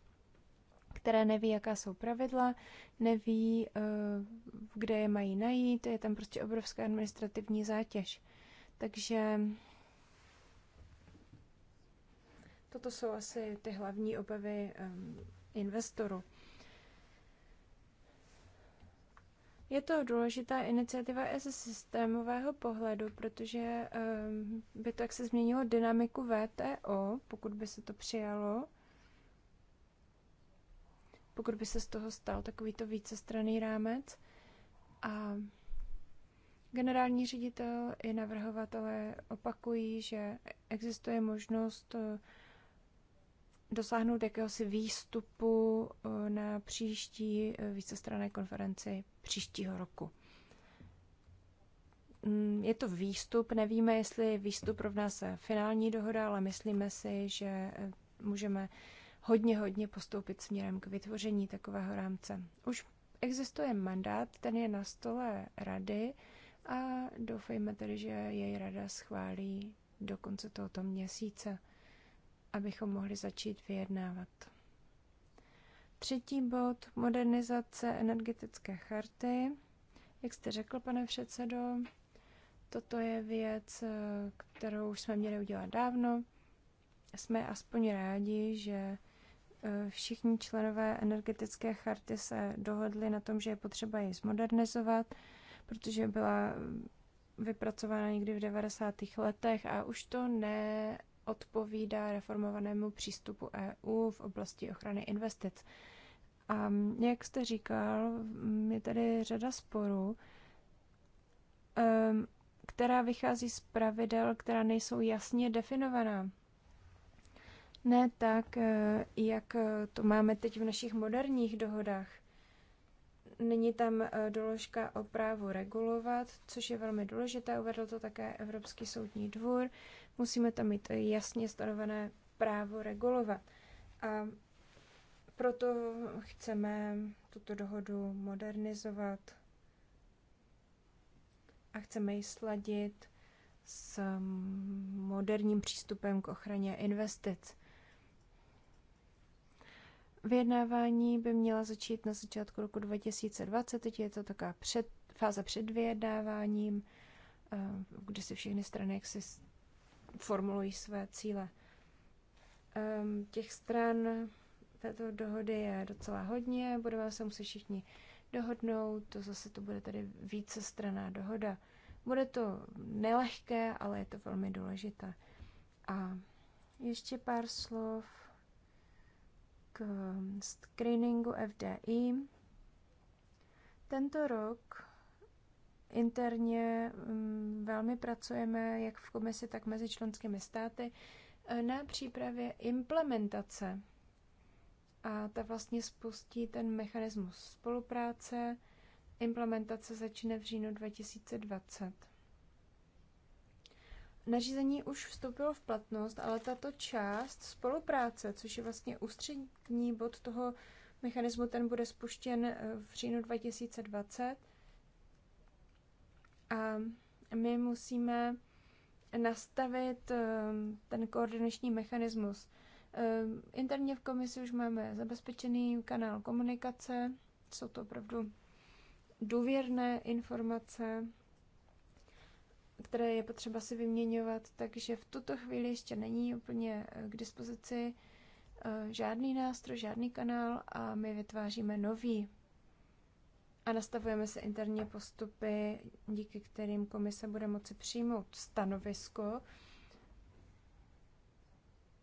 které neví, jaká jsou pravidla, neví, eh, kde je mají najít, je tam prostě obrovská administrativní zátěž. Takže toto jsou asi ty hlavní obavy eh, investoru. Je to důležitá iniciativa i ze systémového pohledu, protože eh, by to jak se změnilo dynamiku VTO, pokud by se to přijalo, pokud by se z toho stal takovýto vícestranný rámec. A generální ředitel i navrhovatelé opakují, že existuje možnost eh, dosáhnout jakéhosi výstupu eh, na příští eh, vícestranné konferenci příštího roku. Mm, je to výstup, nevíme, jestli výstup rovná se finální dohoda, ale myslíme si, že můžeme hodně, hodně postoupit směrem k vytvoření takového rámce. Už existuje mandát, ten je na stole rady a doufejme tedy, že jej rada schválí do konce tohoto měsíce, abychom mohli začít vyjednávat. Třetí bod, modernizace energetické charty. Jak jste řekl, pane předsedo, toto je věc, kterou už jsme měli udělat dávno. Jsme aspoň rádi, že Eh, všichni členové energetické charty se dohodli na tom, že je potřeba ji zmodernizovat, protože byla eh, vypracována někdy v 90. letech a už to neodpovídá reformovanému přístupu EU v oblasti ochrany investic. A jak jste říkal, mm, je tady řada sporů, ehm, která vychází z pravidel, která nejsou jasně definovaná ne tak, eh, jak eh, to máme teď v našich moderních dohodách. Není tam eh, doložka o právu regulovat, což je velmi důležité, uvedl to také Evropský soudní dvůr. Musíme tam mít jasně stanovené právo regulovat. A proto chceme tuto dohodu modernizovat a chceme ji sladit s mm, moderním přístupem k ochraně investic. Vyjednávání by měla začít na začátku roku 2020, teď je to taková před, fáze před vyjednáváním, eh, kde si všechny strany jak si formulují své cíle. Ehm, těch stran této dohody je docela hodně, budeme se muset všichni dohodnout, to zase to bude tady více straná dohoda. Bude to nelehké, ale je to velmi důležité. A ještě pár slov k ehm, screeningu FDI. Tento rok interně ehm, velmi pracujeme, jak v komisi, tak mezi členskými státy, eh, na přípravě implementace. A ta vlastně spustí ten mechanismus spolupráce. Implementace začne v říjnu 2020. Nařízení už vstoupilo v platnost, ale tato část spolupráce, což je vlastně ústřední bod toho mechanismu, ten bude spuštěn eh, v říjnu 2020. A my musíme nastavit eh, ten koordinační mechanismus. Eh, interně v komisi už máme zabezpečený kanál komunikace, jsou to opravdu důvěrné informace, které je potřeba si vyměňovat, takže v tuto chvíli ještě není úplně eh, k dispozici eh, žádný nástroj, žádný kanál a my vytváříme nový. A nastavujeme se interně postupy, díky kterým komise bude moci přijmout stanovisko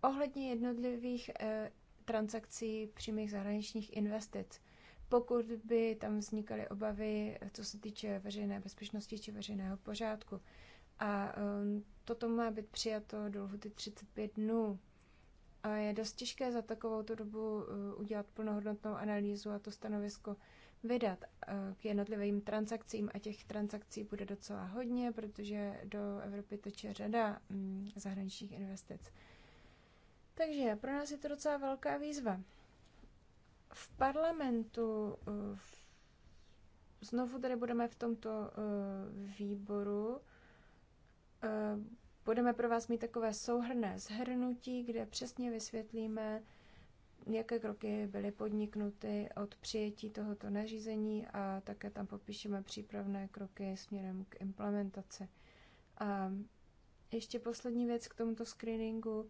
ohledně jednotlivých eh, transakcí přímých zahraničních investic pokud by tam vznikaly obavy, co se týče veřejné bezpečnosti či veřejného pořádku. A um, toto má být přijato do lhuty 35 dnů. A je dost těžké za takovou tu dobu uh, udělat plnohodnotnou analýzu a to stanovisko vydat uh, k jednotlivým transakcím a těch transakcí bude docela hodně, protože do Evropy teče řada mm, zahraničních investic. Takže pro nás je to docela velká výzva v parlamentu eh, znovu tady budeme v tomto eh, výboru. Eh, budeme pro vás mít takové souhrné zhrnutí, kde přesně vysvětlíme, jaké kroky byly podniknuty od přijetí tohoto nařízení a také tam popíšeme přípravné kroky směrem k implementaci. A ještě poslední věc k tomuto screeningu.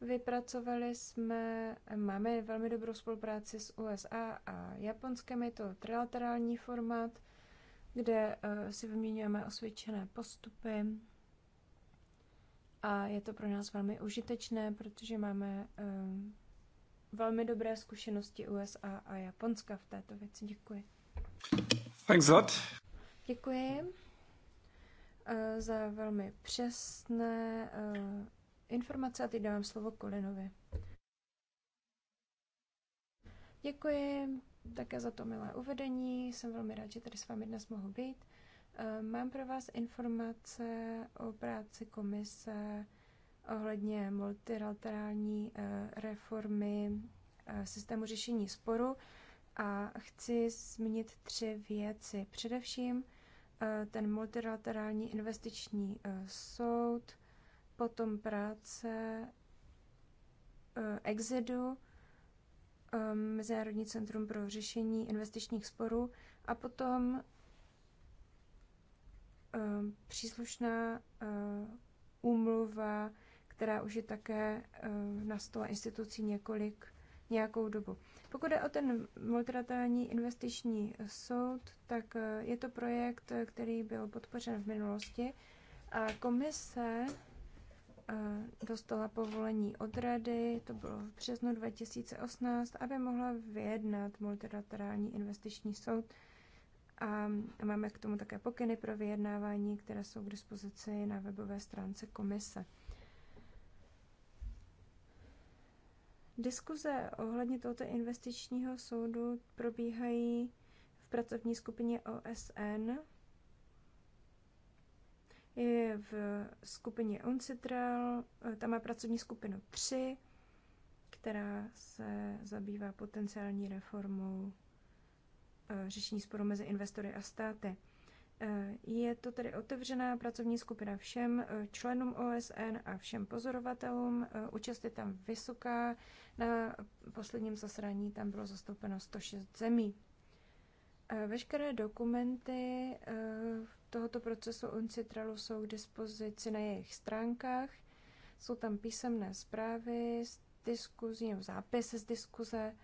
Vypracovali jsme, máme velmi dobrou spolupráci s USA a Japonskem, je to trilaterální formát, kde eh, si vyměňujeme osvědčené postupy a je to pro nás velmi užitečné, protože máme eh, velmi dobré zkušenosti USA a Japonska v této věci. Děkuji. Thanks a lot. Děkuji eh, za velmi přesné informace a teď dávám slovo Kolinovi. Děkuji také za to milé uvedení. Jsem velmi rád, že tady s vámi dnes mohu být. Eh, mám pro vás informace o práci komise ohledně multilaterální eh, reformy eh, systému řešení sporu a chci zmínit tři věci. Především ten multilaterální investiční soud, potom práce eh, Exidu, eh, Mezinárodní centrum pro řešení investičních sporů a potom eh, příslušná úmluva, která už je také na stole institucí několik, nějakou dobu. Pokud je o ten multilaterální investiční soud, tak je to projekt, který byl podpořen v minulosti a komise dostala povolení od Rady, to bylo v březnu 2018, aby mohla vyjednat multilaterální investiční soud. A máme k tomu také pokyny pro vyjednávání, které jsou k dispozici na webové stránce komise. Diskuze ohledně tohoto investičního soudu probíhají v pracovní skupině OSN je v skupině UNCITRAL. Eh, tam má pracovní skupinu 3, která se zabývá potenciální reformou eh, řešení sporu mezi investory a státy. Eh, je to tedy otevřená pracovní skupina všem členům OSN a všem pozorovatelům. Účast je tam vysoká. Na posledním zasraní tam bylo zastoupeno 106 zemí. Veškeré dokumenty v tohoto procesu UNCITRALu jsou k dispozici na jejich stránkách. Jsou tam písemné zprávy s diskuzí nebo zápisy z diskuze.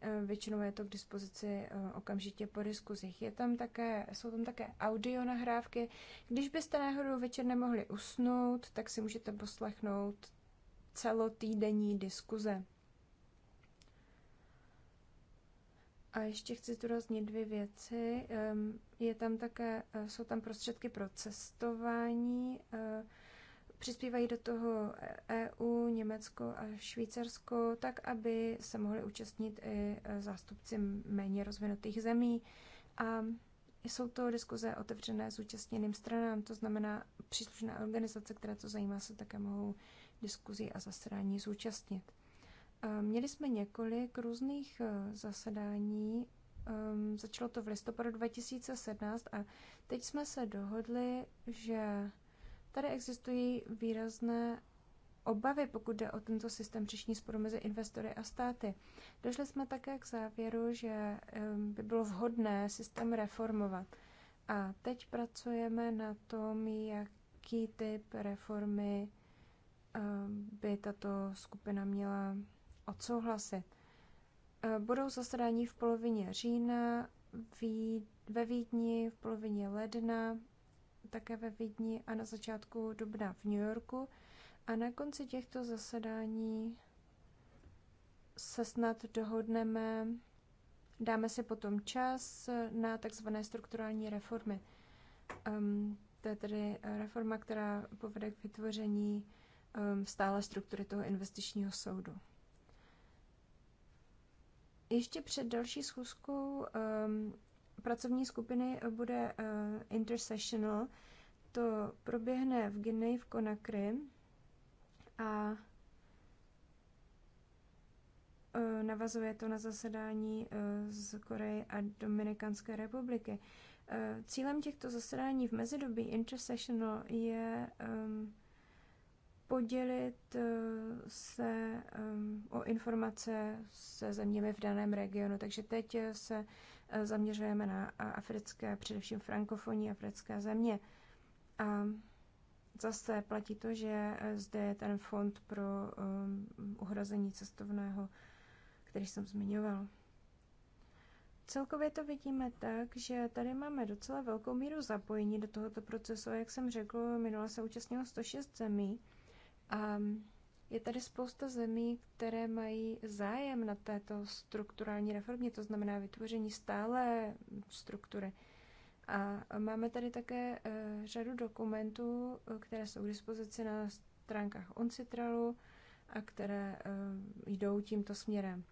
Eh, většinou je to k dispozici eh, okamžitě po diskuzích. Je tam také, jsou tam také audio nahrávky. Když byste náhodou večer nemohli usnout, tak si můžete poslechnout celotýdenní diskuze. A ještě chci zdůraznit dvě věci. Ehm, je tam také, eh, jsou tam prostředky pro cestování. Eh, přispívají do toho EU, e Německo a Švýcarsko, tak aby se mohli účastnit i eh, zástupci méně rozvinutých zemí. A jsou to diskuze otevřené s účastněným stranám, to znamená příslušné organizace, které to zajímá, se také mohou diskuzí a zasedání zúčastnit. Měli jsme několik různých eh, zasedání. Ehm, začalo to v listopadu 2017 a teď jsme se dohodli, že tady existují výrazné obavy, pokud jde o tento systém řešení sporu mezi investory a státy. Došli jsme také k závěru, že ehm, by bylo vhodné systém reformovat. A teď pracujeme na tom, jaký typ reformy ehm, by tato skupina měla odsouhlasit. E, budou zasedání v polovině října, ve Vídni, v polovině ledna, také ve Vídni a na začátku dubna v New Yorku. A na konci těchto zasedání se snad dohodneme, dáme si potom čas na takzvané strukturální reformy. Um, to je tedy reforma, která povede k vytvoření um, stále struktury toho investičního soudu. Ještě před další schůzkou um, pracovní skupiny bude uh, intersessional. To proběhne v Guinea v Konakry a uh, navazuje to na zasedání uh, z Koreje a Dominikánské republiky. Uh, cílem těchto zasedání v mezidobí intersessional je um, podělit eh, se o informace se zeměmi v daném regionu. Takže teď eh, se eh, zaměřujeme na africké, především frankofonní africké země. A zase platí to, že zde je ten fond pro uhrazení cestovného, který jsem zmiňoval. Celkově to vidíme tak, že tady máme docela velkou míru zapojení do tohoto procesu. Jak jsem řekl, minule se účastnilo 106 zemí a je tady spousta zemí, které mají zájem na této strukturální reformě, to znamená vytvoření stále struktury. A máme tady také eh, řadu dokumentů, eh, které jsou k dispozici na stránkách Oncitralu a které eh, jdou tímto směrem.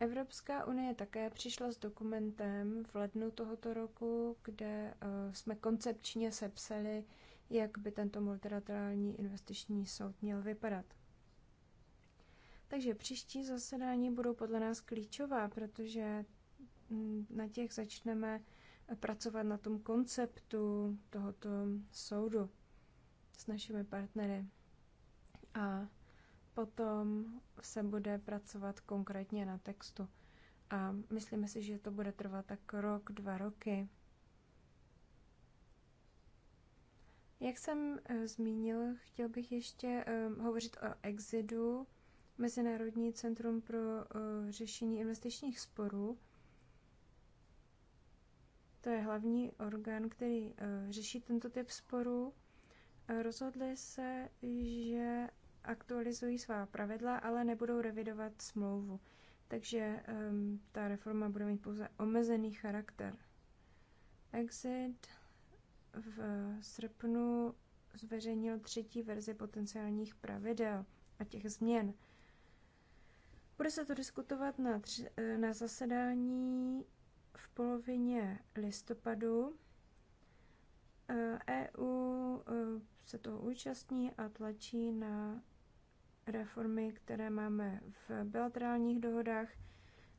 Evropská unie také přišla s dokumentem v lednu tohoto roku, kde jsme koncepčně sepsali jak by tento multilaterální investiční soud měl vypadat. Takže příští zasedání budou podle nás klíčová, protože mm, na těch začneme pracovat na tom konceptu tohoto soudu s našimi partnery. A potom se bude pracovat konkrétně na textu. A myslíme si, že to bude trvat tak rok, dva roky. Jak jsem eh, zmínil, chtěl bych ještě eh, hovořit o Exidu, Mezinárodní centrum pro eh, řešení investičních sporů. To je hlavní orgán, který řeší tento typ sporů. Rozhodli se, že aktualizují svá pravidla, ale nebudou revidovat smlouvu. Takže um, ta reforma bude mít pouze omezený charakter. Exit v srpnu zveřejnil třetí verzi potenciálních pravidel a těch změn. Bude se to diskutovat na, tři, eh, na zasedání v polovině listopadu. EU eh, e eh, se toho účastní a tlačí na reformy, které máme v bilaterálních dohodách,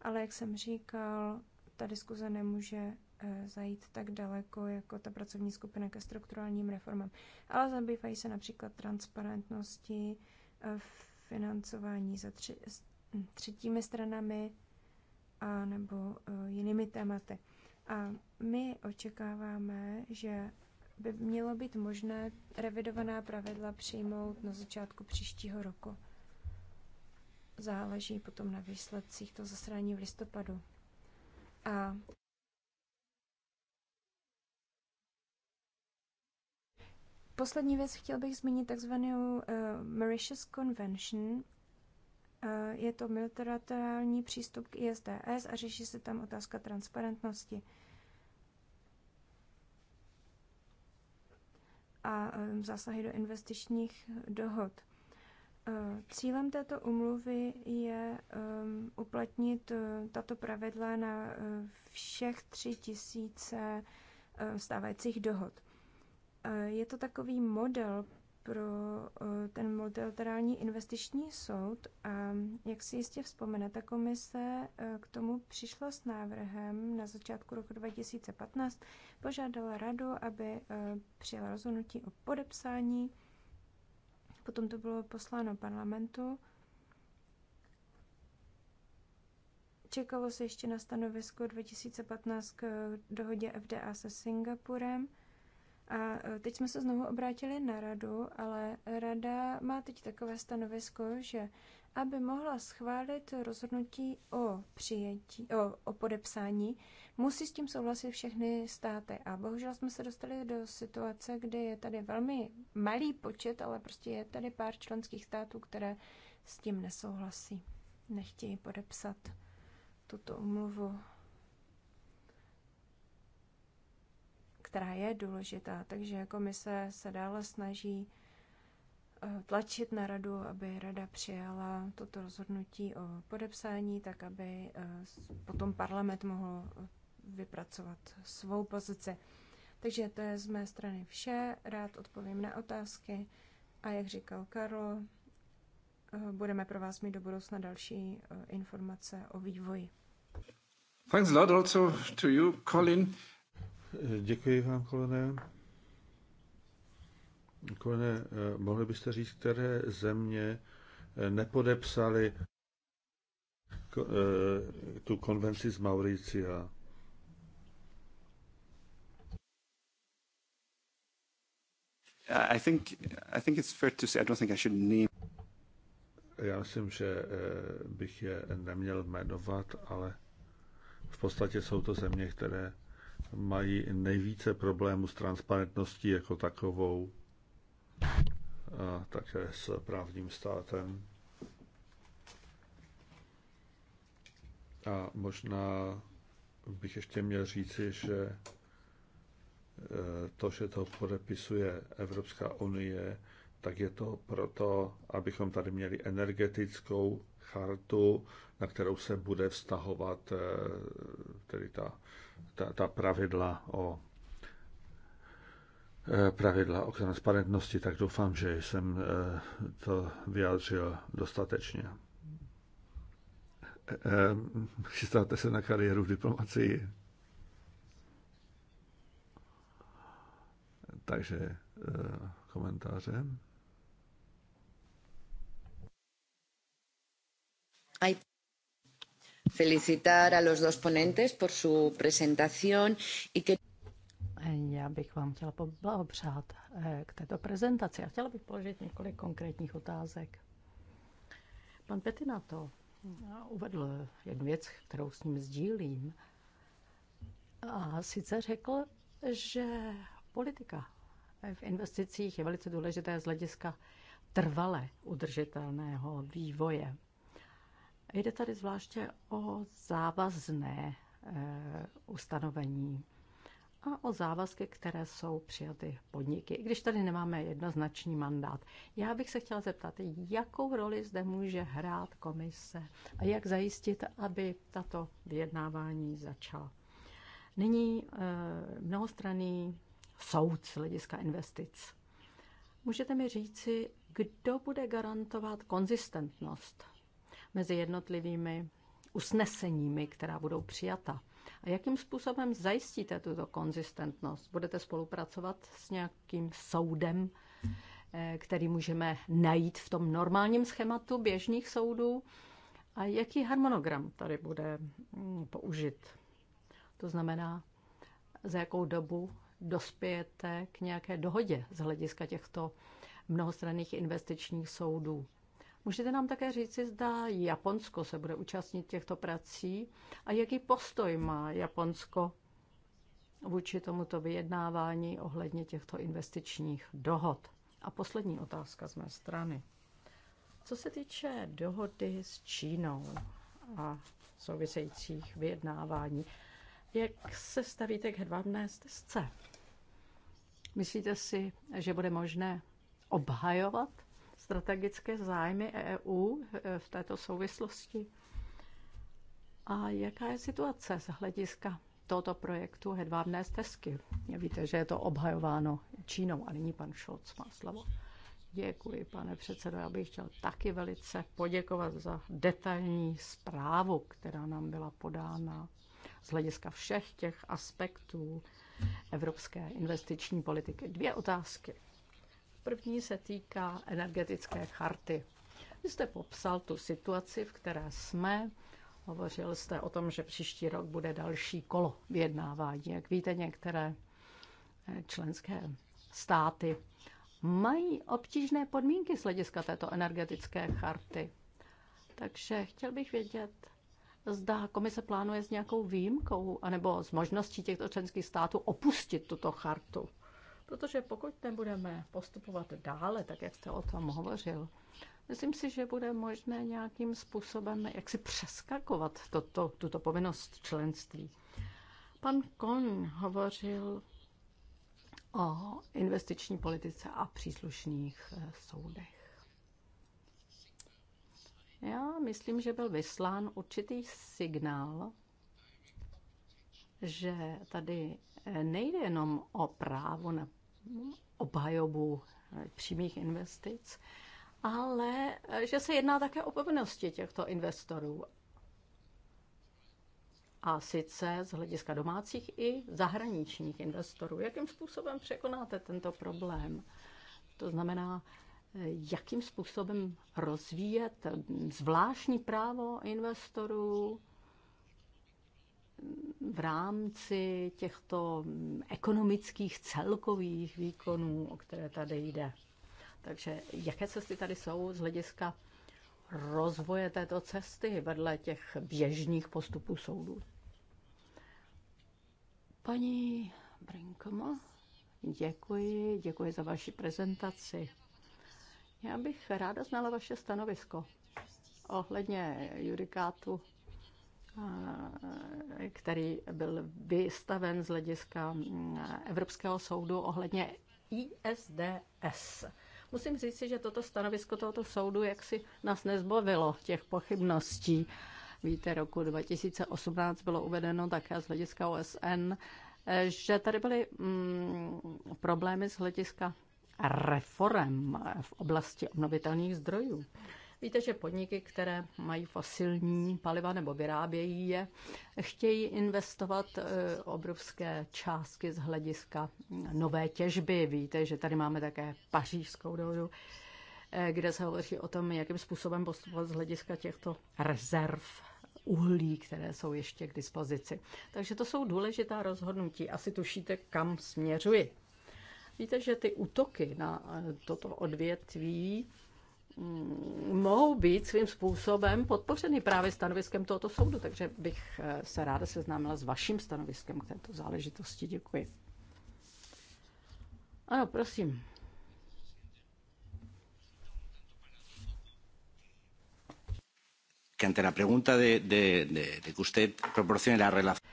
ale jak jsem říkal, ta diskuze nemůže Eh, zajít tak daleko jako ta pracovní skupina ke strukturálním reformám, ale zabývají se například transparentností, eh, financování za tři, hm, třetími stranami a nebo eh, jinými tématy. A my očekáváme, že by mělo být možné revidovaná pravidla přijmout na začátku příštího roku. Záleží potom na výsledcích to zasrání v listopadu. A Poslední věc chtěl bych zmínit takzvanou uh, eh, Mauritius Convention. Uh, je to multilaterální přístup k ISDS a řeší se tam otázka transparentnosti. a um, zásahy do investičních dohod. Cílem této umluvy je um, uplatnit uh, tato pravidla na uh, všech tři tisíce uh, stávajících dohod. Je to takový model pro eh, ten multilaterální investiční soud a jak si jistě vzpomenete, komise eh, k tomu přišla s návrhem na začátku roku 2015, požádala radu, aby eh, přijala rozhodnutí o podepsání, potom to bylo posláno parlamentu, Čekalo se ještě na stanovisko 2015 k dohodě FDA se Singapurem – a e, teď jsme se znovu obrátili na radu, ale rada má teď takové stanovisko, že aby mohla schválit rozhodnutí o přijetí, o, o podepsání, musí s tím souhlasit všechny státy. A bohužel jsme se dostali do situace, kdy je tady velmi malý počet, ale prostě je tady pár členských států, které s tím nesouhlasí. Nechtějí podepsat tuto umluvu která je důležitá. Takže komise se dále snaží eh, tlačit na radu, aby rada přijala toto rozhodnutí o podepsání, tak aby eh, potom parlament mohl eh, vypracovat svou pozici. Takže to je z mé strany vše. Rád odpovím na otázky. A jak říkal Karl, budeme pro vás mít do budoucna další informace o vývoji. Thanks a lot also to you, Colin. Děkuji vám, kolene. Kolene, mohli byste říct, které země nepodepsali eh, tu konvenci z Mauricia? I think, I think it's fair to say, I don't think I should name já myslím, že eh, bych je neměl jmenovat, ale v podstatě jsou to země, které mají nejvíce problémů s transparentností jako takovou a také s právním státem. A možná bych ještě měl říci, že e, to, že to podepisuje Evropská unie, tak je to proto, abychom tady měli energetickou chartu, na kterou se bude vztahovat e, tedy ta ta, ta pravidla o eh, pravidla o transparentnosti, tak doufám, že jsem eh, to vyjádřil dostatečně. Eh, chystáte se na kariéru v diplomacii? Takže komentáře. I Felicitar a los dos ponentes por su presentación y que... Já bych vám chtěla poblahopřát eh, k této prezentaci a chtěla bych položit několik konkrétních otázek. Pan Petina to eh, uvedl jednu věc, kterou s ním sdílím. A sice řekl, že politika eh, v investicích je velice důležitá z hlediska trvale udržitelného vývoje. Jde tady zvláště o závazné e, ustanovení a o závazky, které jsou přijaty podniky, i když tady nemáme jednoznačný mandát. Já bych se chtěla zeptat, jakou roli zde může hrát komise a jak zajistit, aby tato vyjednávání začala. Nyní e, eh, mnohostraný soud z hlediska investic. Můžete mi říci, kdo bude garantovat konzistentnost mezi jednotlivými usneseními, která budou přijata. A jakým způsobem zajistíte tuto konzistentnost? Budete spolupracovat s nějakým soudem, eh, který můžeme najít v tom normálním schématu běžných soudů? A jaký harmonogram tady bude mm, použit? To znamená, za jakou dobu dospějete k nějaké dohodě z hlediska těchto mnohostranných investičních soudů? Můžete nám také říci, zda Japonsko se bude účastnit těchto prací a jaký postoj má Japonsko vůči tomuto vyjednávání ohledně těchto investičních dohod. A poslední otázka z mé strany. Co se týče dohody s Čínou a souvisejících vyjednávání, jak se stavíte k hedvábné stezce? Myslíte si, že bude možné obhajovat strategické zájmy EU e, v této souvislosti? A jaká je situace z hlediska tohoto projektu Hedvábné stezky? Víte, že je to obhajováno Čínou a nyní pan Scholz má slovo. Děkuji, pane předsedo. Já bych chtěl taky velice poděkovat za detailní zprávu, která nám byla podána z hlediska všech těch aspektů evropské investiční politiky. Dvě otázky. První se týká energetické charty. Vy jste popsal tu situaci, v které jsme. Hovořil jste o tom, že příští rok bude další kolo vyjednávání. Jak víte, některé eh, členské státy mají obtížné podmínky z hlediska této energetické charty. Takže chtěl bych vědět, zda komise plánuje s nějakou výjimkou anebo s možností těchto členských států opustit tuto chartu. Protože pokud nebudeme postupovat dále, tak jak jste o tom hovořil, myslím si, že bude možné nějakým způsobem jaksi přeskakovat toto, tuto povinnost členství. Pan Kon hovořil o investiční politice a příslušných eh, soudech. Já myslím, že byl vyslán určitý signál, že tady eh, nejde jenom o právo na obhajobu eh, přímých investic, ale eh, že se jedná také o povinnosti těchto investorů. A sice z hlediska domácích i zahraničních investorů. Jakým způsobem překonáte tento problém? To znamená, eh, jakým způsobem rozvíjet hm, zvláštní právo investorů v rámci těchto ekonomických celkových výkonů, o které tady jde. Takže jaké cesty tady jsou z hlediska rozvoje této cesty vedle těch běžných postupů soudů? Paní Brinkoma, děkuji, děkuji za vaši prezentaci. Já bych ráda znala vaše stanovisko ohledně judikátu který byl vystaven z hlediska mm, Evropského soudu ohledně ISDS. Musím říct, že toto stanovisko tohoto soudu jaksi nás nezbavilo těch pochybností. Víte, roku 2018 bylo uvedeno také z hlediska OSN, že tady byly mm, problémy z hlediska reform v oblasti obnovitelných zdrojů. Víte, že podniky, které mají fosilní paliva nebo vyrábějí je, chtějí investovat eh, obrovské částky z hlediska nové těžby. Víte, že tady máme také pařížskou dohodu eh, kde se hovoří o tom, jakým způsobem postupovat z hlediska těchto rezerv uhlí, které jsou ještě k dispozici. Takže to jsou důležitá rozhodnutí. Asi tušíte, kam směřuji. Víte, že ty útoky na eh, toto odvětví mohou být svým způsobem podpořeny právě stanoviskem tohoto soudu, takže bych eh, se ráda seznámila s vaším stanoviskem k této záležitosti. Děkuji. Ano, prosím. la pregunta de, que usted proporcione la relación.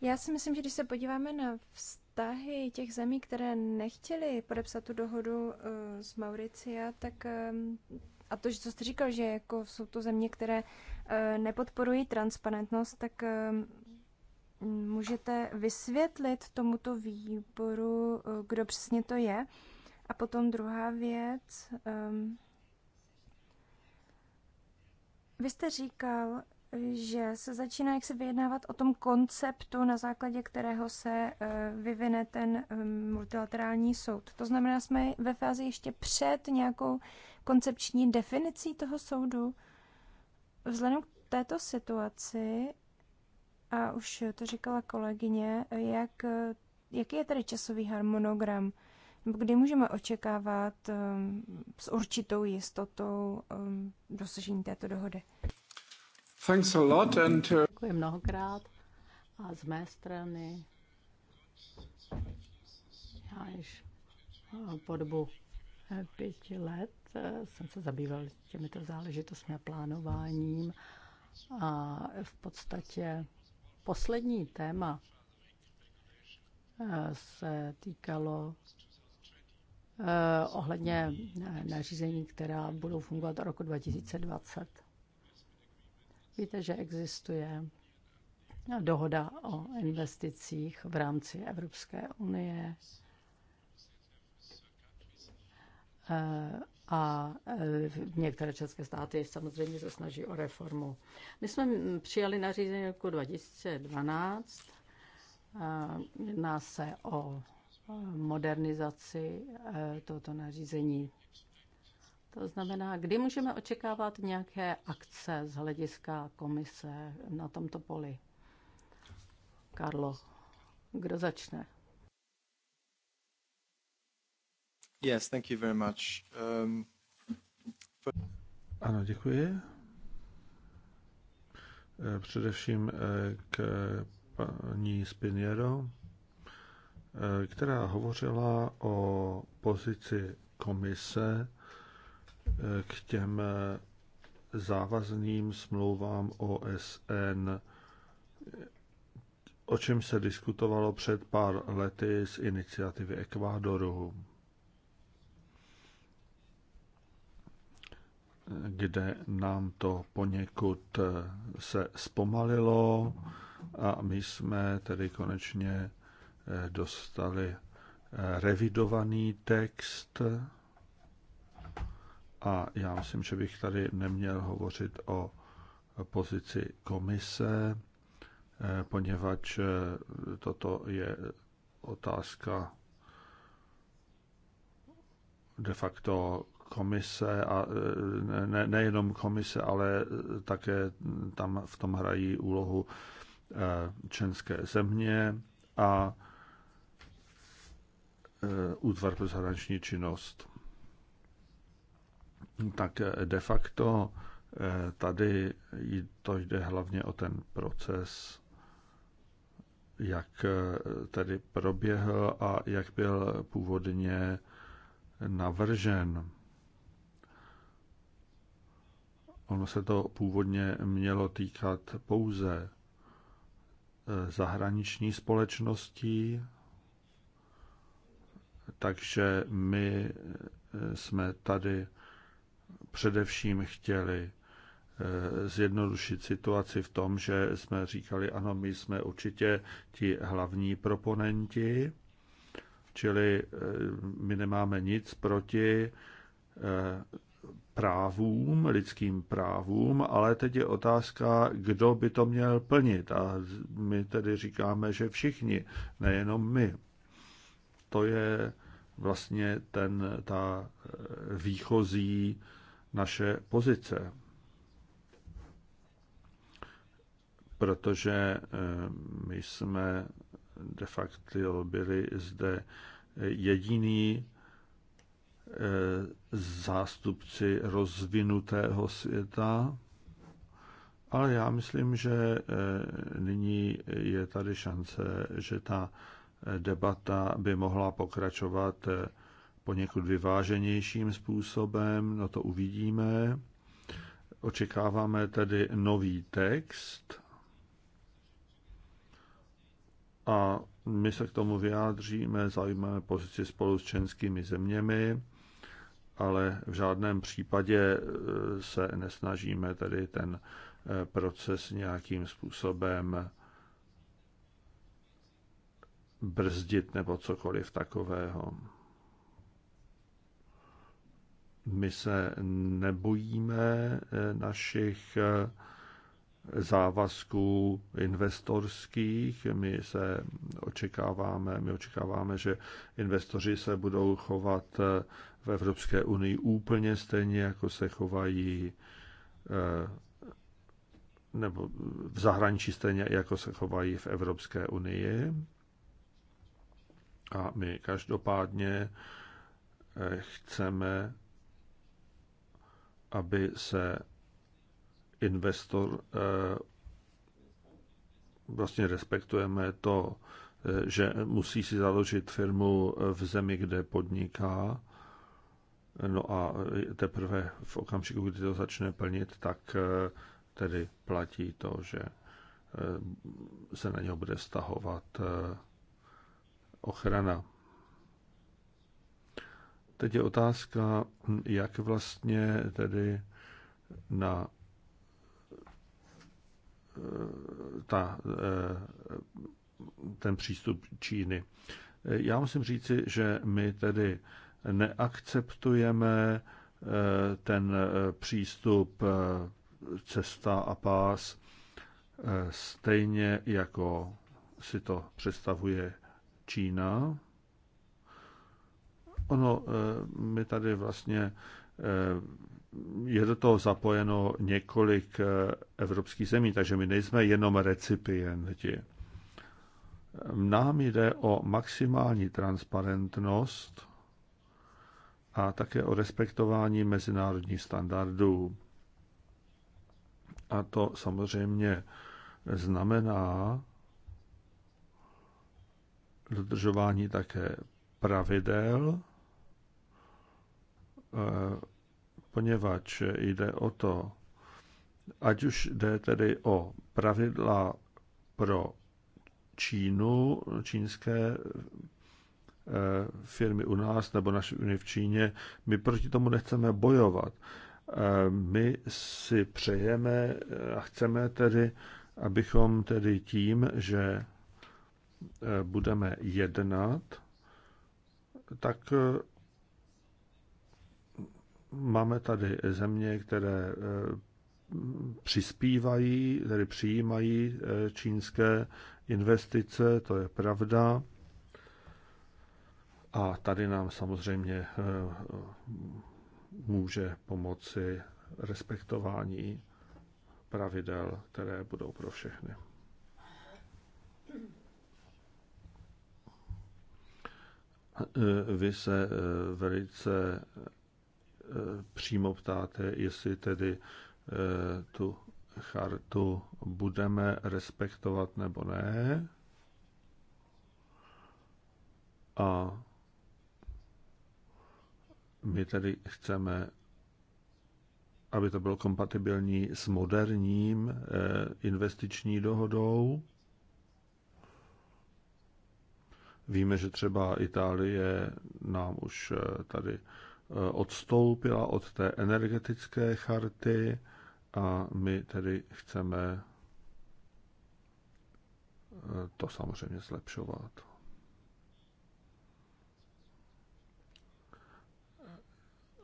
Já si myslím, že když se podíváme na vz vztahy těch zemí, které nechtěly podepsat tu dohodu eh, s Mauricia, tak eh, a to, co jste říkal, že jako jsou to země, které eh, nepodporují transparentnost, tak můžete vysvětlit tomuto výboru, kdo přesně to je. A potom druhá věc. Vy jste říkal, že se začíná jak se vyjednávat o tom konceptu, na základě kterého se eh, vyvine ten ehm, multilaterální soud. To znamená, jsme ve fázi ještě před nějakou koncepční definicí toho soudu. Vzhledem k této situaci, a už to říkala kolegyně, jak, eh, jaký je tady časový harmonogram? Kdy můžeme očekávat ehm, s určitou jistotou ehm, dosažení této dohody? Thanks a lot and... Uh, Děkuji mnohokrát. A z mé strany já již eh, po dobu eh, pěti let eh, jsem se zabýval těmito záležitostmi a plánováním a v podstatě poslední téma se týkalo ohledně nařízení, která budou fungovat do roku 2020. Víte, že existuje dohoda o investicích v rámci Evropské unie eh, a eh, některé české státy samozřejmě se snaží o reformu. My jsme přijali nařízení roku 2012. Eh, jedná se o modernizaci tohoto nařízení to znamená, kdy můžeme očekávat nějaké akce z hlediska komise na tomto poli? Karlo, kdo začne? Yes, thank you very much. Um, for... Ano, děkuji. Eh, především eh, k paní Spiniero, eh, která hovořila o pozici komise k těm závazným smlouvám OSN, o čem se diskutovalo před pár lety z iniciativy Ekvádoru, kde nám to poněkud se zpomalilo a my jsme tedy konečně dostali revidovaný text a já myslím, že bych tady neměl hovořit o pozici komise, eh, poněvadž eh, toto je otázka de facto komise a eh, ne, nejenom komise, ale také tam v tom hrají úlohu členské země a útvar pro zahraniční činnost tak eh, de facto eh, tady to jde hlavně o ten proces, jak eh, tedy proběhl a jak byl původně navržen. Ono se to původně mělo týkat pouze zahraniční společností, takže my jsme tady především chtěli eh, zjednodušit situaci v tom, že jsme říkali, ano, my jsme určitě ti hlavní proponenti, čili eh, my nemáme nic proti eh, právům, lidským právům, ale teď je otázka, kdo by to měl plnit. A my tedy říkáme, že všichni, nejenom my. To je vlastně ten, ta výchozí naše pozice. Protože eh, my jsme de facto byli zde jediný eh, zástupci rozvinutého světa, ale já myslím, že eh, nyní je tady šance, že ta debata by mohla pokračovat poněkud vyváženějším způsobem, no to uvidíme. Očekáváme tedy nový text a my se k tomu vyjádříme, zajímáme pozici spolu s členskými zeměmi, ale v žádném případě e, se nesnažíme tedy ten e, proces nějakým způsobem brzdit nebo cokoliv takového. My se nebojíme eh, našich eh, závazků investorských. My se očekáváme, my očekáváme, že investoři se budou chovat eh, v Evropské unii úplně stejně, jako se chovají nebo v zahraničí stejně, jako se chovají v Evropské unii. A my každopádně chceme aby se investor eh, vlastně respektujeme to, eh, že musí si založit firmu v zemi, kde podniká, no a eh, teprve v okamžiku, kdy to začne plnit, tak tedy platí to, že se na něho bude stahovat ochrana. Teď je otázka, jak vlastně tedy na eh, ta, eh, ten přístup Číny. Já musím říci, že my tedy neakceptujeme eh, ten přístup cesta a pás stejně jako si to představuje Čína, Ono, eh, my tady vlastně eh, je do toho zapojeno několik eh, evropských zemí, takže my nejsme jenom recipienti. Nám jde o maximální transparentnost a také o respektování mezinárodních standardů. A to samozřejmě znamená dodržování také pravidel, Eh, poněvadž jde o to, ať už jde tedy o pravidla pro Čínu, čínské eh, firmy u nás nebo naše firmy v Číně, my proti tomu nechceme bojovat. Eh, my si přejeme a chceme tedy, abychom tedy tím, že budeme jednat, tak Máme tady země, které eh, přispívají, tedy přijímají eh, čínské investice, to je pravda. A tady nám samozřejmě eh, může pomoci respektování pravidel, které budou pro všechny. Vy se velice Eh, přímo ptáte, jestli tedy eh, tu chartu budeme respektovat nebo ne. A my tedy chceme, aby to bylo kompatibilní s moderním eh, investiční dohodou. Víme, že třeba Itálie nám už tady odstoupila od té energetické charty a my tedy chceme eh, to samozřejmě zlepšovat.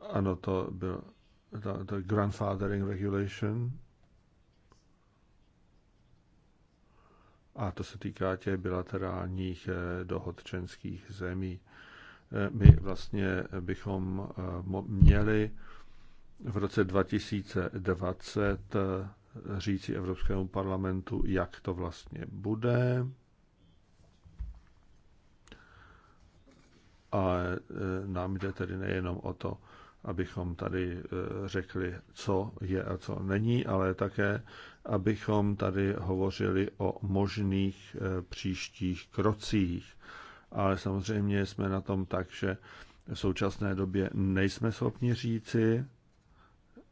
Ano, to byl the the grandfathering regulation. A to se týká těch bilaterálních eh, dohod členských zemí my vlastně bychom eh, měli v roce 2020 eh, říci Evropskému parlamentu, jak to vlastně bude. A eh, nám jde tedy nejenom o to, abychom tady řekli, co je a co není, ale také, abychom tady hovořili o možných příštích krocích ale samozřejmě jsme na tom tak, že v současné době nejsme schopni říci,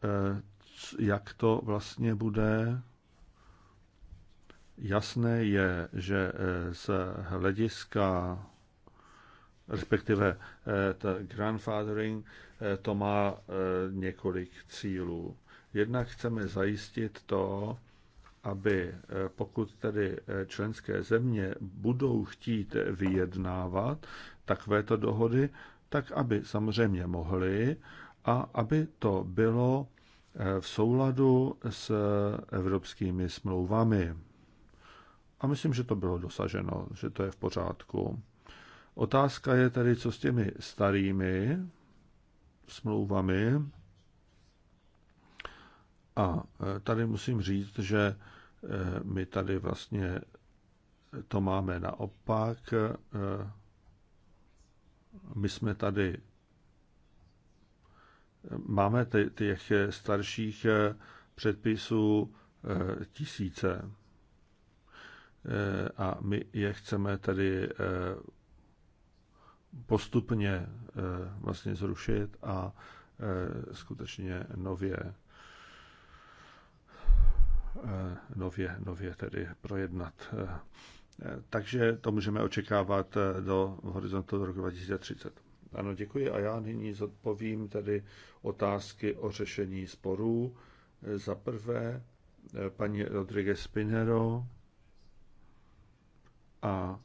eh, jak to vlastně bude. Jasné je, že eh, z hlediska respektive eh, grandfathering, to má několik cílů. Jednak chceme zajistit to, aby eh, pokud tedy eh, členské země budou chtít vyjednávat takovéto dohody, tak aby samozřejmě mohly a aby to bylo eh, v souladu s evropskými smlouvami. A myslím, že to bylo dosaženo, že to je v pořádku. Otázka je tedy, co s těmi starými smlouvami. A tady musím říct, že Eh, my tady vlastně to máme naopak. Eh, my jsme tady máme těch starších eh, předpisů tisíce a my je chceme tady postupně vlastně zrušit a skutečně nově Eh, nově, nově tedy projednat. Eh, takže to můžeme očekávat eh, do horizontu roku 2030. Ano, děkuji. A já nyní zodpovím tedy otázky o řešení sporů. Za prvé, paní Rodriguez Spinero a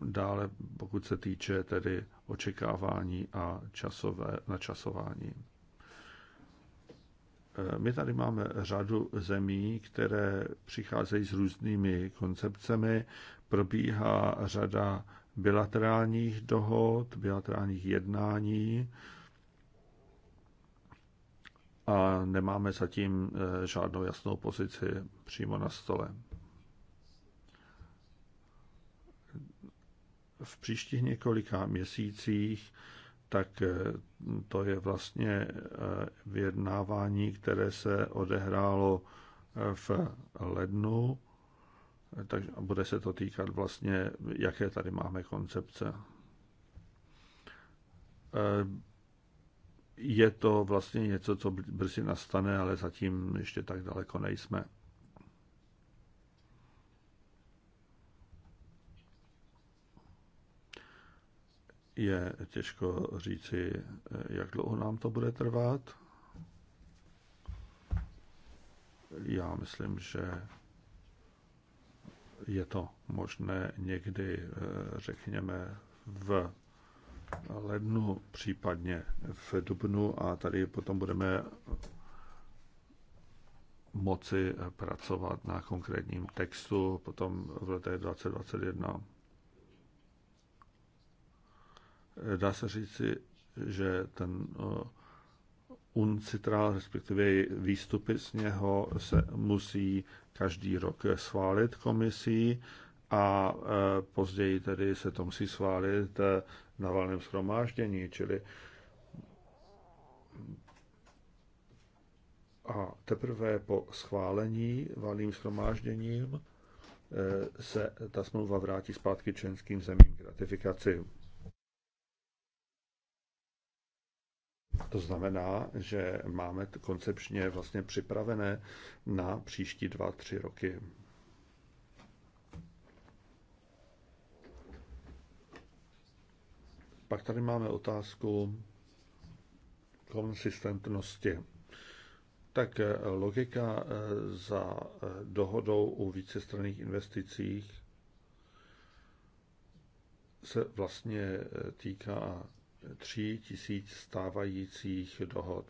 dále, pokud se týče tedy očekávání a časové, načasování. Eh, my tady máme řadu zemí, které přicházejí s různými koncepcemi, probíhá řada bilaterálních dohod, bilaterálních jednání a nemáme zatím eh, žádnou jasnou pozici přímo na stole. V příštích několika měsících tak eh, to je vlastně eh, vyjednávání, které se odehrálo eh, v lednu, takže bude se to týkat vlastně, jaké tady máme koncepce. Je to vlastně něco, co brzy nastane, ale zatím ještě tak daleko nejsme. je těžko říci, jak dlouho nám to bude trvat. Já myslím, že je to možné někdy, eh, řekněme, v lednu, případně v dubnu a tady potom budeme moci pracovat na konkrétním textu potom v letech 2021. dá se říci, že ten uncitrál, respektive výstupy z něho se musí každý rok schválit komisí a e, později tedy se to musí schválit e, na valném schromáždění, čili a teprve po schválení valným schromážděním e, se ta smlouva vrátí zpátky členským zemím k ratifikaci. To znamená, že máme koncepčně vlastně připravené na příští dva, tři roky. Pak tady máme otázku konsistentnosti. Tak eh, logika eh, za eh, dohodou u vícestranných investicích se vlastně týká tří tisíc stávajících dohod.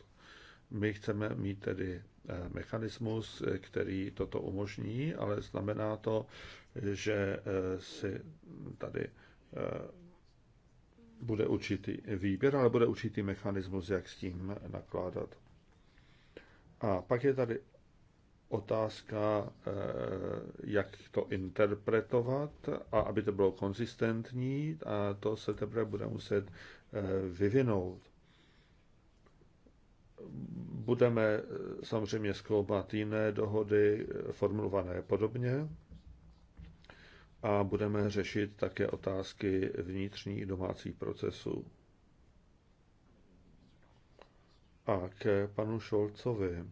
My chceme mít tedy eh, mechanismus, eh, který toto umožní, ale znamená to, že eh, si tady bude určitý výběr, ale bude určitý mechanismus, jak s tím nakládat. A pak je tady otázka, jak to interpretovat a aby to bylo konzistentní a to se teprve bude muset Eh, vyvinout. Budeme eh, samozřejmě zkoumat jiné dohody eh, formulované podobně a budeme řešit také otázky vnitřní domácích procesů. A k panu Šolcovi.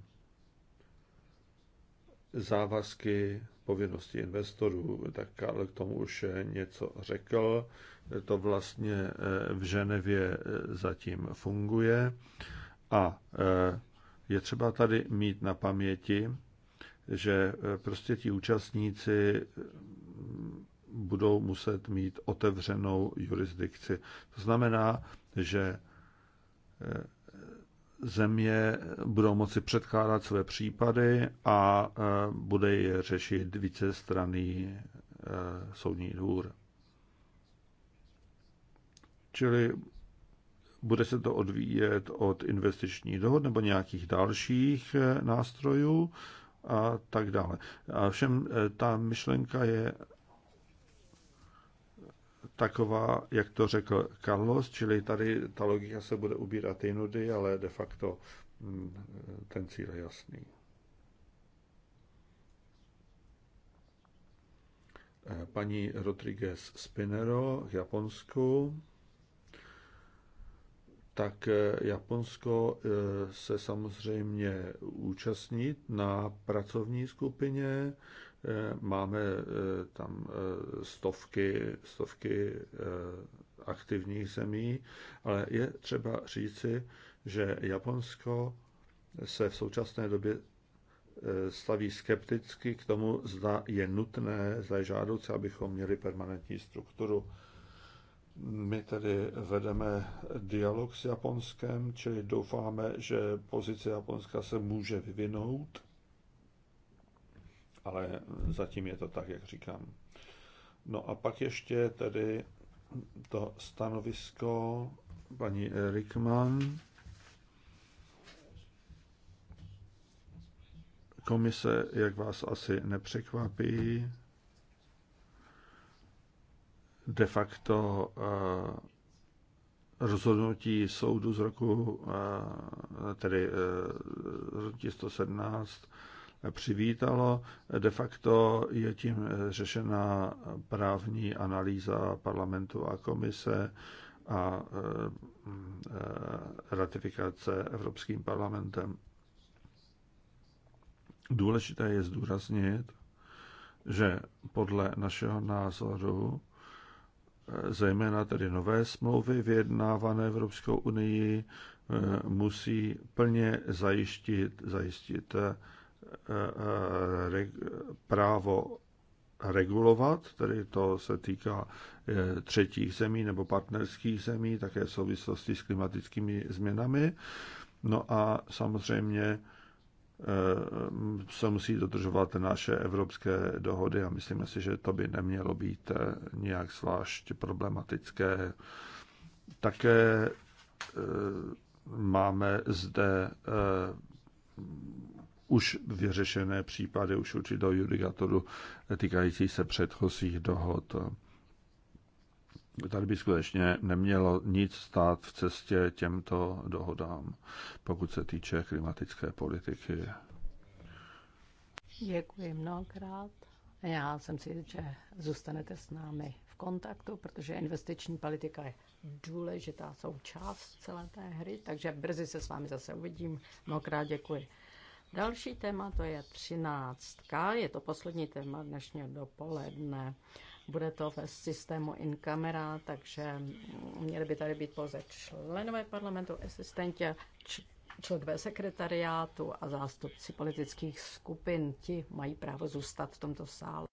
Závazky povinnosti investorů, tak Karl k tomu už něco řekl. To vlastně eh, v Ženevě eh, zatím funguje. A eh, je třeba tady mít na paměti, že prostě ti účastníci mm, budou muset mít otevřenou jurisdikci. To znamená, že země budou moci předkládat své případy a e, bude je řešit vícestranný e, soudní dvůr. Čili bude se to odvíjet od investiční dohod nebo nějakých dalších e, nástrojů a tak dále. A všem ta myšlenka je taková, jak to řekl Carlos, čili tady ta logika se bude ubírat jinudy, ale de facto mm, ten cíl je jasný. Eh, paní Rodriguez Spinero k Japonsku. Tak eh, Japonsko eh, se samozřejmě účastnit na pracovní skupině, Eh, máme eh, tam eh, stovky, stovky aktivních zemí, ale je třeba říci, že Japonsko se v současné době staví skepticky k tomu, zda je nutné, zda je žádoucí, abychom měli permanentní strukturu. My tedy vedeme dialog s Japonskem, čili doufáme, že pozice Japonska se může vyvinout ale zatím je to tak, jak říkám. No a pak ještě tedy to stanovisko paní Rickman. Komise, jak vás asi nepřekvapí, de facto eh, rozhodnutí soudu z roku, eh, tedy eh, rozhodnutí 117, přivítalo. De facto je tím řešena právní analýza parlamentu a komise a e, e, ratifikace Evropským parlamentem. Důležité je zdůraznit, že podle našeho názoru e, zejména tedy nové smlouvy vyjednávané Evropskou unii musí plně zajistit, zajistit Eh, eh, právo regulovat, tedy to se týká eh, třetích zemí nebo partnerských zemí, také v souvislosti s klimatickými změnami. No a samozřejmě se musí dodržovat naše evropské dohody a myslíme si, že to by nemělo být nějak zvlášť problematické. Také máme zde už vyřešené případy, už určitou judikaturu týkající se předchozích dohod. Tady by skutečně nemělo nic stát v cestě těmto dohodám, pokud se týče klimatické politiky. Děkuji mnohokrát. Já jsem si, že zůstanete s námi v kontaktu, protože investiční politika je důležitá součást celé té hry, takže brzy se s vámi zase uvidím. Mnohokrát děkuji. Další téma to je 13. Je to poslední téma dnešního dopoledne. Bude to ve systému in camera, takže měly by tady být pouze členové parlamentu, asistenti, členové sekretariátu a zástupci politických skupin. Ti mají právo zůstat v tomto sále.